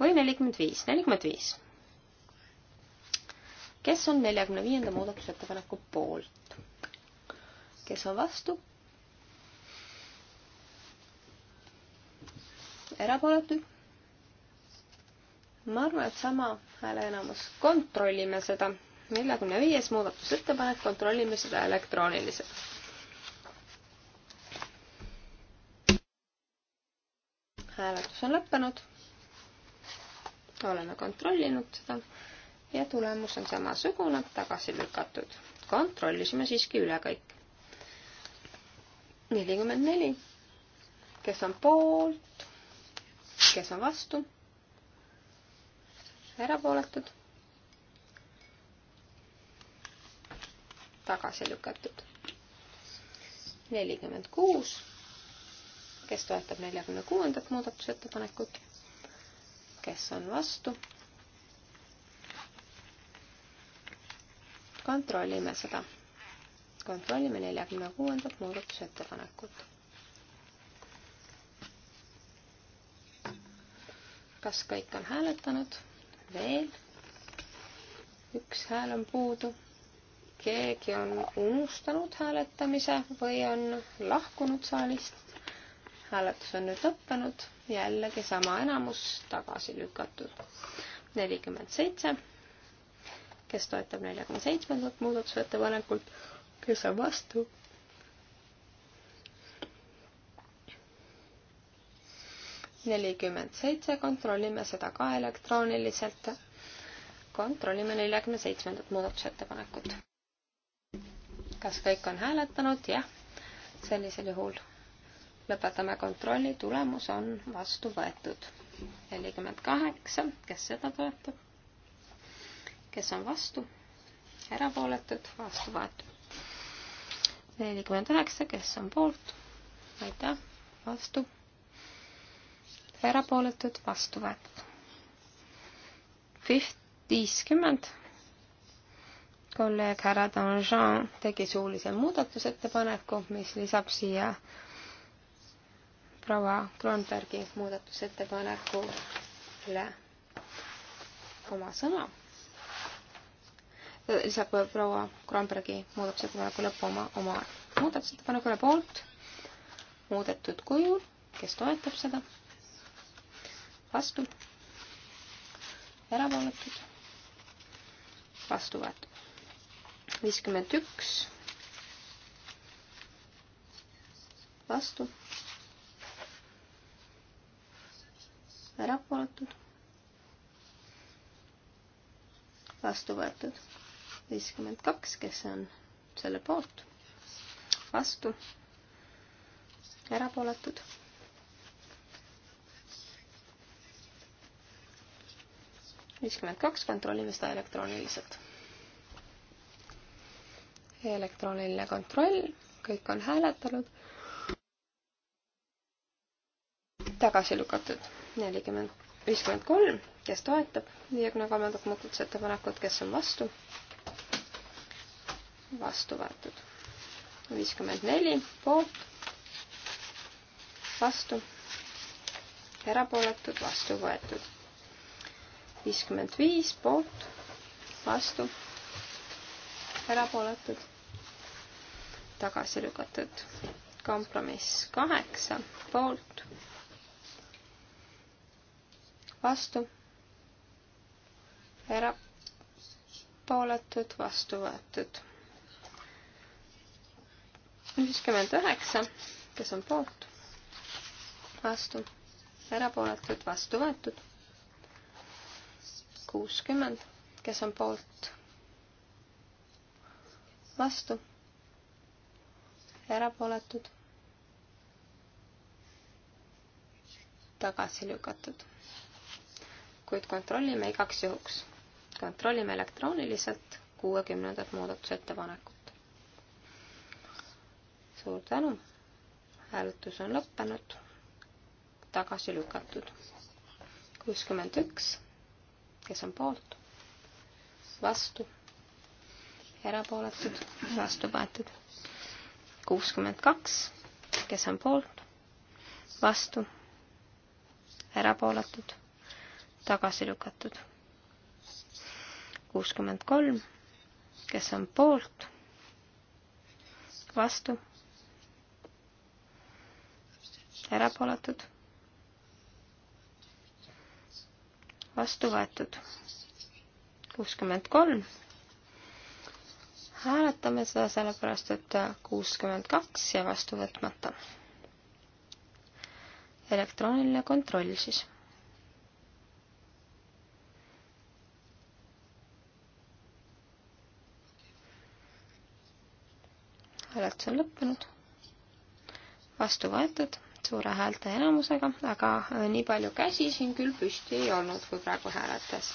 või nelikümmend viis, nelikümmend viis. kes on neljakümne viienda muudatusettepaneku poolt? kes on vastu? erapooletu? ma arvan, et sama hääle enamus, kontrollime seda neljakümne viies muudatusettepanek, kontrollime seda elektrooniliselt. hääletus on lõppenud. oleme kontrollinud seda ja tulemus on samasugune, tagasi lükatud. kontrollisime siiski üle kõik. nelikümmend neli. kes on poolt, kes on vastu? erapooletud tagasi lükatud. nelikümmend kuus, kes toetab neljakümne kuuendat muudatusettepanekut, kes on vastu. kontrollime seda, kontrollime neljakümne kuuendat muudatusettepanekut kas kõik on hääletanud? veel. üks hääl on puudu keegi on unustanud hääletamise või on lahkunud saalist. hääletus on nüüd lõppenud, jällegi sama enamus tagasi lükatud. nelikümmend seitse, kes toetab neljakümne seitsmendat muudatusettepanekut, kes on vastu? nelikümmend seitse, kontrollime seda ka elektrooniliselt kontrollime neljakümne seitsmendat muudatusettepanekut kas kõik on hääletanud? jah. sellisel juhul lõpetame kontrolli, tulemus on vastu võetud. nelikümmend kaheksa, kes seda toetab? kes on vastu? erapooletud, vastu võetud. nelikümmend üheksa, kes on poolt? aitäh, vastu. erapooletud, vastu võetud. viiskümmend kolleeg härra Danjean tegi suulise muudatusettepaneku, mis lisab siia proua Kronbergi muudatusettepanekule oma sõna. lisab proua Kronbergi muudatusettepaneku lõppu oma, oma muudatusettepanekule poolt muudetud kujul, kes toetab seda, vastu, erapooletud, vastu võetud viiskümmend üks. vastu. erapooletud. vastu võetud. viiskümmend kaks, kes on selle poolt, vastu, erapooletud viiskümmend kaks, kontrollime seda elektrooniliselt elektrooniline kontroll, kõik on hääletanud. tagasi lükatud nelikümmend, viiskümmend kolm, kes toetab viiekümne kolmandat muudatusettepanekut, kes on vastu? vastu võetud. viiskümmend neli poolt, vastu, erapooletud, vastu võetud. viiskümmend viis poolt, vastu, erapooletud tagasi lükatud. kompromiss kaheksa poolt, vastu, erapooletud, vastu võetud. viiskümmend üheksa, kes on poolt, vastu, erapooletud, vastu võetud. kuuskümmend, kes on poolt, vastu erapooletud, tagasi lükatud. kuid kontrollime igaks juhuks. kontrollime elektrooniliselt kuuekümnendat muudatusettepanekut. suur tänu, hääletus on lõppenud, tagasi lükatud. kuuskümmend üks, kes on poolt, vastu, erapooletud, vastu võetud kuuskümmend kaks, kes on poolt, vastu, erapooletud, tagasi lükatud. kuuskümmend kolm, kes on poolt, vastu, erapooletud, vastu võetud. kuuskümmend kolm hääletame seda sellepärast, et kuuskümmend kaks ja vastu võtmata. elektrooniline kontroll siis. hääletus on lõppenud, vastu võetud suure häälte enamusega, aga äh, nii palju käsi siin küll püsti ei olnud, kui praegu hääletas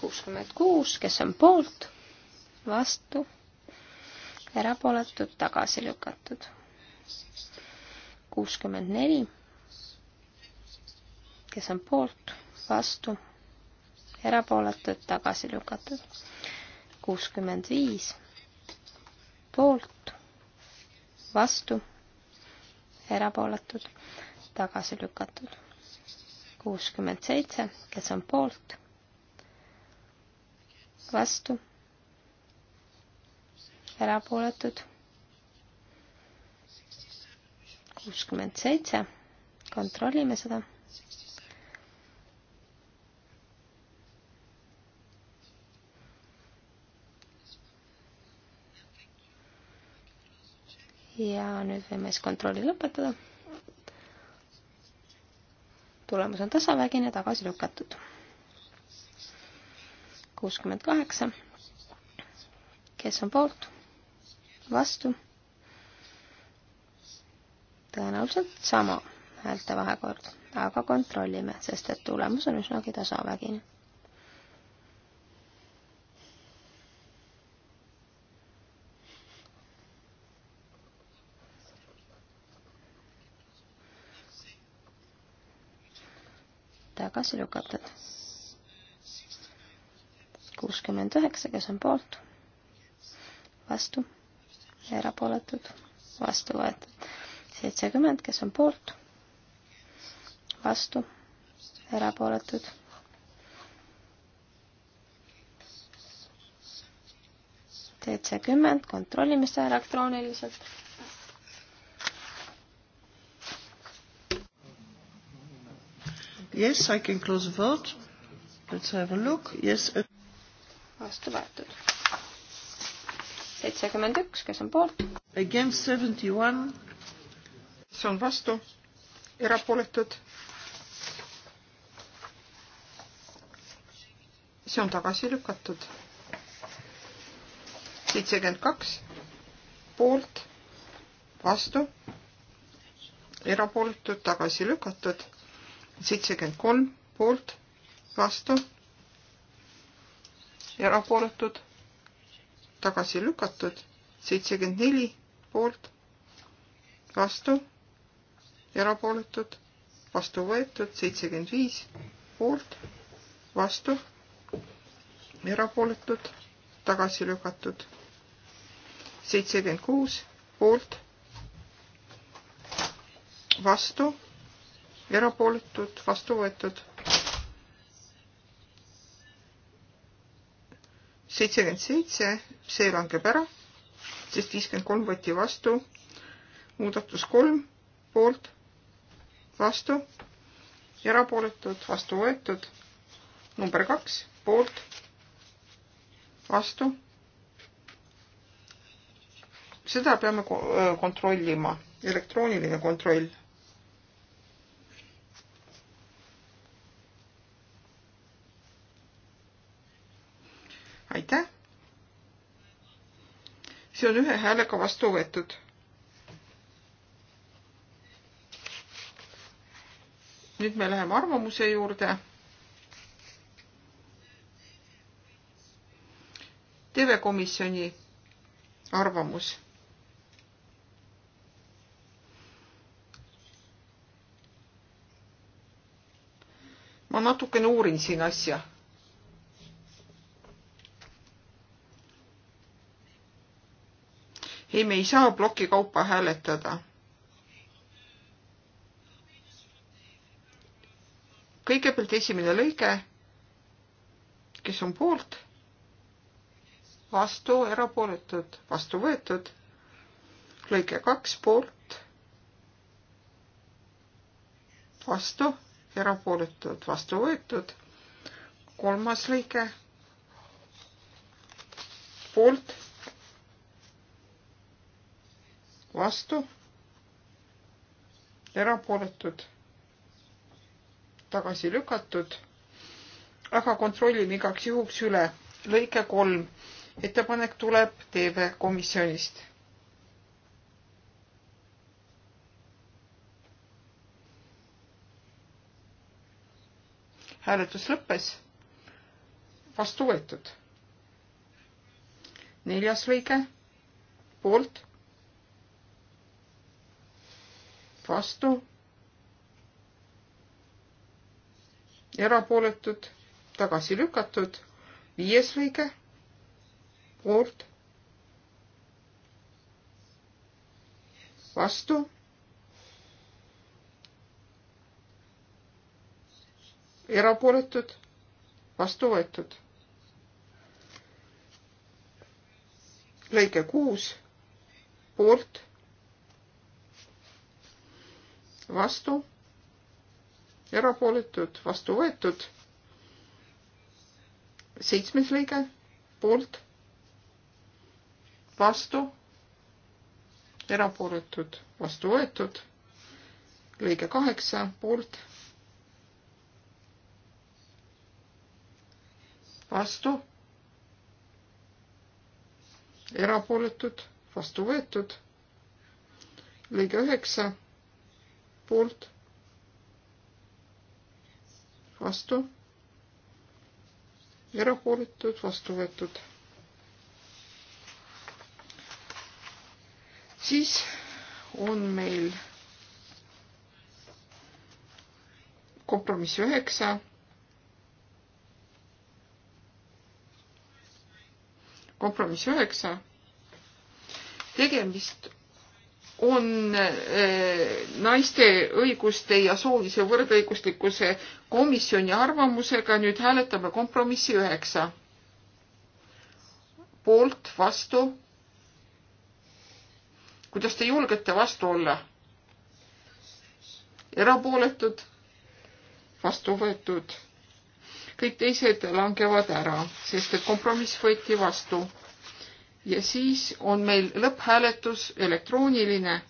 kuuskümmend kuus, kes on poolt, vastu erapooletud, tagasi lükatud. kuuskümmend neli, kes on poolt, vastu, erapooletud, tagasi lükatud. kuuskümmend viis, poolt, vastu, erapooletud, tagasi lükatud. kuuskümmend seitse, kes on poolt, vastu erapooletud. kuuskümmend seitse, kontrollime seda. ja nüüd võime siis kontrolli lõpetada. tulemus on tasavägine, tagasi lükatud. kuuskümmend kaheksa. kes on poolt? vastu. tõenäoliselt sama häälte vahekord, aga kontrollime, sest et tulemus on üsnagi tasavägine. tagasi lükatud. kuuskümmend üheksa, kes on poolt, vastu erapooletud, vastu võetud. seitsekümmend, kes on poolt, vastu, erapooletud. seitsekümmend, kontrollime seda elektrooniliselt. Yes, I can close the vote. Let's have a look. Yes. Uh, vastu võetud seitsekümmend üks, kes on poolt? Against seventy one. kes on vastu? erapooletud? see on tagasi lükatud. seitsekümmend kaks poolt, vastu, erapooletud, tagasi lükatud. seitsekümmend kolm poolt, vastu, erapooletud tagasi lükatud, seitsekümmend neli poolt, vastu, erapooletud, vastu võetud, seitsekümmend viis poolt, vastu, erapooletud, tagasi lükatud, seitsekümmend kuus poolt, vastu, erapooletud, vastu võetud seitsekümmend seitse, see langeb ära, sest viiskümmend kolm võeti vastu. muudatus kolm poolt, vastu, erapooletud, vastu võetud. number kaks poolt, vastu. seda peame kontrollima, elektrooniline kontroll see on ühe häälega vastu võetud. nüüd me läheme arvamuse juurde. TV Komisjoni arvamus ma natukene uurin siin asja ei, me ei saa ploki kaupa hääletada. kõigepealt esimene lõige, kes on poolt, vastu, erapooletud, vastu võetud, lõige kaks poolt, vastu, erapooletud, vastu võetud, kolmas lõige, poolt vastu, erapooletud, tagasi lükatud, aga kontrollime igaks juhuks üle. lõige kolm, ettepanek tuleb TV komisjonist. hääletus lõppes, vastu võetud. neljas lõige, poolt vastu, erapooletud, tagasi lükatud, viies lõige, poolt, vastu, erapooletud, vastu võetud. lõige kuus, poolt vastu, erapooletud, vastu võetud. seitsmes lõige, poolt, vastu, erapooletud, vastu võetud. lõige kaheksa, poolt, vastu, erapooletud, vastu võetud. lõige üheksa poolt, vastu, erapooletud, vastu võetud. siis on meil kompromiss üheksa. kompromiss üheksa. tegemist on äh, naiste õiguste ja soolise võrdõiguslikkuse komisjoni arvamusega, nüüd hääletame kompromissi üheksa. poolt, vastu. kuidas te julgete vastu olla? erapooletud, vastu võetud. kõik teised langevad ära, sest et kompromiss võeti vastu ja siis on meil lõpphääletus elektrooniline.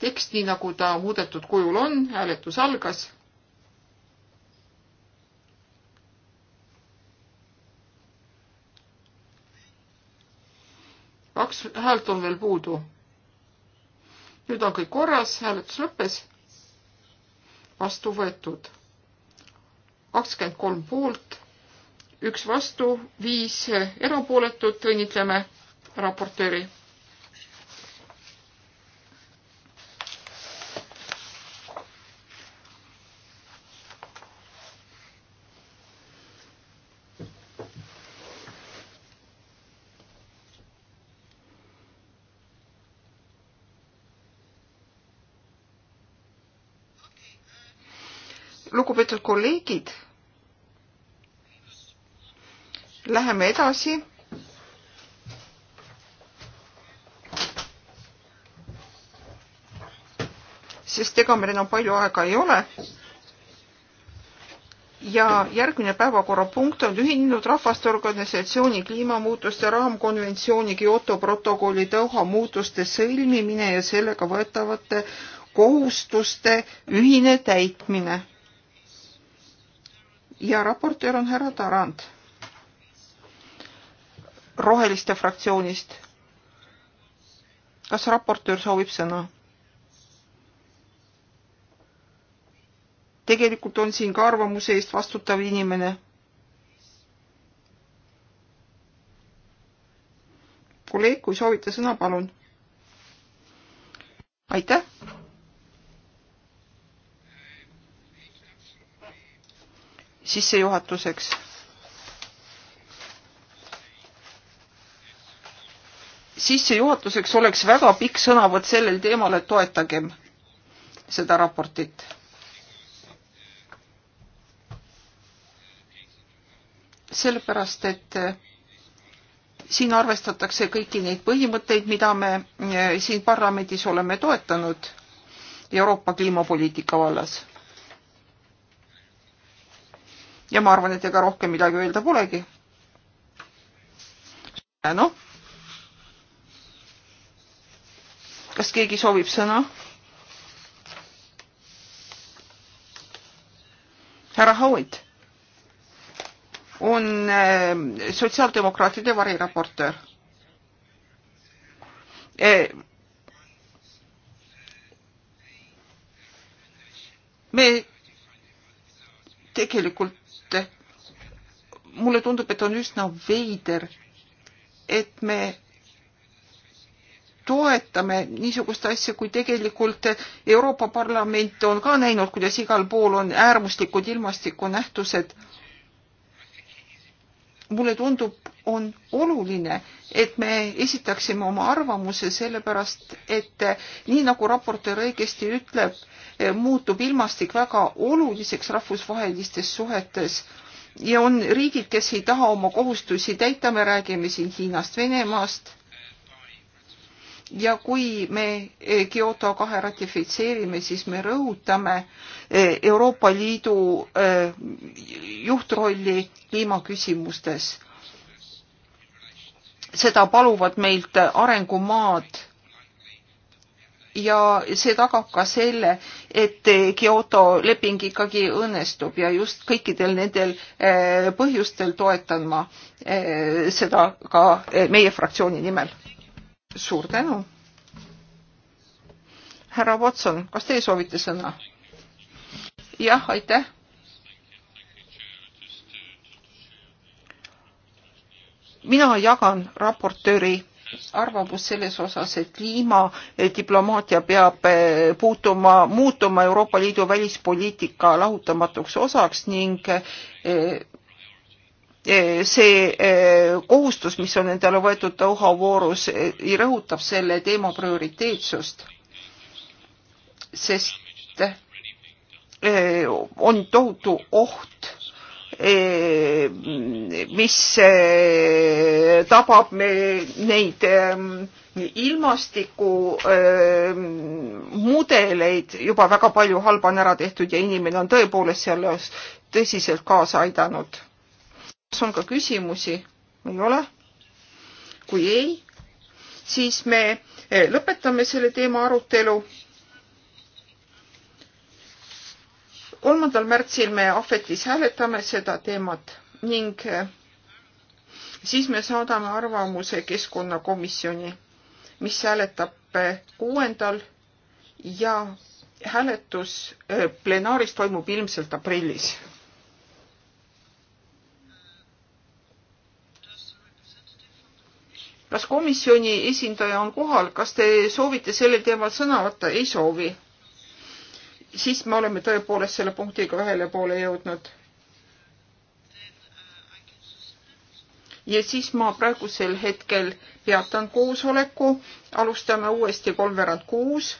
tekst, nii nagu ta muudetud kujul on, hääletus algas. kaks häält on veel puudu. nüüd on kõik korras, hääletus lõppes. vastu võetud kakskümmend kolm poolt üks vastu, viis erapooletut, õnnitleme raportööri. lugupeetud kolleegid Läheme edasi. sest ega meil enam palju aega ei ole. ja järgmine päevakorrapunkt on Ühinenud Rahvaste Organisatsiooni kliimamuutuste raamkonventsiooni Kyoto protokolli Doha muutuste sõlmimine ja sellega võetavate kohustuste ühine täitmine. ja raportöör on härra Tarand Roheliste fraktsioonist. kas raportöör soovib sõna? tegelikult on siin ka arvamuse eest vastutav inimene. kolleeg, kui soovite sõna, palun. aitäh. sissejuhatuseks sissejuhatuseks oleks väga pikk sõnavõtt sellel teemal, et toetagem seda raportit. sellepärast, et siin arvestatakse kõiki neid põhimõtteid, mida me eh, siin parlamendis oleme toetanud Euroopa kliimapoliitika vallas. ja ma arvan, et ega rohkem midagi öelda polegi. tänu no kas keegi soovib sõna? härra Howard on äh, sotsiaaldemokraatide variraportöör. Äh, me tegelikult, äh, mulle tundub, et on üsna veider, et me toetame niisugust asja, kui tegelikult Euroopa Parlament on ka näinud, kuidas igal pool on äärmuslikud ilmastikunähtused. mulle tundub, on oluline, et me esitaksime oma arvamuse, sellepärast et nii nagu raportöör õigesti ütleb, muutub ilmastik väga oluliseks rahvusvahelistes suhetes ja on riigid, kes ei taha oma kohustusi täita, me räägime siin Hiinast, Venemaast ja kui me eh, Kyoto kahe ratifitseerime, siis me rõhutame eh, Euroopa Liidu eh, juhtrolli kliimaküsimustes. seda paluvad meilt arengumaad ja see tagab ka selle, et Kyoto leping ikkagi õnnestub ja just kõikidel nendel põhjustel toetan ma seda ka meie fraktsiooni nimel suur tänu. härra Watson, kas teie soovite sõna? jah, aitäh. mina jagan raportööri arvamus selles osas, et kliimadiplomaatia eh, peab eh, puutuma, muutuma Euroopa Liidu välispoliitika lahutamatuks osaks ning eh, Eh, see eh, kohustus, mis on endale võetud Doha voorus, eh, rõhutab selle teema prioriteetsust, sest on tohutu oht, mis tabab neid ilmastiku öö, mudeleid juba väga palju halba on ära tehtud ja inimene on tõepoolest selles tõsiselt kaasa aidanud kas on ka küsimusi? ei ole? kui ei, siis me eh, lõpetame selle teema arutelu. kolmandal märtsil me ahvetis hääletame seda teemat ning eh, siis me saadame arvamuse keskkonnakomisjoni, mis hääletab eh, kuuendal ja hääletus plenaaris toimub ilmselt aprillis kas komisjoni esindaja on kohal, kas te soovite sellel teemal sõna võtta? ei soovi. siis me oleme tõepoolest selle punktiga ühele poole jõudnud. ja siis ma praegusel hetkel peatan koosoleku, alustame uuesti kolmveerand kuus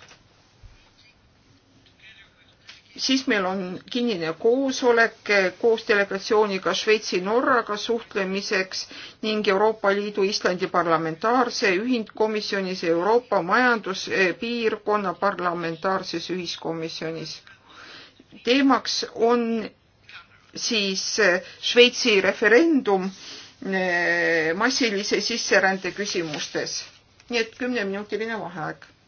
siis meil on kinnine koosolek koos delegatsiooniga Šveitsi-Norraga suhtlemiseks ning Euroopa Liidu Islandi parlamentaarse ühindkomisjonis Euroopa Majanduspiirkonna parlamentaarses ühiskomisjonis. teemaks on siis Šveitsi referendum eh, massilise sisserände küsimustes. nii et kümneminutiline vaheaeg